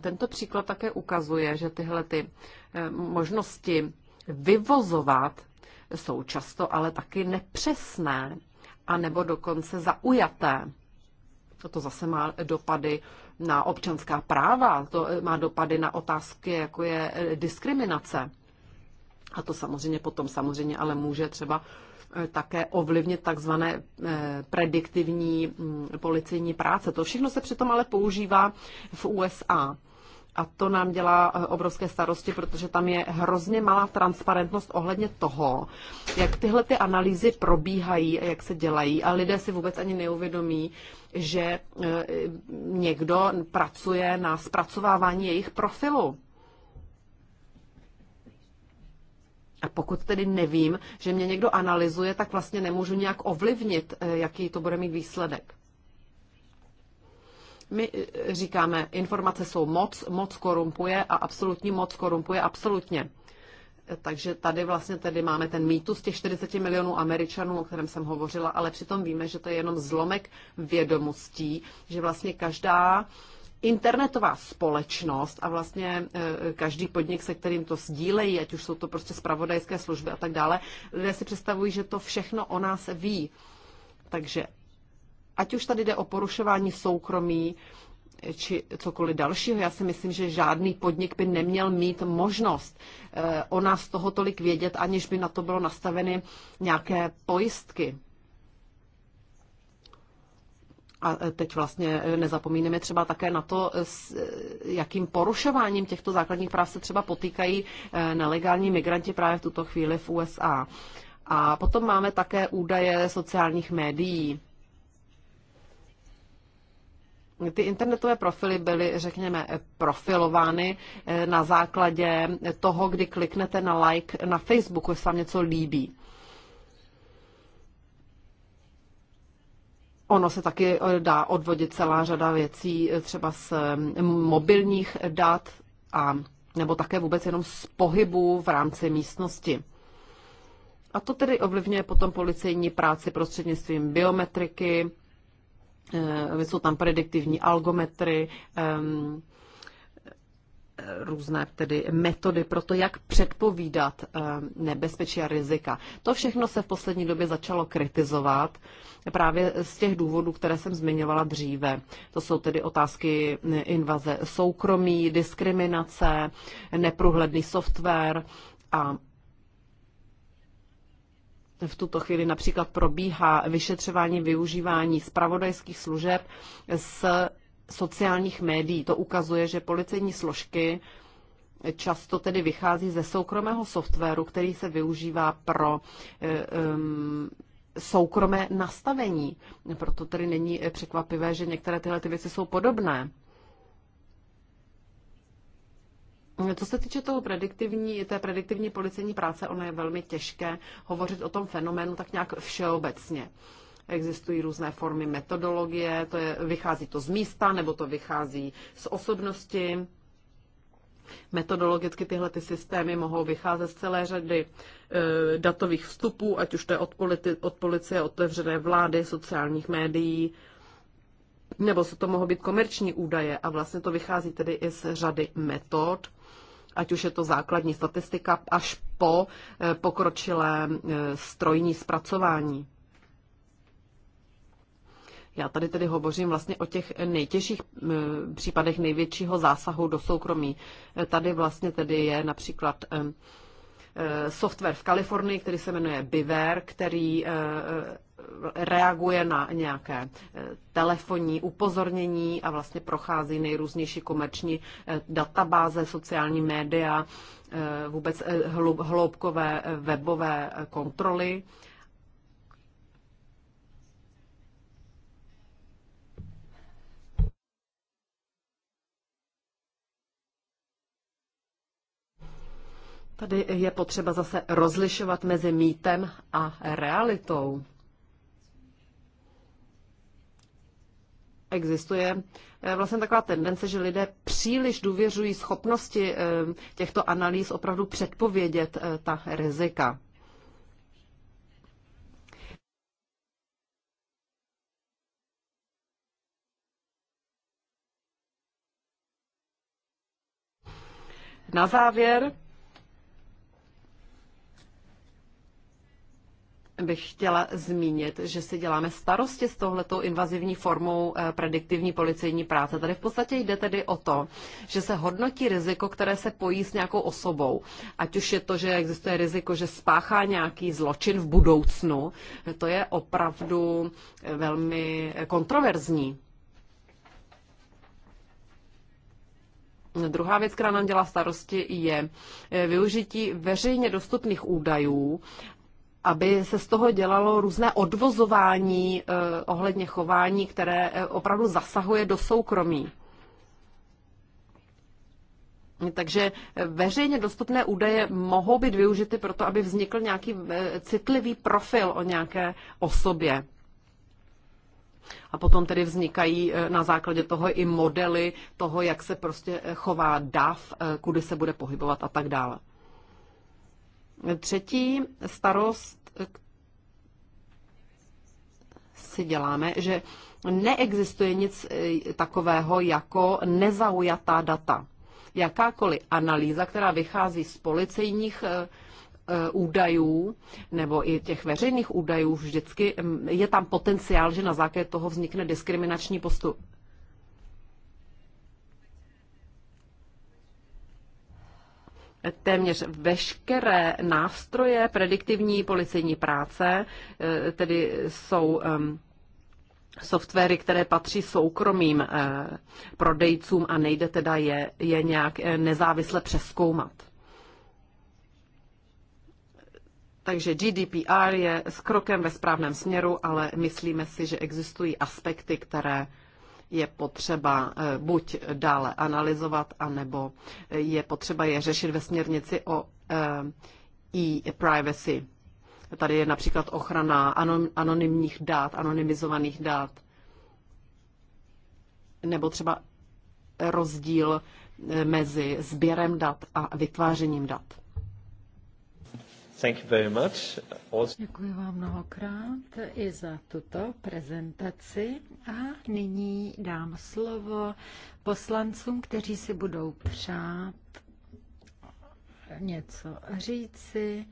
Speaker 2: Tento příklad také ukazuje, že tyhle ty eh, možnosti vyvozovat jsou často ale taky nepřesné, a nebo dokonce zaujaté to zase má dopady na občanská práva, to má dopady na otázky, jako je eh, diskriminace. A to samozřejmě potom samozřejmě ale může třeba eh, také ovlivnit takzvané eh, prediktivní mm, policejní práce. To všechno se přitom ale používá v USA. A to nám dělá eh, obrovské starosti, protože tam je hrozně malá transparentnost ohledně toho, jak tyhle ty analýzy probíhají a jak se dělají. A lidé si vůbec ani neuvědomí, že eh, někdo pracuje na zpracovávání jejich profilu. A pokud tedy nevím, že mě někdo analyzuje, tak vlastně nemůžu nějak ovlivnit, eh, jaký to bude mít výsledek. My eh, říkáme, informace jsou moc, moc korumpuje a absolutní moc korumpuje absolutně. Eh, takže tady vlastně tedy máme ten mýtus těch 40 milionů Američanů, o kterém jsem hovořila, ale přitom víme, že to je jenom zlomek vědomostí, že vlastně každá internetová společnost a vlastně eh, každý podnik, se kterým to sdílejí, ať už jsou to prostě spravodajské služby a tak dále, lidé si představují, že to všechno o nás ví. Takže Ať už tady jde o porušování soukromí či cokoliv dalšího, já si myslím, že žádný podnik by neměl mít možnost eh, o nás toho tolik vědět, aniž by na to bylo nastaveny nějaké pojistky. A eh, teď vlastně eh, nezapomínáme třeba také na to, s jakým porušováním těchto základních práv se třeba potýkají nelegální migranti právě v tuto chvíli v USA. A potom máme také údaje sociálních médií ty internetové profily byly, řekněme, profilovány eh, na základě toho, kdy kliknete na like na Facebooku, jestli vám něco líbí. Ono se taky eh, dá odvodit celá řada věcí eh, třeba z mm, mobilních dat a nebo také vůbec jenom z pohybu v rámci místnosti. A to tedy ovlivňuje potom policejní práci prostřednictvím biometriky, Eh, jsou tam prediktivní algometry, eh, různé tedy metody pro to, jak předpovídat nebezpečí a rizika. To všechno se v poslední době začalo kritizovat právě z těch důvodů, které jsem zmiňovala dříve. To jsou tedy otázky invaze soukromí, diskriminace, neprůhledný software a v tuto chvíli například probíhá vyšetřování využívání spravodajských služeb z sociálních médií. To ukazuje, že policejní složky často tedy vychází ze soukromého softwaru, který se využívá pro um, soukromé nastavení. Proto tedy není překvapivé, že některé tyhle ty věci jsou podobné. Co se týče toho prediktivní, té prediktivní policejní práce, ono je velmi těžké hovořit o tom fenoménu tak nějak všeobecně. Existují různé formy metodologie, to je, vychází to z místa nebo to vychází z osobnosti. Metodologicky tyhle ty systémy mohou vycházet z celé řady e, datových vstupů, ať už to je od, politi- od policie, otevřené vlády, sociálních médií, nebo se to mohou být komerční údaje a vlastně to vychází tedy i z řady metod, ať už je to základní statistika, až po eh, pokročilé eh, strojní zpracování. Já tady tedy hovořím vlastně o těch nejtěžších eh, případech největšího zásahu do soukromí. Tady vlastně tedy je například software v Kalifornii, který se jmenuje Biver, který reaguje na nějaké eh, telefonní upozornění a vlastně prochází nejrůznější komerční eh, databáze, sociální média, eh, vůbec hloubkové webové kontroly. Tady je potřeba zase rozlišovat mezi mýtem a realitou. existuje eh, vlastně taková tendence, že lidé příliš důvěřují schopnosti eh, těchto analýz opravdu předpovědět eh, ta rizika. Na závěr bych chtěla zmínit, že si děláme starosti s tohletou invazivní formou eh, prediktivní policejní práce. Tady v podstatě jde tedy o to, že se hodnotí riziko, které se pojí s nějakou osobou. Ať už je to, že existuje riziko, že spáchá nějaký zločin v budoucnu, to je opravdu eh, velmi eh, kontroverzní. Druhá věc, která nám dělá starosti, je využití veřejně dostupných údajů aby se z toho dělalo různé odvozování eh, ohledně chování, které eh, opravdu zasahuje do soukromí. Takže eh, veřejně dostupné údaje mohou být využity proto, aby vznikl nějaký citlivý profil o nějaké osobě. A potom tedy vznikají na základě toho i modely toho, jak se prostě chová DAF, kudy se bude pohybovat a tak dále. Třetí starost si děláme, že neexistuje nic e, takového jako nezaujatá data. Jakákoliv analýza, která vychází z policejních e, e, údajů nebo i těch veřejných údajů, vždycky je tam potenciál, že na základě toho vznikne diskriminační postup. téměř veškeré nástroje prediktivní policejní práce, eh, tedy jsou softwary, které patří soukromým eh, prodejcům a nejde teda je, je nějak eh, nezávisle přeskoumat. Takže GDPR je s krokem ve správném směru, ale myslíme si, že existují aspekty, které je potřeba eh, buď dále analyzovat, anebo eh, je potřeba je řešit ve směrnici o eh, e-privacy. Tady je například ochrana anonymních dát, anonymizovaných dát, nebo třeba rozdíl mezi sběrem dat a vytvářením dat.
Speaker 3: Děkuji vám mnohokrát i za tuto prezentaci a nyní dám slovo poslancům, kteří si budou přát něco říci.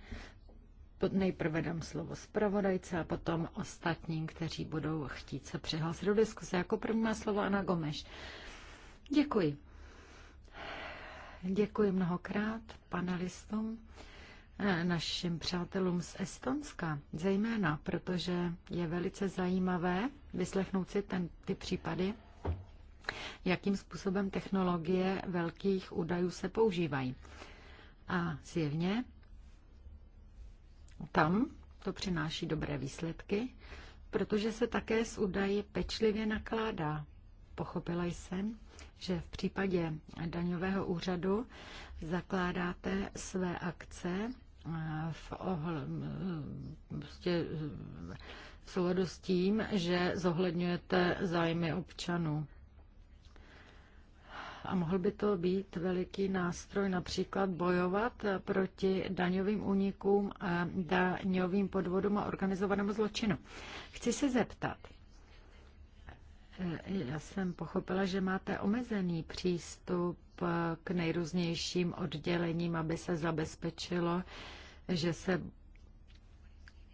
Speaker 3: Nejprve dám slovo zpravodajce a potom ostatním, kteří budou chtít se přihlásit do diskuse. Jako první má slovo Ana Gomeš. Děkuji. Děkuji mnohokrát panelistům. Eh, našim přátelům z Estonska, zejména protože je velice zajímavé vyslechnout si ten, ty případy, jakým způsobem technologie velkých údajů se používají. A zjevně tam to přináší dobré výsledky, protože se také s údaji pečlivě nakládá. Pochopila jsem, že v případě daňového úřadu zakládáte své akce v ohl, prostě v souladu s tím, že zohledňujete zájmy občanů. A mohl by to být veliký nástroj například bojovat proti daňovým únikům, daňovým podvodům a organizovanému zločinu. Chci se zeptat, já jsem pochopila, že máte omezený přístup k nejrůznějším oddělením, aby se zabezpečilo, že se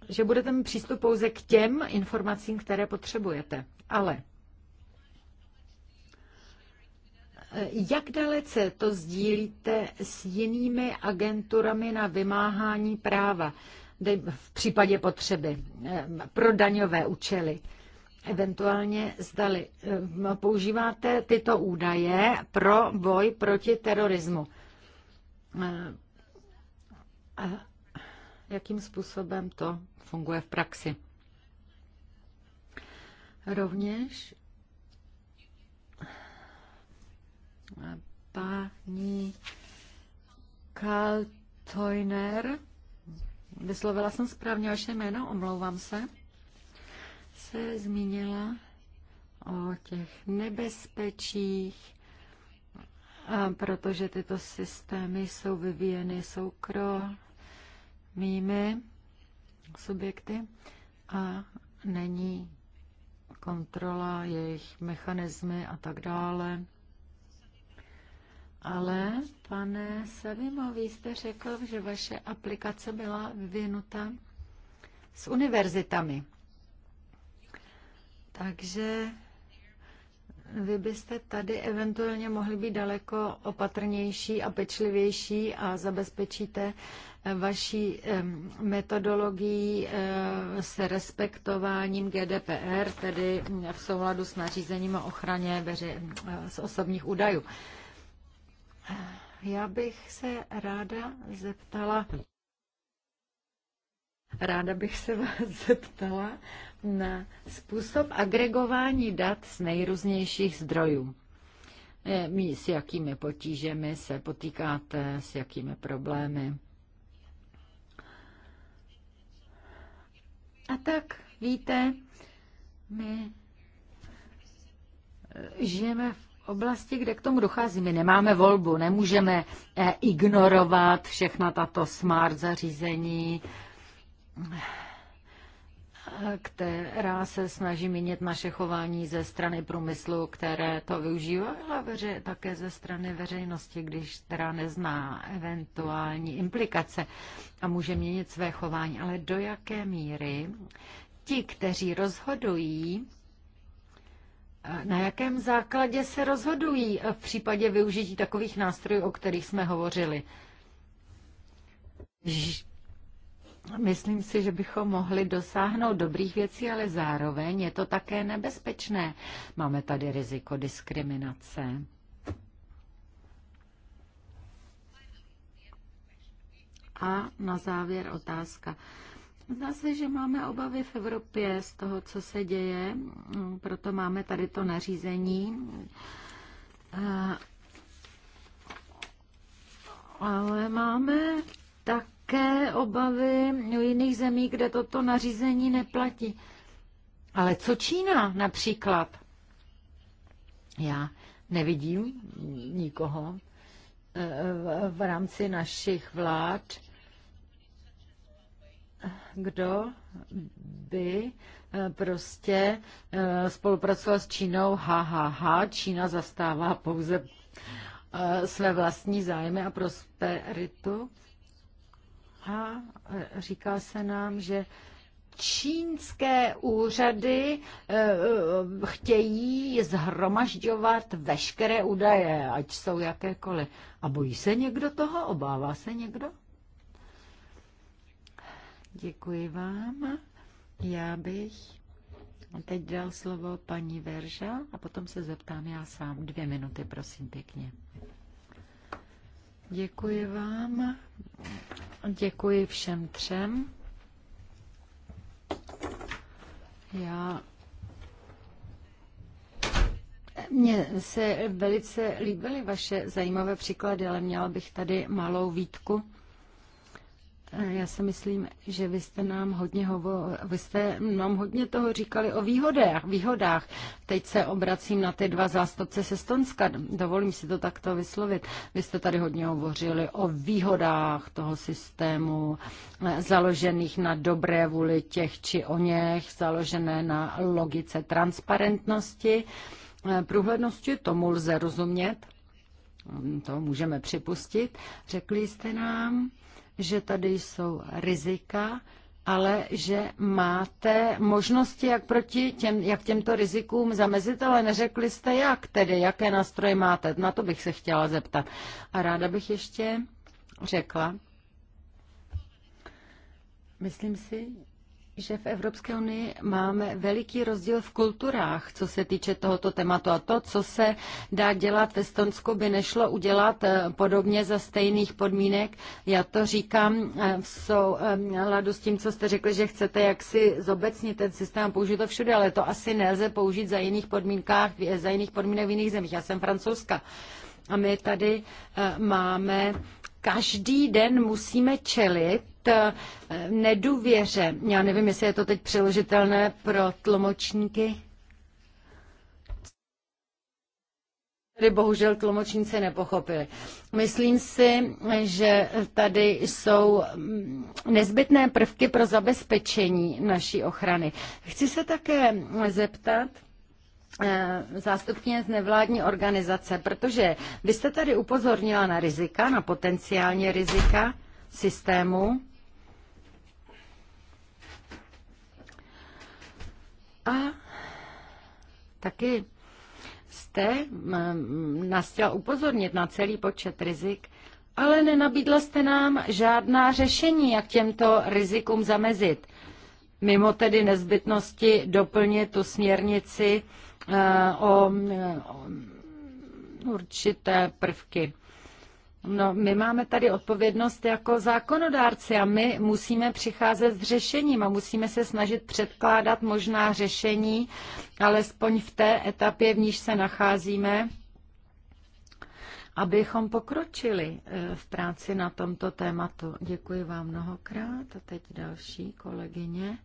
Speaker 3: že budete mít přístup pouze k těm informacím, které potřebujete. Ale Jak dalece to sdílíte s jinými agenturami na vymáhání práva v případě potřeby eh, pro daňové účely? Eventuálně zdali eh, používáte tyto údaje pro boj proti terorismu. Eh, jakým způsobem to funguje v praxi. Rovněž paní Kaltojner, vyslovila jsem správně vaše jméno, omlouvám se, se zmínila o těch nebezpečích, protože tyto systémy jsou vyvíjeny soukromě mými subjekty a není kontrola jejich mechanismy a tak dále. Ale, pane Savimo, vy jste řekl, že vaše aplikace byla vyvinuta s univerzitami. Takže vy byste tady eventuálně mohli být daleko opatrnější a pečlivější a zabezpečíte eh, vaší metodologií eh, se respektováním GDPR, tedy v souladu s nařízením o ochraně veře, z eh, osobních údajů. Já bych se ráda zeptala. Ráda bych se vás *laughs* zeptala na způsob agregování dat z nejrůznějších zdrojů. Eh, s jakými potížemi se potýkáte, s jakými problémy. A tak, víte, my eh, žijeme v oblasti, kde k tomu dochází. My nemáme volbu, nemůžeme eh, ignorovat všechna tato smart zařízení, která se snaží měnit naše chování ze strany průmyslu, které to využívá, ale veře, také ze strany veřejnosti, když teda nezná eventuální implikace a může měnit své chování. Ale do jaké míry ti, kteří rozhodují, na jakém základě se rozhodují v případě využití takových nástrojů, o kterých jsme hovořili? Myslím si, že bychom mohli dosáhnout dobrých věcí, ale zároveň je to také nebezpečné. Máme tady riziko diskriminace. A na závěr otázka. Zdá se, že máme obavy v Evropě z toho, co se děje, proto máme tady to nařízení. Eh, ale máme tak velké obavy u jiných zemí, kde toto nařízení neplatí. Ale co Čína například? Já nevidím nikoho eh, v rámci našich vlád, kdo by eh, prostě eh, spolupracoval s Čínou, ha, ha, ha, Čína zastává pouze své vlastní zájmy a prosperitu a e, říká se nám, že čínské úřady e, e, chtějí zhromažďovat veškeré údaje, ať jsou jakékoliv. A bojí se někdo toho? Obává se někdo? Děkuji vám. Já bych teď dal slovo paní Verža a potom se zeptám já sám. Dvě minuty, prosím, pěkně. Děkuji vám. Děkuji všem třem. Já mně se velice líbily vaše zajímavé příklady, ale měla bych tady malou výtku. Já si myslím, že vy jste nám hodně, hovo, vy jste nám hodně toho říkali o výhodách, výhodách. Teď se obracím na ty dva zástupce se Stonska. Dovolím si to takto vyslovit. Vy jste tady hodně hovořili o výhodách toho systému, eh, založených na dobré vůli těch či o něch, založené na logice transparentnosti, eh, průhlednosti, tomu lze rozumět, to můžeme připustit. Řekli jste nám, že tady jsou rizika, ale že máte možnosti, jak proti těm, jak těmto rizikům zamezit, ale neřekli jste jak, tedy jaké nástroje máte. Na to bych se chtěla zeptat. A ráda bych ještě řekla, myslím si, že v Evropské unii máme veliký rozdíl v kulturách, co se týče tohoto tématu. A to, co se dá dělat v Estonsku, by nešlo udělat eh, podobně za stejných podmínek. Já to říkám eh, v souladu eh, s tím, co jste řekli, že chcete jaksi zobecnit ten systém a použít to všude, ale to asi nelze použít za jiných podmínkách, za jiných podmínek v jiných zemích. Já jsem francouzska. A my tady máme každý den musíme čelit eh, nedůvěře. Já nevím, jestli je to teď přeložitelné pro tlumočníky. Tady bohužel tlumočníci nepochopili. Myslím si, že tady jsou mm, nezbytné prvky pro zabezpečení naší ochrany. Chci se také zeptat, Eh, zástupně z nevládní organizace, protože vy jste tady upozornila na rizika, na potenciální rizika systému. A taky jste mm, nás chtěla upozornit na celý počet rizik, ale nenabídla jste nám žádná řešení, jak těmto rizikům zamezit. Mimo tedy nezbytnosti doplnit tu směrnici o určité prvky. No, my máme tady odpovědnost jako zákonodárci a my musíme přicházet s řešením a musíme se snažit předkládat možná řešení, alespoň v té etapě, v níž se nacházíme, abychom pokročili eh, v práci na tomto tématu. Děkuji vám mnohokrát a teď další kolegyně.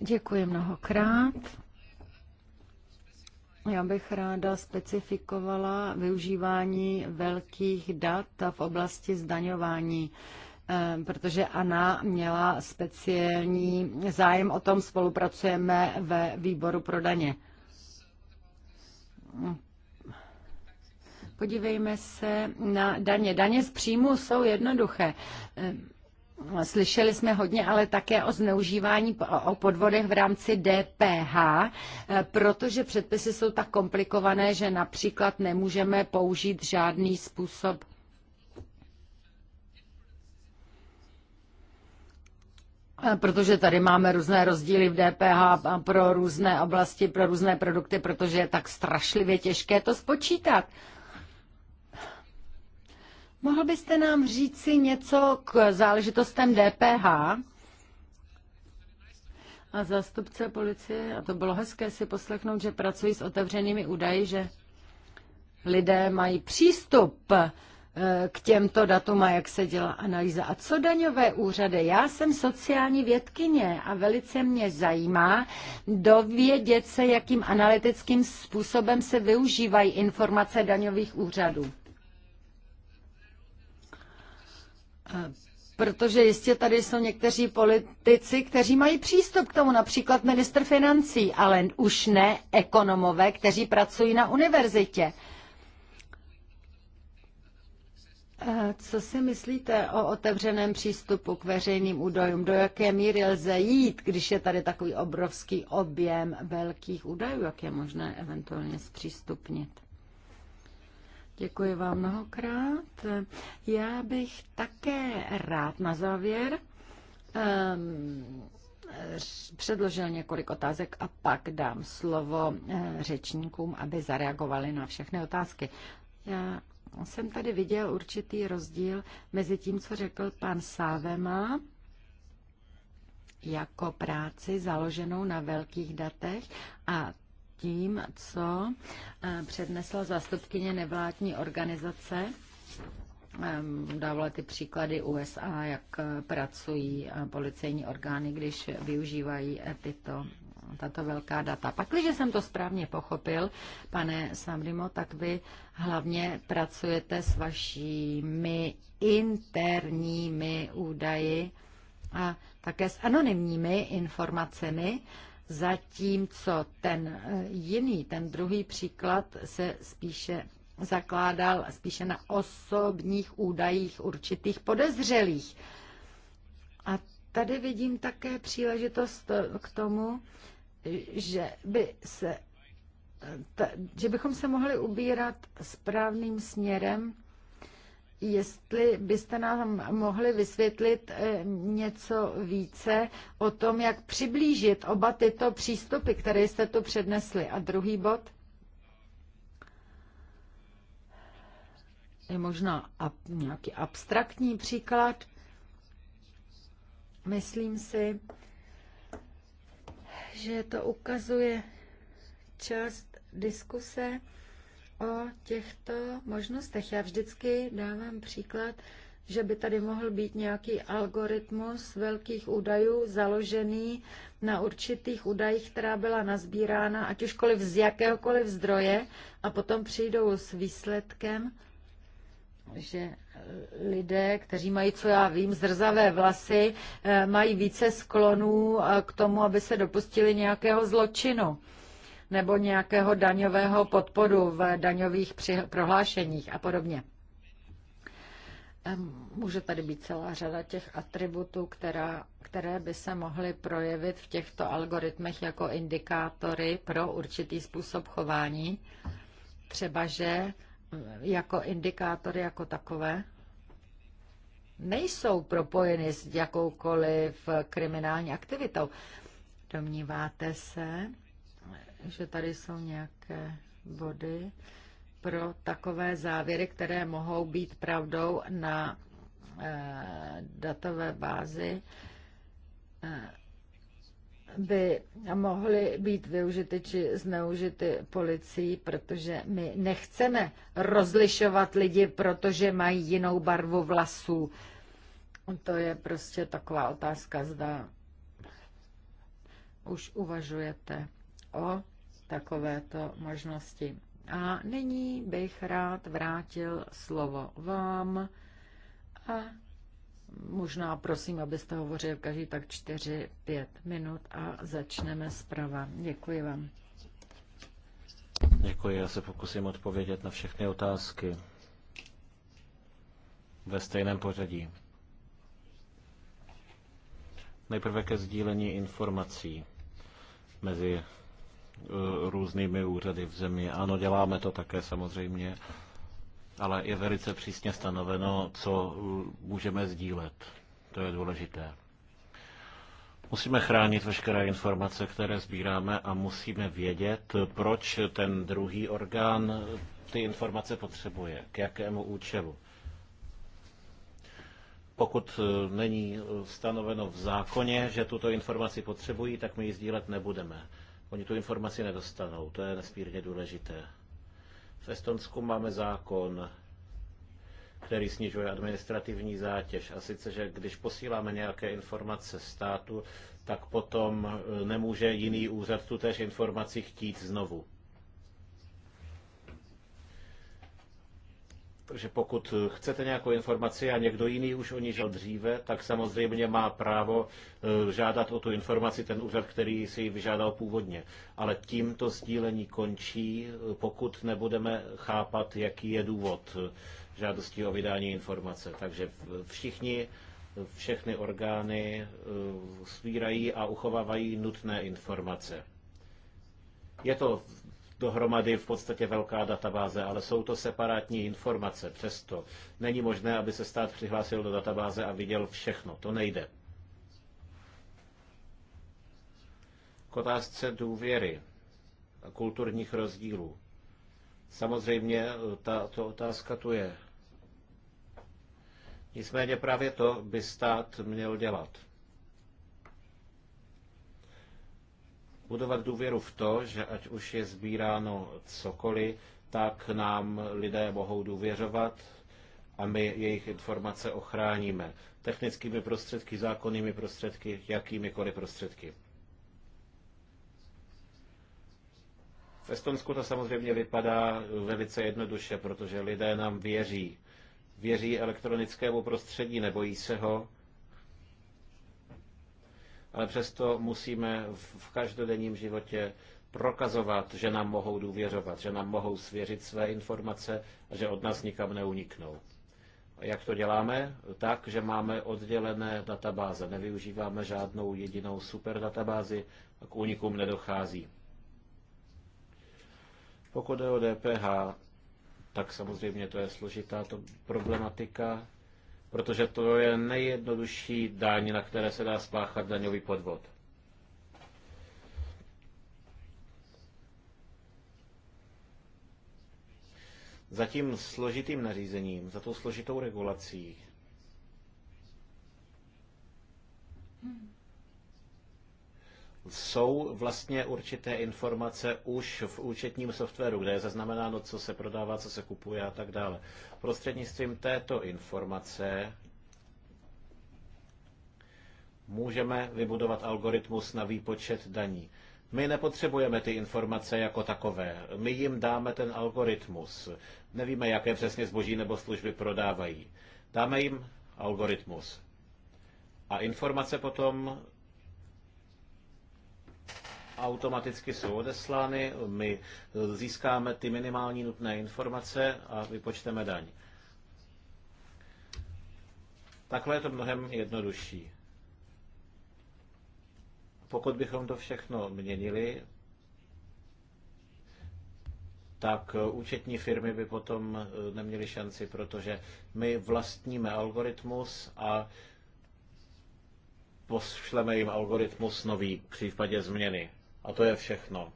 Speaker 3: Děkuji mnohokrát. Já bych ráda specifikovala využívání velkých dat v oblasti zdaňování eh, protože Anna měla speciální zájem o tom, spolupracujeme ve výboru pro daně. Podívejme se na daně. Daně z příjmu jsou jednoduché. Eh, Slyšeli jsme hodně ale také o zneužívání, o podvodech v rámci DPH, eh, protože předpisy jsou tak komplikované, že například nemůžeme použít žádný způsob eh, Protože tady máme různé rozdíly v DPH pro různé oblasti, pro různé produkty, protože je tak strašlivě těžké to spočítat. Mohl byste nám říct si něco k záležitostem DPH? A zástupce policie, a to bylo hezké si poslechnout, že pracují s otevřenými údaji, že lidé mají přístup eh, k těmto datům a jak se dělá analýza. A co daňové úřady? Já jsem sociální vědkyně a velice mě zajímá dovědět se, jakým analytickým způsobem se využívají informace daňových úřadů. Protože jistě tady jsou někteří politici, kteří mají přístup k tomu, například minister financí, ale už ne ekonomové, kteří pracují na univerzitě. Co si myslíte o otevřeném přístupu k veřejným údajům? Do jaké míry lze jít, když je tady takový obrovský objem velkých údajů, jak je možné eventuálně zpřístupnit? Děkuji vám mnohokrát. Já bych také rád na závěr um, předložil několik otázek a pak dám slovo eh, řečníkům, aby zareagovali na všechny otázky. Já jsem tady viděl určitý rozdíl mezi tím, co řekl pan Sávema jako práci založenou na velkých datech a tím, co eh, přednesla zástupkyně nevládní organizace. Ehm, dávala ty příklady USA, jak eh, pracují eh, policejní orgány, když využívají tyto tato velká data. Pak, když jsem to správně pochopil, pane Samrimo, tak vy hlavně pracujete s vašimi interními údaji a také s anonymními informacemi, zatímco ten eh, jiný, ten druhý příklad se spíše zakládal spíše na osobních údajích určitých podezřelých. A tady vidím také příležitost eh, k tomu, že, by se, eh, že bychom se mohli ubírat správným směrem Jestli byste nám mohli vysvětlit eh, něco více o tom, jak přiblížit oba tyto přístupy, které jste tu přednesli. A druhý bod? Je možná nějaký abstraktní příklad. Myslím si, že to ukazuje část diskuse, o těchto možnostech. Já vždycky dávám příklad, že by tady mohl být nějaký algoritmus velkých údajů založený na určitých údajích, která byla nazbírána, ať užkoliv z jakéhokoliv zdroje, a potom přijdou s výsledkem, že lidé, kteří mají, co já vím, zrzavé vlasy, eh, mají více sklonů eh, k tomu, aby se dopustili nějakého zločinu nebo nějakého daňového podporu v daňových prohlášeních a podobně. Může tady být celá řada těch atributů, která, které by se mohly projevit v těchto algoritmech jako indikátory pro určitý způsob chování. Třeba, že jako indikátory jako takové nejsou propojeny s jakoukoliv kriminální aktivitou. Domníváte se, že tady jsou nějaké body pro takové závěry, které mohou být pravdou na eh, datové bázi eh, by mohly být využity či zneužity policií, protože my nechceme rozlišovat lidi, protože mají jinou barvu vlasů. To je prostě taková otázka, zda už uvažujete o takovéto možnosti. A nyní bych rád vrátil slovo vám a možná prosím, abyste hovořil každý tak 4-5 minut a začneme zprava. Děkuji vám.
Speaker 1: Děkuji, já se pokusím odpovědět na všechny otázky ve stejném pořadí. Nejprve ke sdílení informací mezi Eh, různými úřady v zemi. Ano, děláme to také samozřejmě, ale je velice přísně stanoveno, co eh, můžeme sdílet. To je důležité. Musíme chránit veškeré informace, které sbíráme a musíme vědět, proč ten druhý orgán ty informace potřebuje, k jakému účelu. Pokud eh, není stanoveno v zákoně, že tuto informaci potřebují, tak my ji sdílet nebudeme. Oni tu informaci nedostanou, to je nesmírně důležité. V Estonsku máme zákon, který snižuje administrativní zátěž. A sice, že když posíláme nějaké informace státu, tak potom e, nemůže jiný úřad tu též informaci chtít znovu. že pokud chcete nějakou informaci a někdo jiný už o ní žil dříve, tak samozřejmě má právo eh, žádat o tu informaci ten úřad, který si ji vyžádal původně. Ale tímto sdílení končí, eh, pokud nebudeme chápat, jaký je důvod eh, žádosti o vydání informace. Takže všichni, všechny orgány svírají a uchovávají nutné informace. Je to dohromady v podstatě velká databáze, ale jsou to separátní informace. Přesto není možné, aby se stát přihlásil do databáze a viděl všechno. To nejde. K otázce důvěry a kulturních rozdílů. Samozřejmě eh, to otázka tu je. Nicméně právě to by stát měl dělat. budovat důvěru v to, že ať už je sbíráno cokoliv, tak nám lidé mohou důvěřovat a my jejich informace ochráníme. Technickými prostředky, zákonnými prostředky, jakýmikoliv prostředky. V Estonsku to samozřejmě vypadá velice jednoduše, protože lidé nám věří. Věří elektronickému prostředí, nebojí se ho ale přesto musíme v každodenním životě prokazovat, že nám mohou důvěřovat, že nám mohou svěřit své informace a že od nás nikam neuniknou. Jak to děláme? Tak, že máme oddělené databáze. Nevyužíváme žádnou jedinou superdatabázi a k únikům nedochází. Pokud je o DPH, tak samozřejmě to je složitá to problematika protože to je nejjednodušší daň, na které se dá spáchat daňový podvod. Za tím složitým nařízením, za tou složitou regulací, hmm jsou vlastně určité informace už v účetním softwaru, kde je zaznamenáno, co se prodává, co se kupuje a tak dále. Prostřednictvím této informace můžeme vybudovat algoritmus na výpočet daní. My nepotřebujeme ty informace jako takové. My jim dáme ten algoritmus. Nevíme, jaké přesně zboží nebo služby prodávají. Dáme jim algoritmus. A informace potom automaticky jsou odeslány, my získáme ty minimální nutné informace a vypočteme daň. Takhle je to mnohem jednodušší. Pokud bychom to všechno měnili, tak účetní firmy by potom neměly šanci, protože my vlastníme algoritmus a pošleme jim algoritmus nový v případě změny. A to je všechno.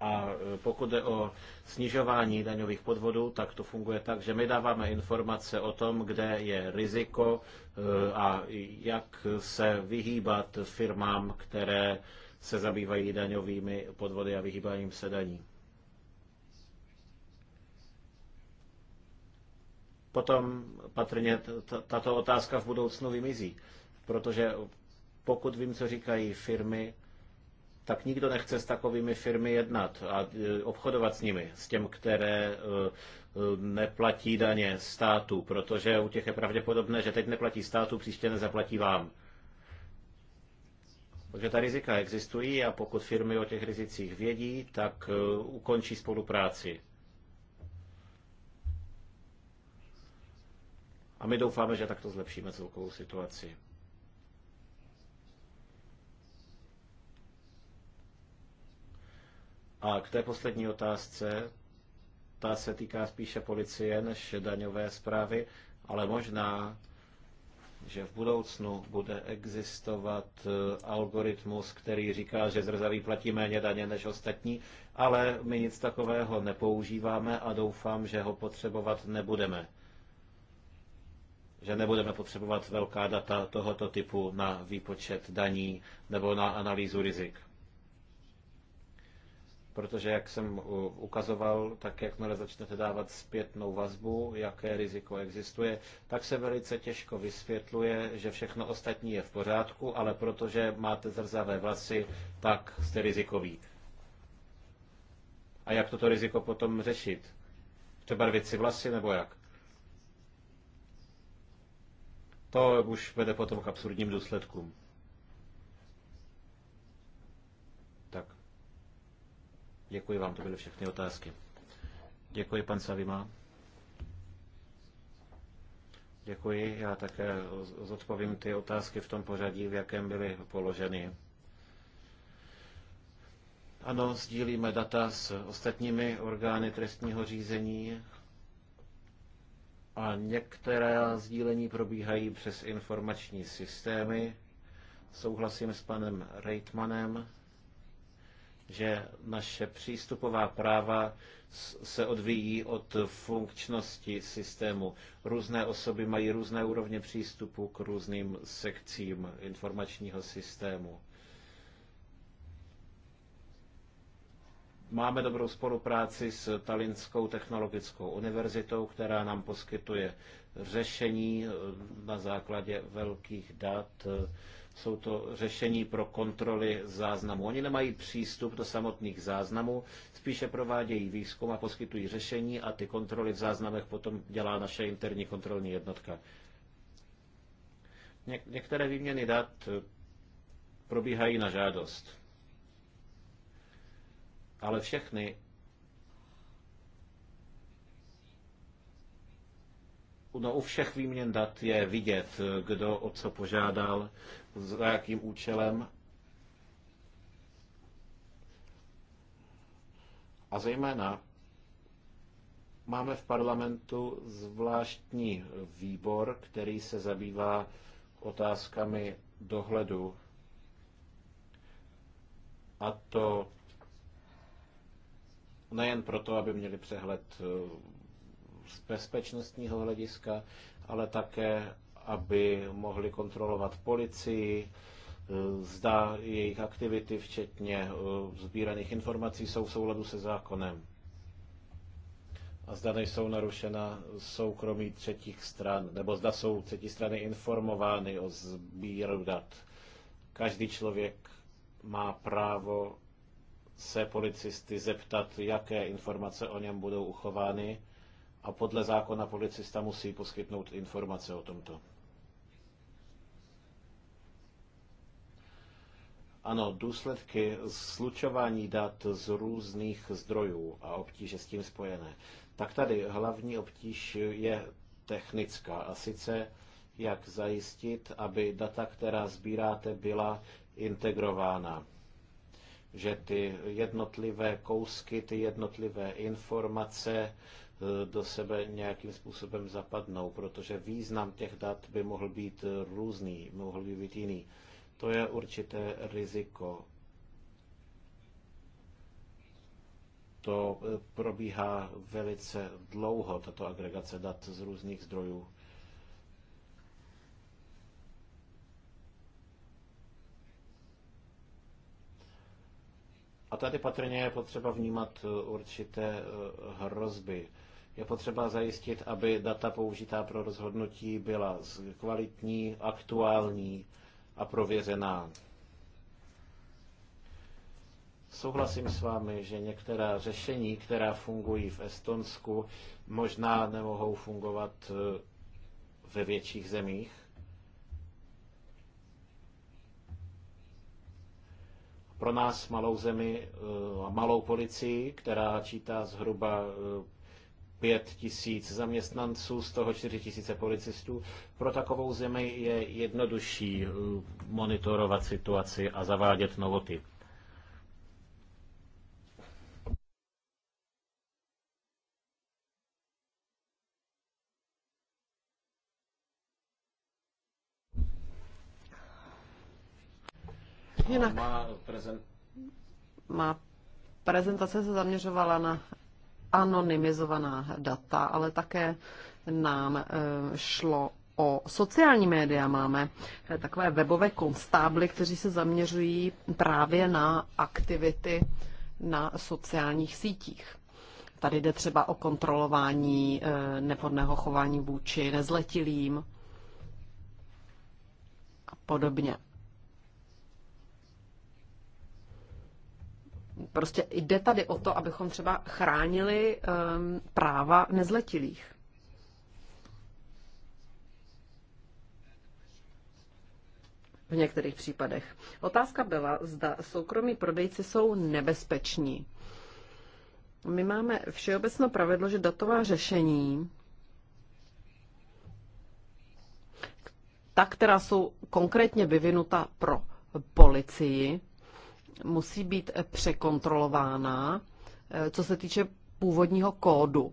Speaker 1: A e, pokud jde o snižování daňových podvodů, tak to funguje tak, že my dáváme informace o tom, kde je riziko e, a jak se vyhýbat firmám, které se zabývají daňovými podvody a vyhýbáním se daní. Potom patrně tato otázka v budoucnu vymizí. Protože pokud vím, co říkají firmy, tak nikdo nechce s takovými firmy jednat a e, obchodovat s nimi, s těm, které e, e, neplatí daně státu, protože u těch je pravděpodobné, že teď neplatí státu, příště nezaplatí vám. Takže ta rizika existují a pokud firmy o těch rizicích vědí, tak ukončí spolupráci. A my doufáme, že takto zlepšíme celkovou situaci. A k té poslední otázce, ta se týká spíše policie než daňové zprávy, ale možná, že v budoucnu bude existovat eh, algoritmus, který říká, že zrzaví platí méně daně než ostatní, ale my nic takového nepoužíváme a doufám, že ho potřebovat nebudeme. Že nebudeme potřebovat velká data tohoto typu na výpočet daní nebo na analýzu rizik protože, jak jsem ukazoval, tak jakmile začnete dávat zpětnou vazbu, jaké riziko existuje, tak se velice těžko vysvětluje, že všechno ostatní je v pořádku, ale protože máte zrzavé vlasy, tak jste rizikový. A jak toto riziko potom řešit? Přebarvit si vlasy nebo jak? To už vede potom k absurdním důsledkům. Děkuji vám, to byly všechny otázky. Děkuji, pan Savima. Děkuji, já také zodpovím ty otázky v tom pořadí, v jakém byly položeny. Ano, sdílíme data s ostatními orgány trestního řízení a některá sdílení probíhají přes informační systémy. Souhlasím s panem Reitmanem, že naše přístupová práva se odvíjí od funkčnosti systému. Různé osoby mají různé úrovně přístupu k různým sekcím informačního systému. Máme dobrou spolupráci s Talinskou technologickou univerzitou, která nám poskytuje řešení eh, na základě velkých dat eh, jsou to řešení pro kontroly záznamů. Oni nemají přístup do samotných záznamů, spíše provádějí výzkum a poskytují řešení a ty kontroly v záznamech potom dělá naše interní kontrolní jednotka. některé výměny dat eh, probíhají na žádost. Ale všechny no, u všech výměn dat je vidět, eh, kdo o co požádal za jakým účelem. A zejména máme v parlamentu zvláštní výbor, který se zabývá otázkami dohledu. A to nejen proto, aby měli přehled z bezpečnostního hlediska, ale také aby mohli kontrolovat policii, e, zda jejich aktivity, včetně e, sbíraných informací, jsou v souladu se zákonem a zda nejsou narušena soukromí třetích stran, nebo zda jsou třetí strany informovány o sbíru dat. Každý člověk má právo se policisty zeptat, jaké informace o něm budou uchovány a podle zákona policista musí poskytnout informace o tomto. Ano, důsledky slučování dat z různých zdrojů a obtíže s tím spojené. Tak tady hlavní obtíž je technická a sice jak zajistit, aby data, která sbíráte, byla integrována. Že ty jednotlivé kousky, ty jednotlivé informace eh, do sebe nějakým způsobem zapadnou, protože význam těch dat by mohl být různý, mohl by být jiný. To je určité riziko. To eh, probíhá velice dlouho, tato agregace dat z různých zdrojů. A tady patrně je potřeba vnímat eh, určité eh, hrozby. Je potřeba zajistit, aby data použitá pro rozhodnutí byla kvalitní, aktuální a prověřená. Souhlasím s vámi, že některá řešení, která fungují v Estonsku, možná nemohou fungovat eh, ve větších zemích. Pro nás malou zemi eh, a malou policii, která čítá zhruba eh, 5 tisíc zaměstnanců, z toho 4 tisíce policistů. Pro takovou zemi je jednodušší uh, monitorovat situaci a zavádět novoty. Jinak. Má,
Speaker 2: má prezentace se zaměřovala na anonymizovaná data, ale také nám eh, šlo o sociální média. Máme eh, takové webové konstábly, kteří se zaměřují právě na aktivity na sociálních sítích. Tady jde třeba o kontrolování eh, nevhodného chování vůči nezletilým a podobně. Prostě jde tady o to, abychom třeba chránili um, práva nezletilých. V některých případech. Otázka byla, zda soukromí prodejci jsou nebezpeční. My máme všeobecné pravidlo, že datová řešení, ta, která jsou konkrétně vyvinuta pro policii, musí být překontrolována, eh, co se týče původního kódu.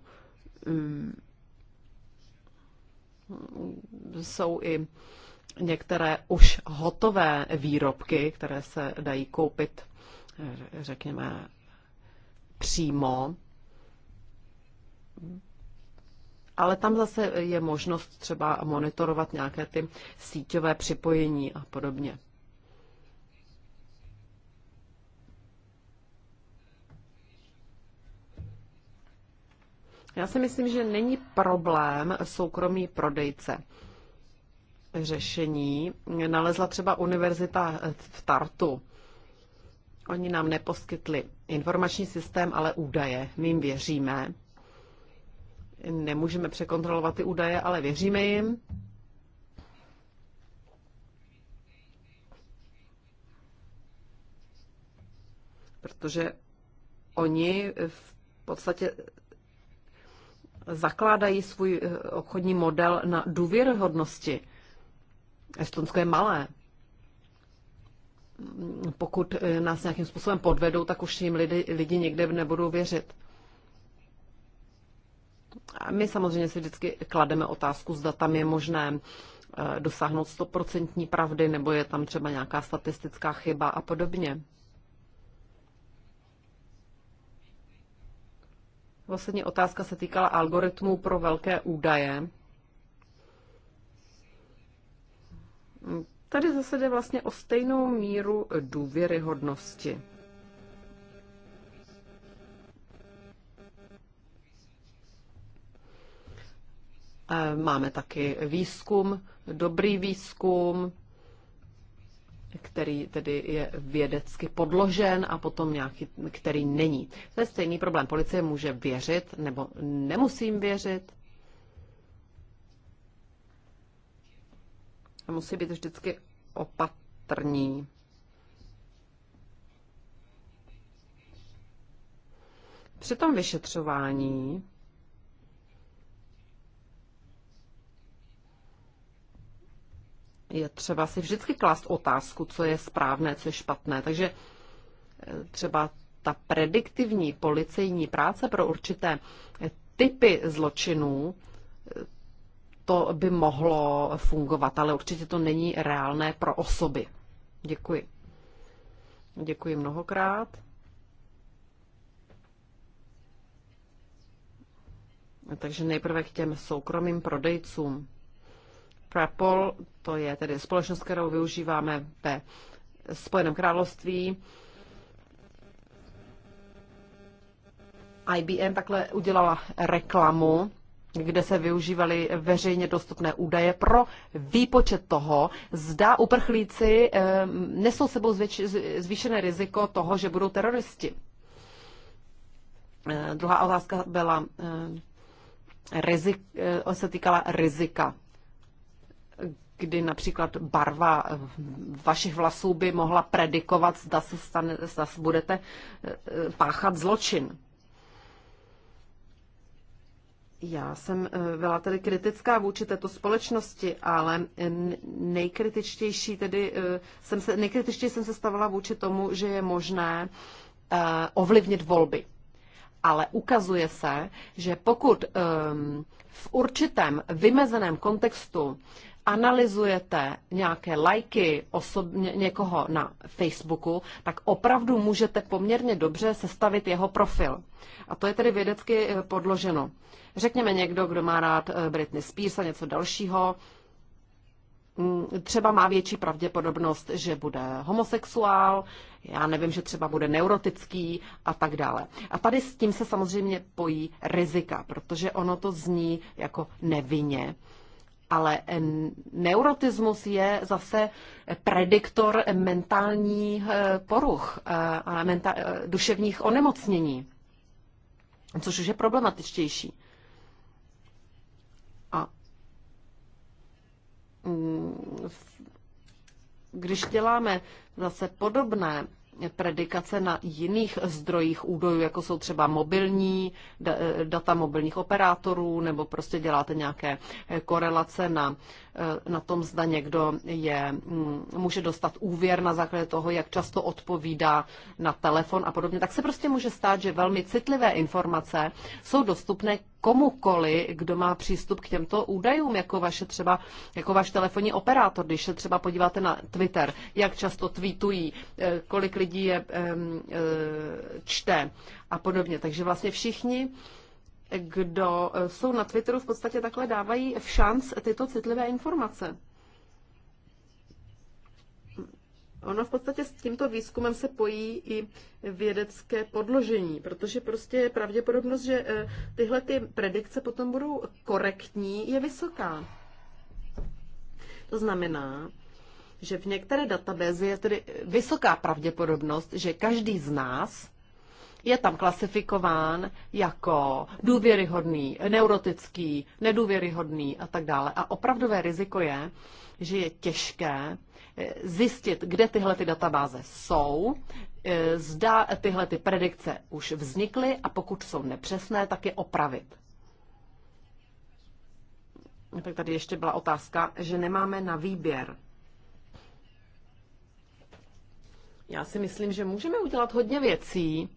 Speaker 2: Mm, jsou i některé už hotové výrobky, které se dají koupit, eh, řekněme, přímo. Ale tam zase je možnost třeba monitorovat nějaké ty síťové připojení a podobně. Já si myslím, že není problém soukromý prodejce. Řešení nalezla třeba univerzita v Tartu. Oni nám neposkytli informační systém, ale údaje. My jim věříme. Nemůžeme překontrolovat ty údaje, ale věříme jim. Protože oni v podstatě zakládají svůj eh, obchodní model na důvěryhodnosti. Estonsko je malé. Pokud eh, nás nějakým způsobem podvedou, tak už jim lidi, lidi někde nebudou věřit. A my samozřejmě si vždycky klademe otázku, zda tam je možné eh, dosáhnout stoprocentní pravdy, nebo je tam třeba nějaká statistická chyba a podobně. Vlastně otázka se týkala algoritmů pro velké údaje. Tady zase jde vlastně o stejnou míru důvěryhodnosti. Máme taky výzkum, dobrý výzkum, který tedy je vědecky podložen a potom nějaký, který není. To je stejný problém. Policie může věřit nebo nemusím věřit. A musí být vždycky opatrní. Při tom vyšetřování je třeba si vždycky klást otázku, co je správné, co je špatné. Takže eh, třeba ta prediktivní policejní práce pro určité eh, typy zločinů, eh, to by mohlo fungovat, ale určitě to není reálné pro osoby. Děkuji. Děkuji mnohokrát. Takže nejprve k těm soukromým prodejcům. Prapol, to je tedy společnost, kterou využíváme ve Spojeném království. IBM takhle udělala reklamu, kde se využívaly veřejně dostupné údaje pro výpočet toho, zda uprchlíci eh, nesou sebou zvýšené riziko toho, že budou teroristi. Eh, druhá otázka byla, eh, rizik, se týkala rizika kdy například barva eh, vašich vlasů by mohla predikovat, zda, se stane, zda budete eh, páchat zločin. Já jsem eh, byla tedy kritická vůči této společnosti, ale nejkritičtější tedy jsem se, nejkritičtěji jsem se stavila vůči tomu, že je možné ovlivnit volby. Ale ukazuje se, že pokud ehm, v určitém vymezeném kontextu analyzujete nějaké lajky osob, někoho na Facebooku, tak opravdu můžete poměrně dobře sestavit jeho profil. A to je tedy vědecky eh, podloženo. Řekněme někdo, kdo má rád eh, Britney Spears a něco dalšího, mm, třeba má větší pravděpodobnost, že bude homosexuál, já nevím, že třeba bude neurotický a tak dále. A tady s tím se samozřejmě pojí rizika, protože ono to zní jako nevinně ale neurotismus je zase prediktor mentálních eh, poruch eh, a menta- eh, duševních onemocnění, což už je problematičtější. A mm, když děláme zase podobné predikace na jiných zdrojích údajů, jako jsou třeba mobilní, data mobilních operátorů, nebo prostě děláte nějaké eh, korelace na Eh, na tom, zda někdo je, mm, může dostat úvěr na základě toho, jak často odpovídá na telefon a podobně, tak se prostě může stát, že velmi citlivé informace jsou dostupné komukoli, kdo má přístup k těmto údajům, jako vaše třeba, jako váš telefonní operátor, když se třeba podíváte na Twitter, jak často tweetují, eh, kolik lidí je eh, čte a podobně. Takže vlastně všichni kdo eh, jsou na Twitteru, v podstatě takhle dávají v šanc tyto citlivé informace. Ono v podstatě s tímto výzkumem se pojí i vědecké podložení, protože prostě je pravděpodobnost, že eh, tyhle ty predikce potom budou korektní, je vysoká. To znamená, že v některé databázi je tedy vysoká pravděpodobnost, že každý z nás je tam klasifikován jako důvěryhodný, neurotický, nedůvěryhodný a tak dále. A opravdové riziko je, že je těžké eh, zjistit, kde tyhle ty databáze jsou, eh, zda tyhle ty predikce už vznikly a pokud jsou nepřesné, tak je opravit. Tak tady ještě byla otázka, že nemáme na výběr. Já si myslím, že můžeme udělat hodně věcí,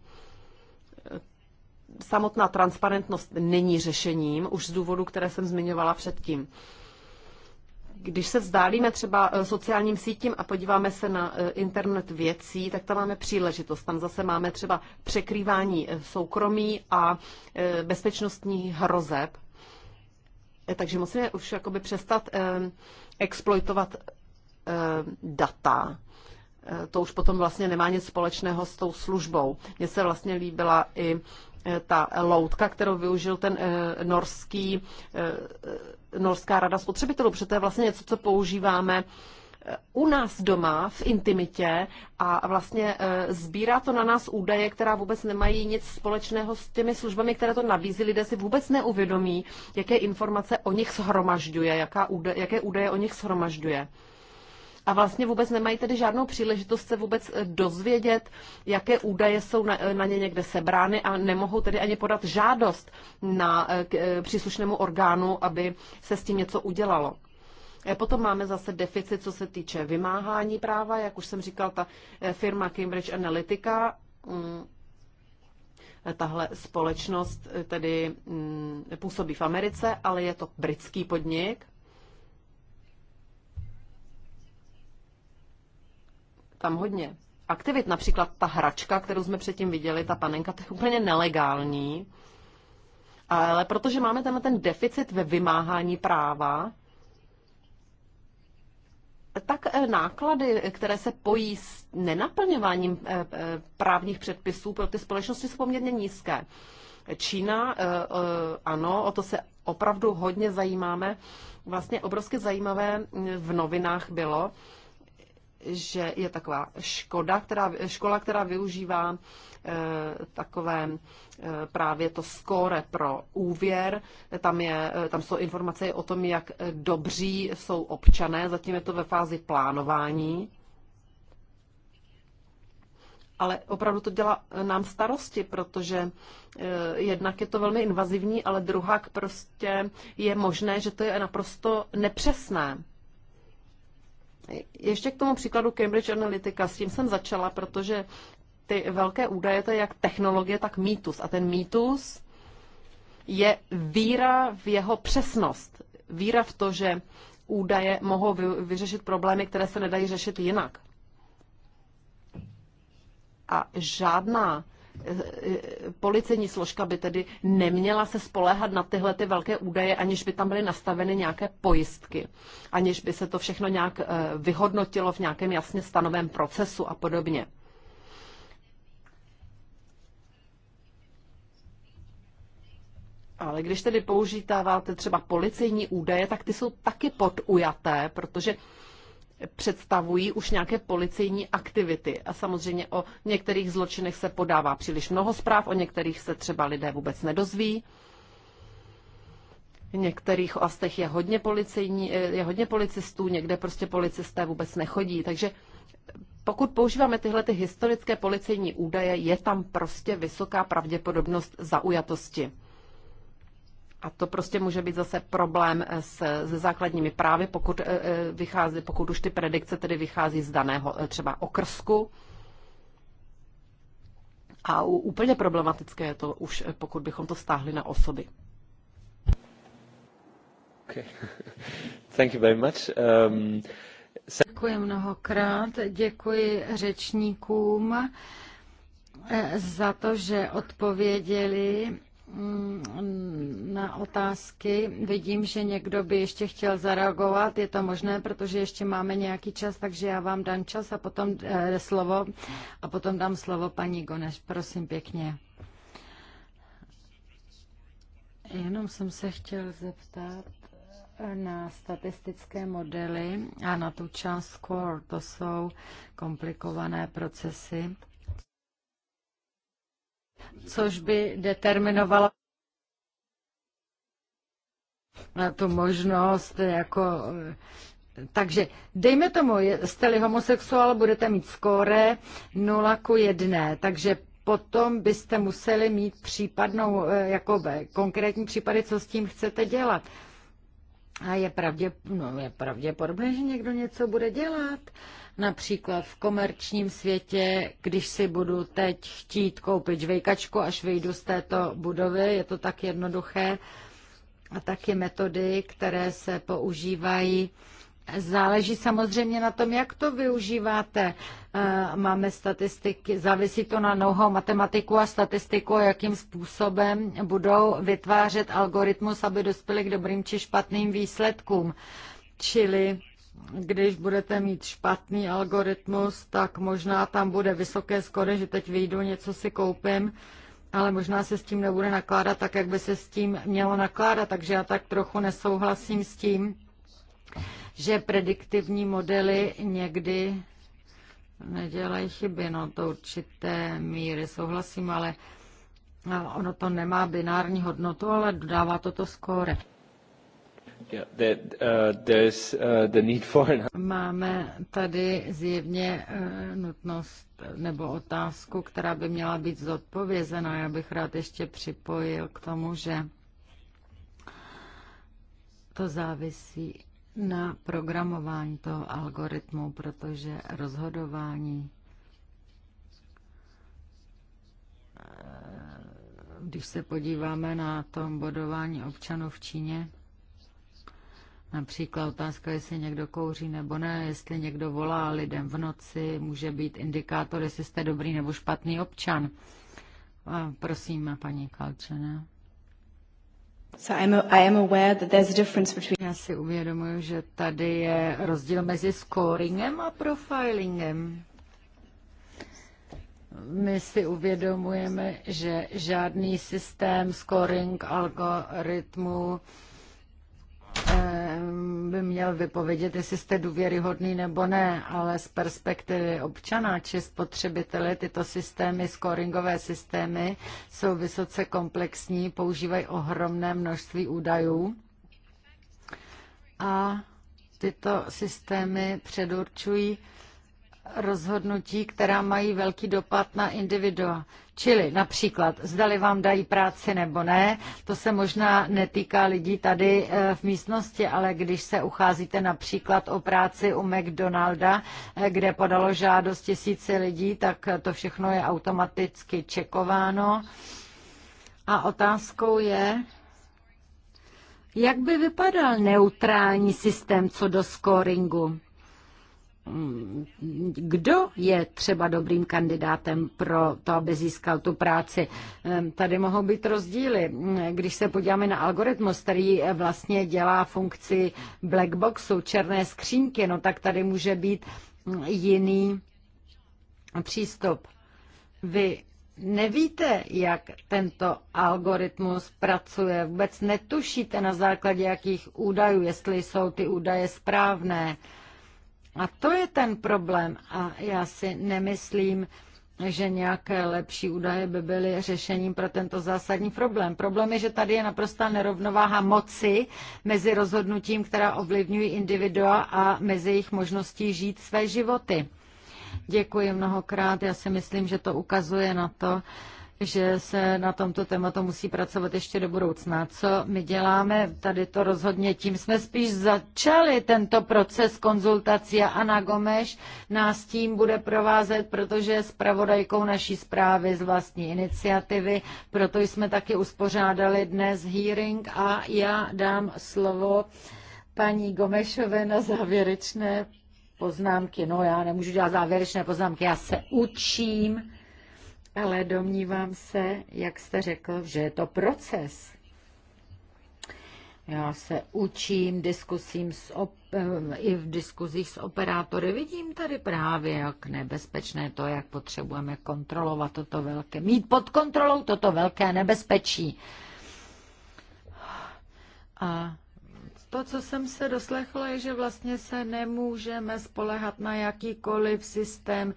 Speaker 2: samotná transparentnost není řešením, už z důvodu, které jsem zmiňovala předtím. Když se vzdálíme třeba eh, sociálním sítím a podíváme se na eh, internet věcí, tak tam máme příležitost. Tam zase máme třeba překrývání eh, soukromí a bezpečnostní hrozeb. Takže musíme už jakoby přestat exploitovat data. To už potom vlastně nemá nic společného s tou službou. Mně se vlastně líbila i Eh, ta loutka, kterou využil ten eh, norský, eh, norská rada spotřebitelů, protože to je vlastně něco, co používáme u nás doma v intimitě a vlastně sbírá to na nás údaje, která vůbec nemají nic společného s těmi službami, které to nabízí. Lidé si vůbec neuvědomí, jaké informace o nich shromažďuje, jaká údaje, jaké údaje o nich shromažďuje a vlastně vůbec nemají tedy žádnou příležitost se vůbec eh, dozvědět, jaké údaje jsou na, eh, na ně někde sebrány a nemohou tedy ani podat žádost na eh, k, příslušnému orgánu, aby se s tím něco udělalo. Potom máme zase deficit, co se týče vymáhání práva, jak už jsem říkal, ta firma Cambridge Analytica, mm, tahle společnost tedy mm, působí v Americe, ale je to britský podnik, tam hodně aktivit. Například ta hračka, kterou jsme předtím viděli, ta panenka, to je úplně nelegální. Ale protože máme tenhle ten deficit ve vymáhání práva, tak eh, náklady, které se pojí s nenaplňováním eh, eh, právních předpisů pro ty společnosti, jsou poměrně nízké. Čína, ano, o to se opravdu hodně zajímáme. Vlastně obrovsky zajímavé hm, v novinách bylo, že je taková škoda, která, škola, která využívá eh, takové eh, právě to skóre pro úvěr. Tam, je, eh, tam jsou informace o tom, jak dobří jsou občané, zatím je to ve fázi plánování. Ale opravdu to dělá nám starosti, protože jednak je to velmi invazivní, ale druhá prostě je možné, že to je naprosto nepřesné. Ještě k tomu příkladu Cambridge Analytica, s tím jsem začala, protože ty velké údaje, to je jak technologie, tak mýtus. A ten mýtus je víra v jeho přesnost. Víra v to, že údaje mohou vyřešit problémy, které se nedají řešit jinak. A žádná policejní složka by tedy neměla se spoléhat na tyhle ty velké údaje, aniž by tam byly nastaveny nějaké pojistky, aniž by se to všechno nějak eh, vyhodnotilo v nějakém jasně stanovém procesu a podobně. Ale když tedy používáte třeba policejní údaje, tak ty jsou taky podujaté, protože představují už nějaké policejní aktivity. A samozřejmě o některých zločinech se podává příliš mnoho zpráv, o některých se třeba lidé vůbec nedozví. V některých oblastech je hodně, policejní, je hodně policistů, někde prostě policisté vůbec nechodí. Takže pokud používáme tyhle ty historické policejní údaje, je tam prostě vysoká pravděpodobnost zaujatosti. A to prostě může být zase problém s, se základními právy, pokud, eh, eh, vychází, pokud už ty predikce tedy vychází z daného eh, třeba okrsku. A úplně problematické je to už,
Speaker 3: pokud bychom to stáhli na osoby. Okay.
Speaker 1: *laughs* Thank you very much. Um, se...
Speaker 3: Děkuji mnohokrát, děkuji řečníkům za to, že odpověděli Mm, na otázky. Vidím, že někdo by ještě chtěl zareagovat. Je to možné, protože ještě máme nějaký čas, takže já vám dám čas a potom eh, slovo a potom dám slovo paní Goneš. Prosím pěkně. Jenom jsem se chtěl zeptat eh, na statistické modely a na tu část score. To jsou komplikované procesy což by determinovalo na tu možnost, jako... Eh, takže dejme tomu, jste-li homosexuál, budete mít skóre 0 ku 1, takže potom byste museli mít případnou, eh, jako eh, konkrétní případy, co s tím chcete dělat. A je, pravdě, no, je pravděpodobné, že někdo něco bude dělat. Například v komerčním světě, když si budu teď chtít koupit žvejkačku, až vyjdu z této budovy, je to tak jednoduché. A taky metody, které se používají Záleží samozřejmě na tom, jak to využíváte. Eh, máme statistiky, závisí to na noho matematiku a statistiku, jakým způsobem budou vytvářet algoritmus, aby dospěli k dobrým či špatným výsledkům. Čili když budete mít špatný algoritmus, tak možná tam bude vysoké skore, že teď vyjdu, něco si koupím, ale možná se s tím nebude nakládat tak, jak by se s tím mělo nakládat. Takže já tak trochu nesouhlasím s tím, že prediktivní modely někdy nedělají chyby, no to určité míry souhlasím, ale ono to nemá binární hodnotu, ale dodává to to skóre.
Speaker 1: Yeah, that, uh, uh, the need for...
Speaker 3: Máme tady zjevně uh, nutnost nebo otázku, která by měla být zodpovězena. Já bych rád ještě připojil k tomu, že to závisí na programování toho algoritmu, protože rozhodování, eh, když se podíváme na tom bodování občanů v Číně, Například otázka, jestli někdo kouří nebo ne, jestli někdo volá lidem v noci, může být indikátor, jestli jste dobrý nebo špatný občan. A prosím, paní kalčena. So I'm, I am aware that there's a difference between... Já si uvědomuji, že tady je rozdíl mezi scoringem a profilingem. My si uvědomujeme, že žádný systém scoring algoritmu eh, by měl vypovědět, jestli jste důvěryhodný nebo ne, ale z perspektivy občana či spotřebitele tyto systémy, scoringové systémy, jsou vysoce komplexní, používají ohromné množství údajů a tyto systémy předurčují, rozhodnutí, která mají velký dopad na individua. Čili například, zdali vám dají práci nebo ne, to se možná netýká lidí tady eh, v místnosti, ale když se ucházíte například o práci u McDonalda, eh, kde podalo žádost tisíce lidí, tak eh, to všechno je automaticky čekováno. A otázkou je, jak by vypadal neutrální systém co do scoringu? kdo je třeba dobrým kandidátem pro to, aby získal tu práci. Tady mohou být rozdíly. Když se podíváme na algoritmus, který vlastně dělá funkci black boxu, černé skřínky, no tak tady může být jiný přístup. Vy nevíte, jak tento algoritmus pracuje, vůbec netušíte na základě jakých údajů, jestli jsou ty údaje správné. A to je ten problém. A já si nemyslím, že nějaké lepší údaje by byly řešením pro tento zásadní problém. Problém je, že tady je naprostá nerovnováha moci mezi rozhodnutím, která ovlivňují individua a mezi jejich možností žít své životy. Děkuji mnohokrát. Já si myslím, že to ukazuje na to, že se na tomto tématu musí pracovat ještě do budoucna. Co my děláme? Tady to rozhodně tím jsme spíš začali tento proces konzultací a Ana Gomeš nás tím bude provázet, protože je zpravodajkou naší zprávy z vlastní iniciativy, proto jsme taky uspořádali dnes hearing a já dám slovo paní Gomešové na závěrečné poznámky. No já nemůžu dělat závěrečné poznámky, já se učím ale domnívám se, jak jste řekl, že je to proces. Já se učím diskusím s op- eh, i v diskuzích s operátory. Vidím tady právě, jak nebezpečné to, jak potřebujeme kontrolovat toto velké, mít pod kontrolou toto velké nebezpečí. A to, co jsem se doslechla, je, že vlastně se nemůžeme spolehat na jakýkoliv systém,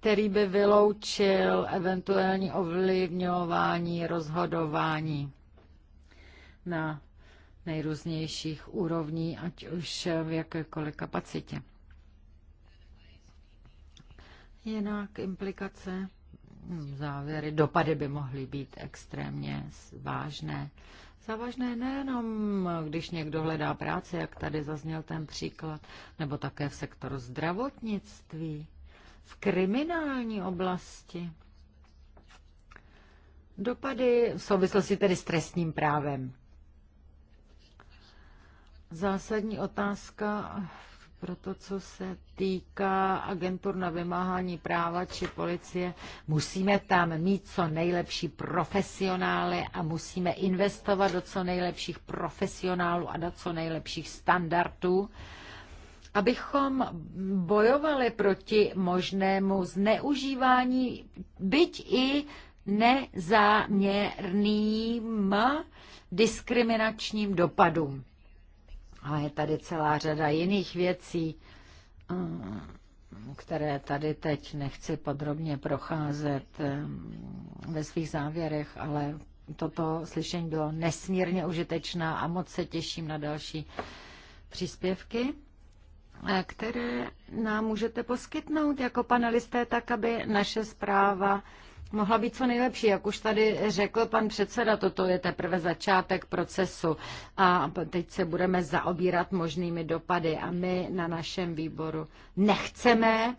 Speaker 3: který by vyloučil eventuální ovlivňování rozhodování na nejrůznějších úrovní, ať už v jakékoliv kapacitě. Jinak implikace, závěry, dopady by mohly být extrémně vážné. Závažné nejenom, když někdo hledá práci, jak tady zazněl ten příklad, nebo také v sektoru zdravotnictví v kriminální oblasti. Dopady v souvislosti tedy s trestním právem. Zásadní otázka pro to, co se týká agentur na vymáhání práva či policie, musíme tam mít co nejlepší profesionály a musíme investovat do co nejlepších profesionálů a do co nejlepších standardů abychom bojovali proti možnému zneužívání, byť i nezáměrným diskriminačním dopadům. A je tady celá řada jiných věcí, eh, které tady teď nechci podrobně procházet eh, ve svých závěrech, ale toto slyšení bylo nesmírně užitečná a moc se těším na další příspěvky které nám můžete poskytnout jako panelisté, tak aby naše zpráva mohla být co nejlepší. Jak už tady řekl pan předseda, toto je teprve začátek procesu a teď se budeme zaobírat možnými dopady a my na našem výboru nechceme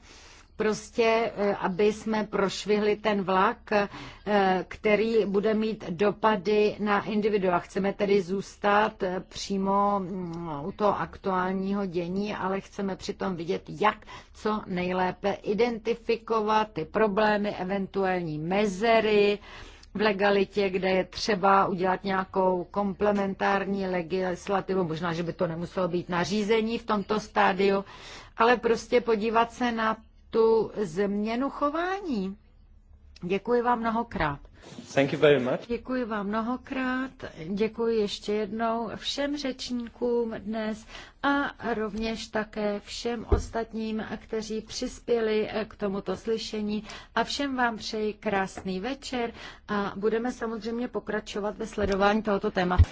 Speaker 3: prostě, e, aby jsme prošvihli ten vlak, e, který bude mít dopady na individua. Chceme tedy zůstat e, přímo mm, u toho aktuálního dění, ale chceme přitom vidět, jak co nejlépe identifikovat ty problémy, eventuální mezery, v legalitě, kde je třeba udělat nějakou komplementární legislativu, možná, že by to nemuselo být nařízení v tomto stádiu, ale prostě podívat se na tu změnu chování. Děkuji vám mnohokrát. Thank you very much. Děkuji vám mnohokrát, děkuji ještě jednou všem řečníkům dnes a rovněž také všem ostatním, kteří přispěli k tomuto slyšení a všem vám přeji krásný večer a budeme samozřejmě pokračovat ve sledování tohoto tématu.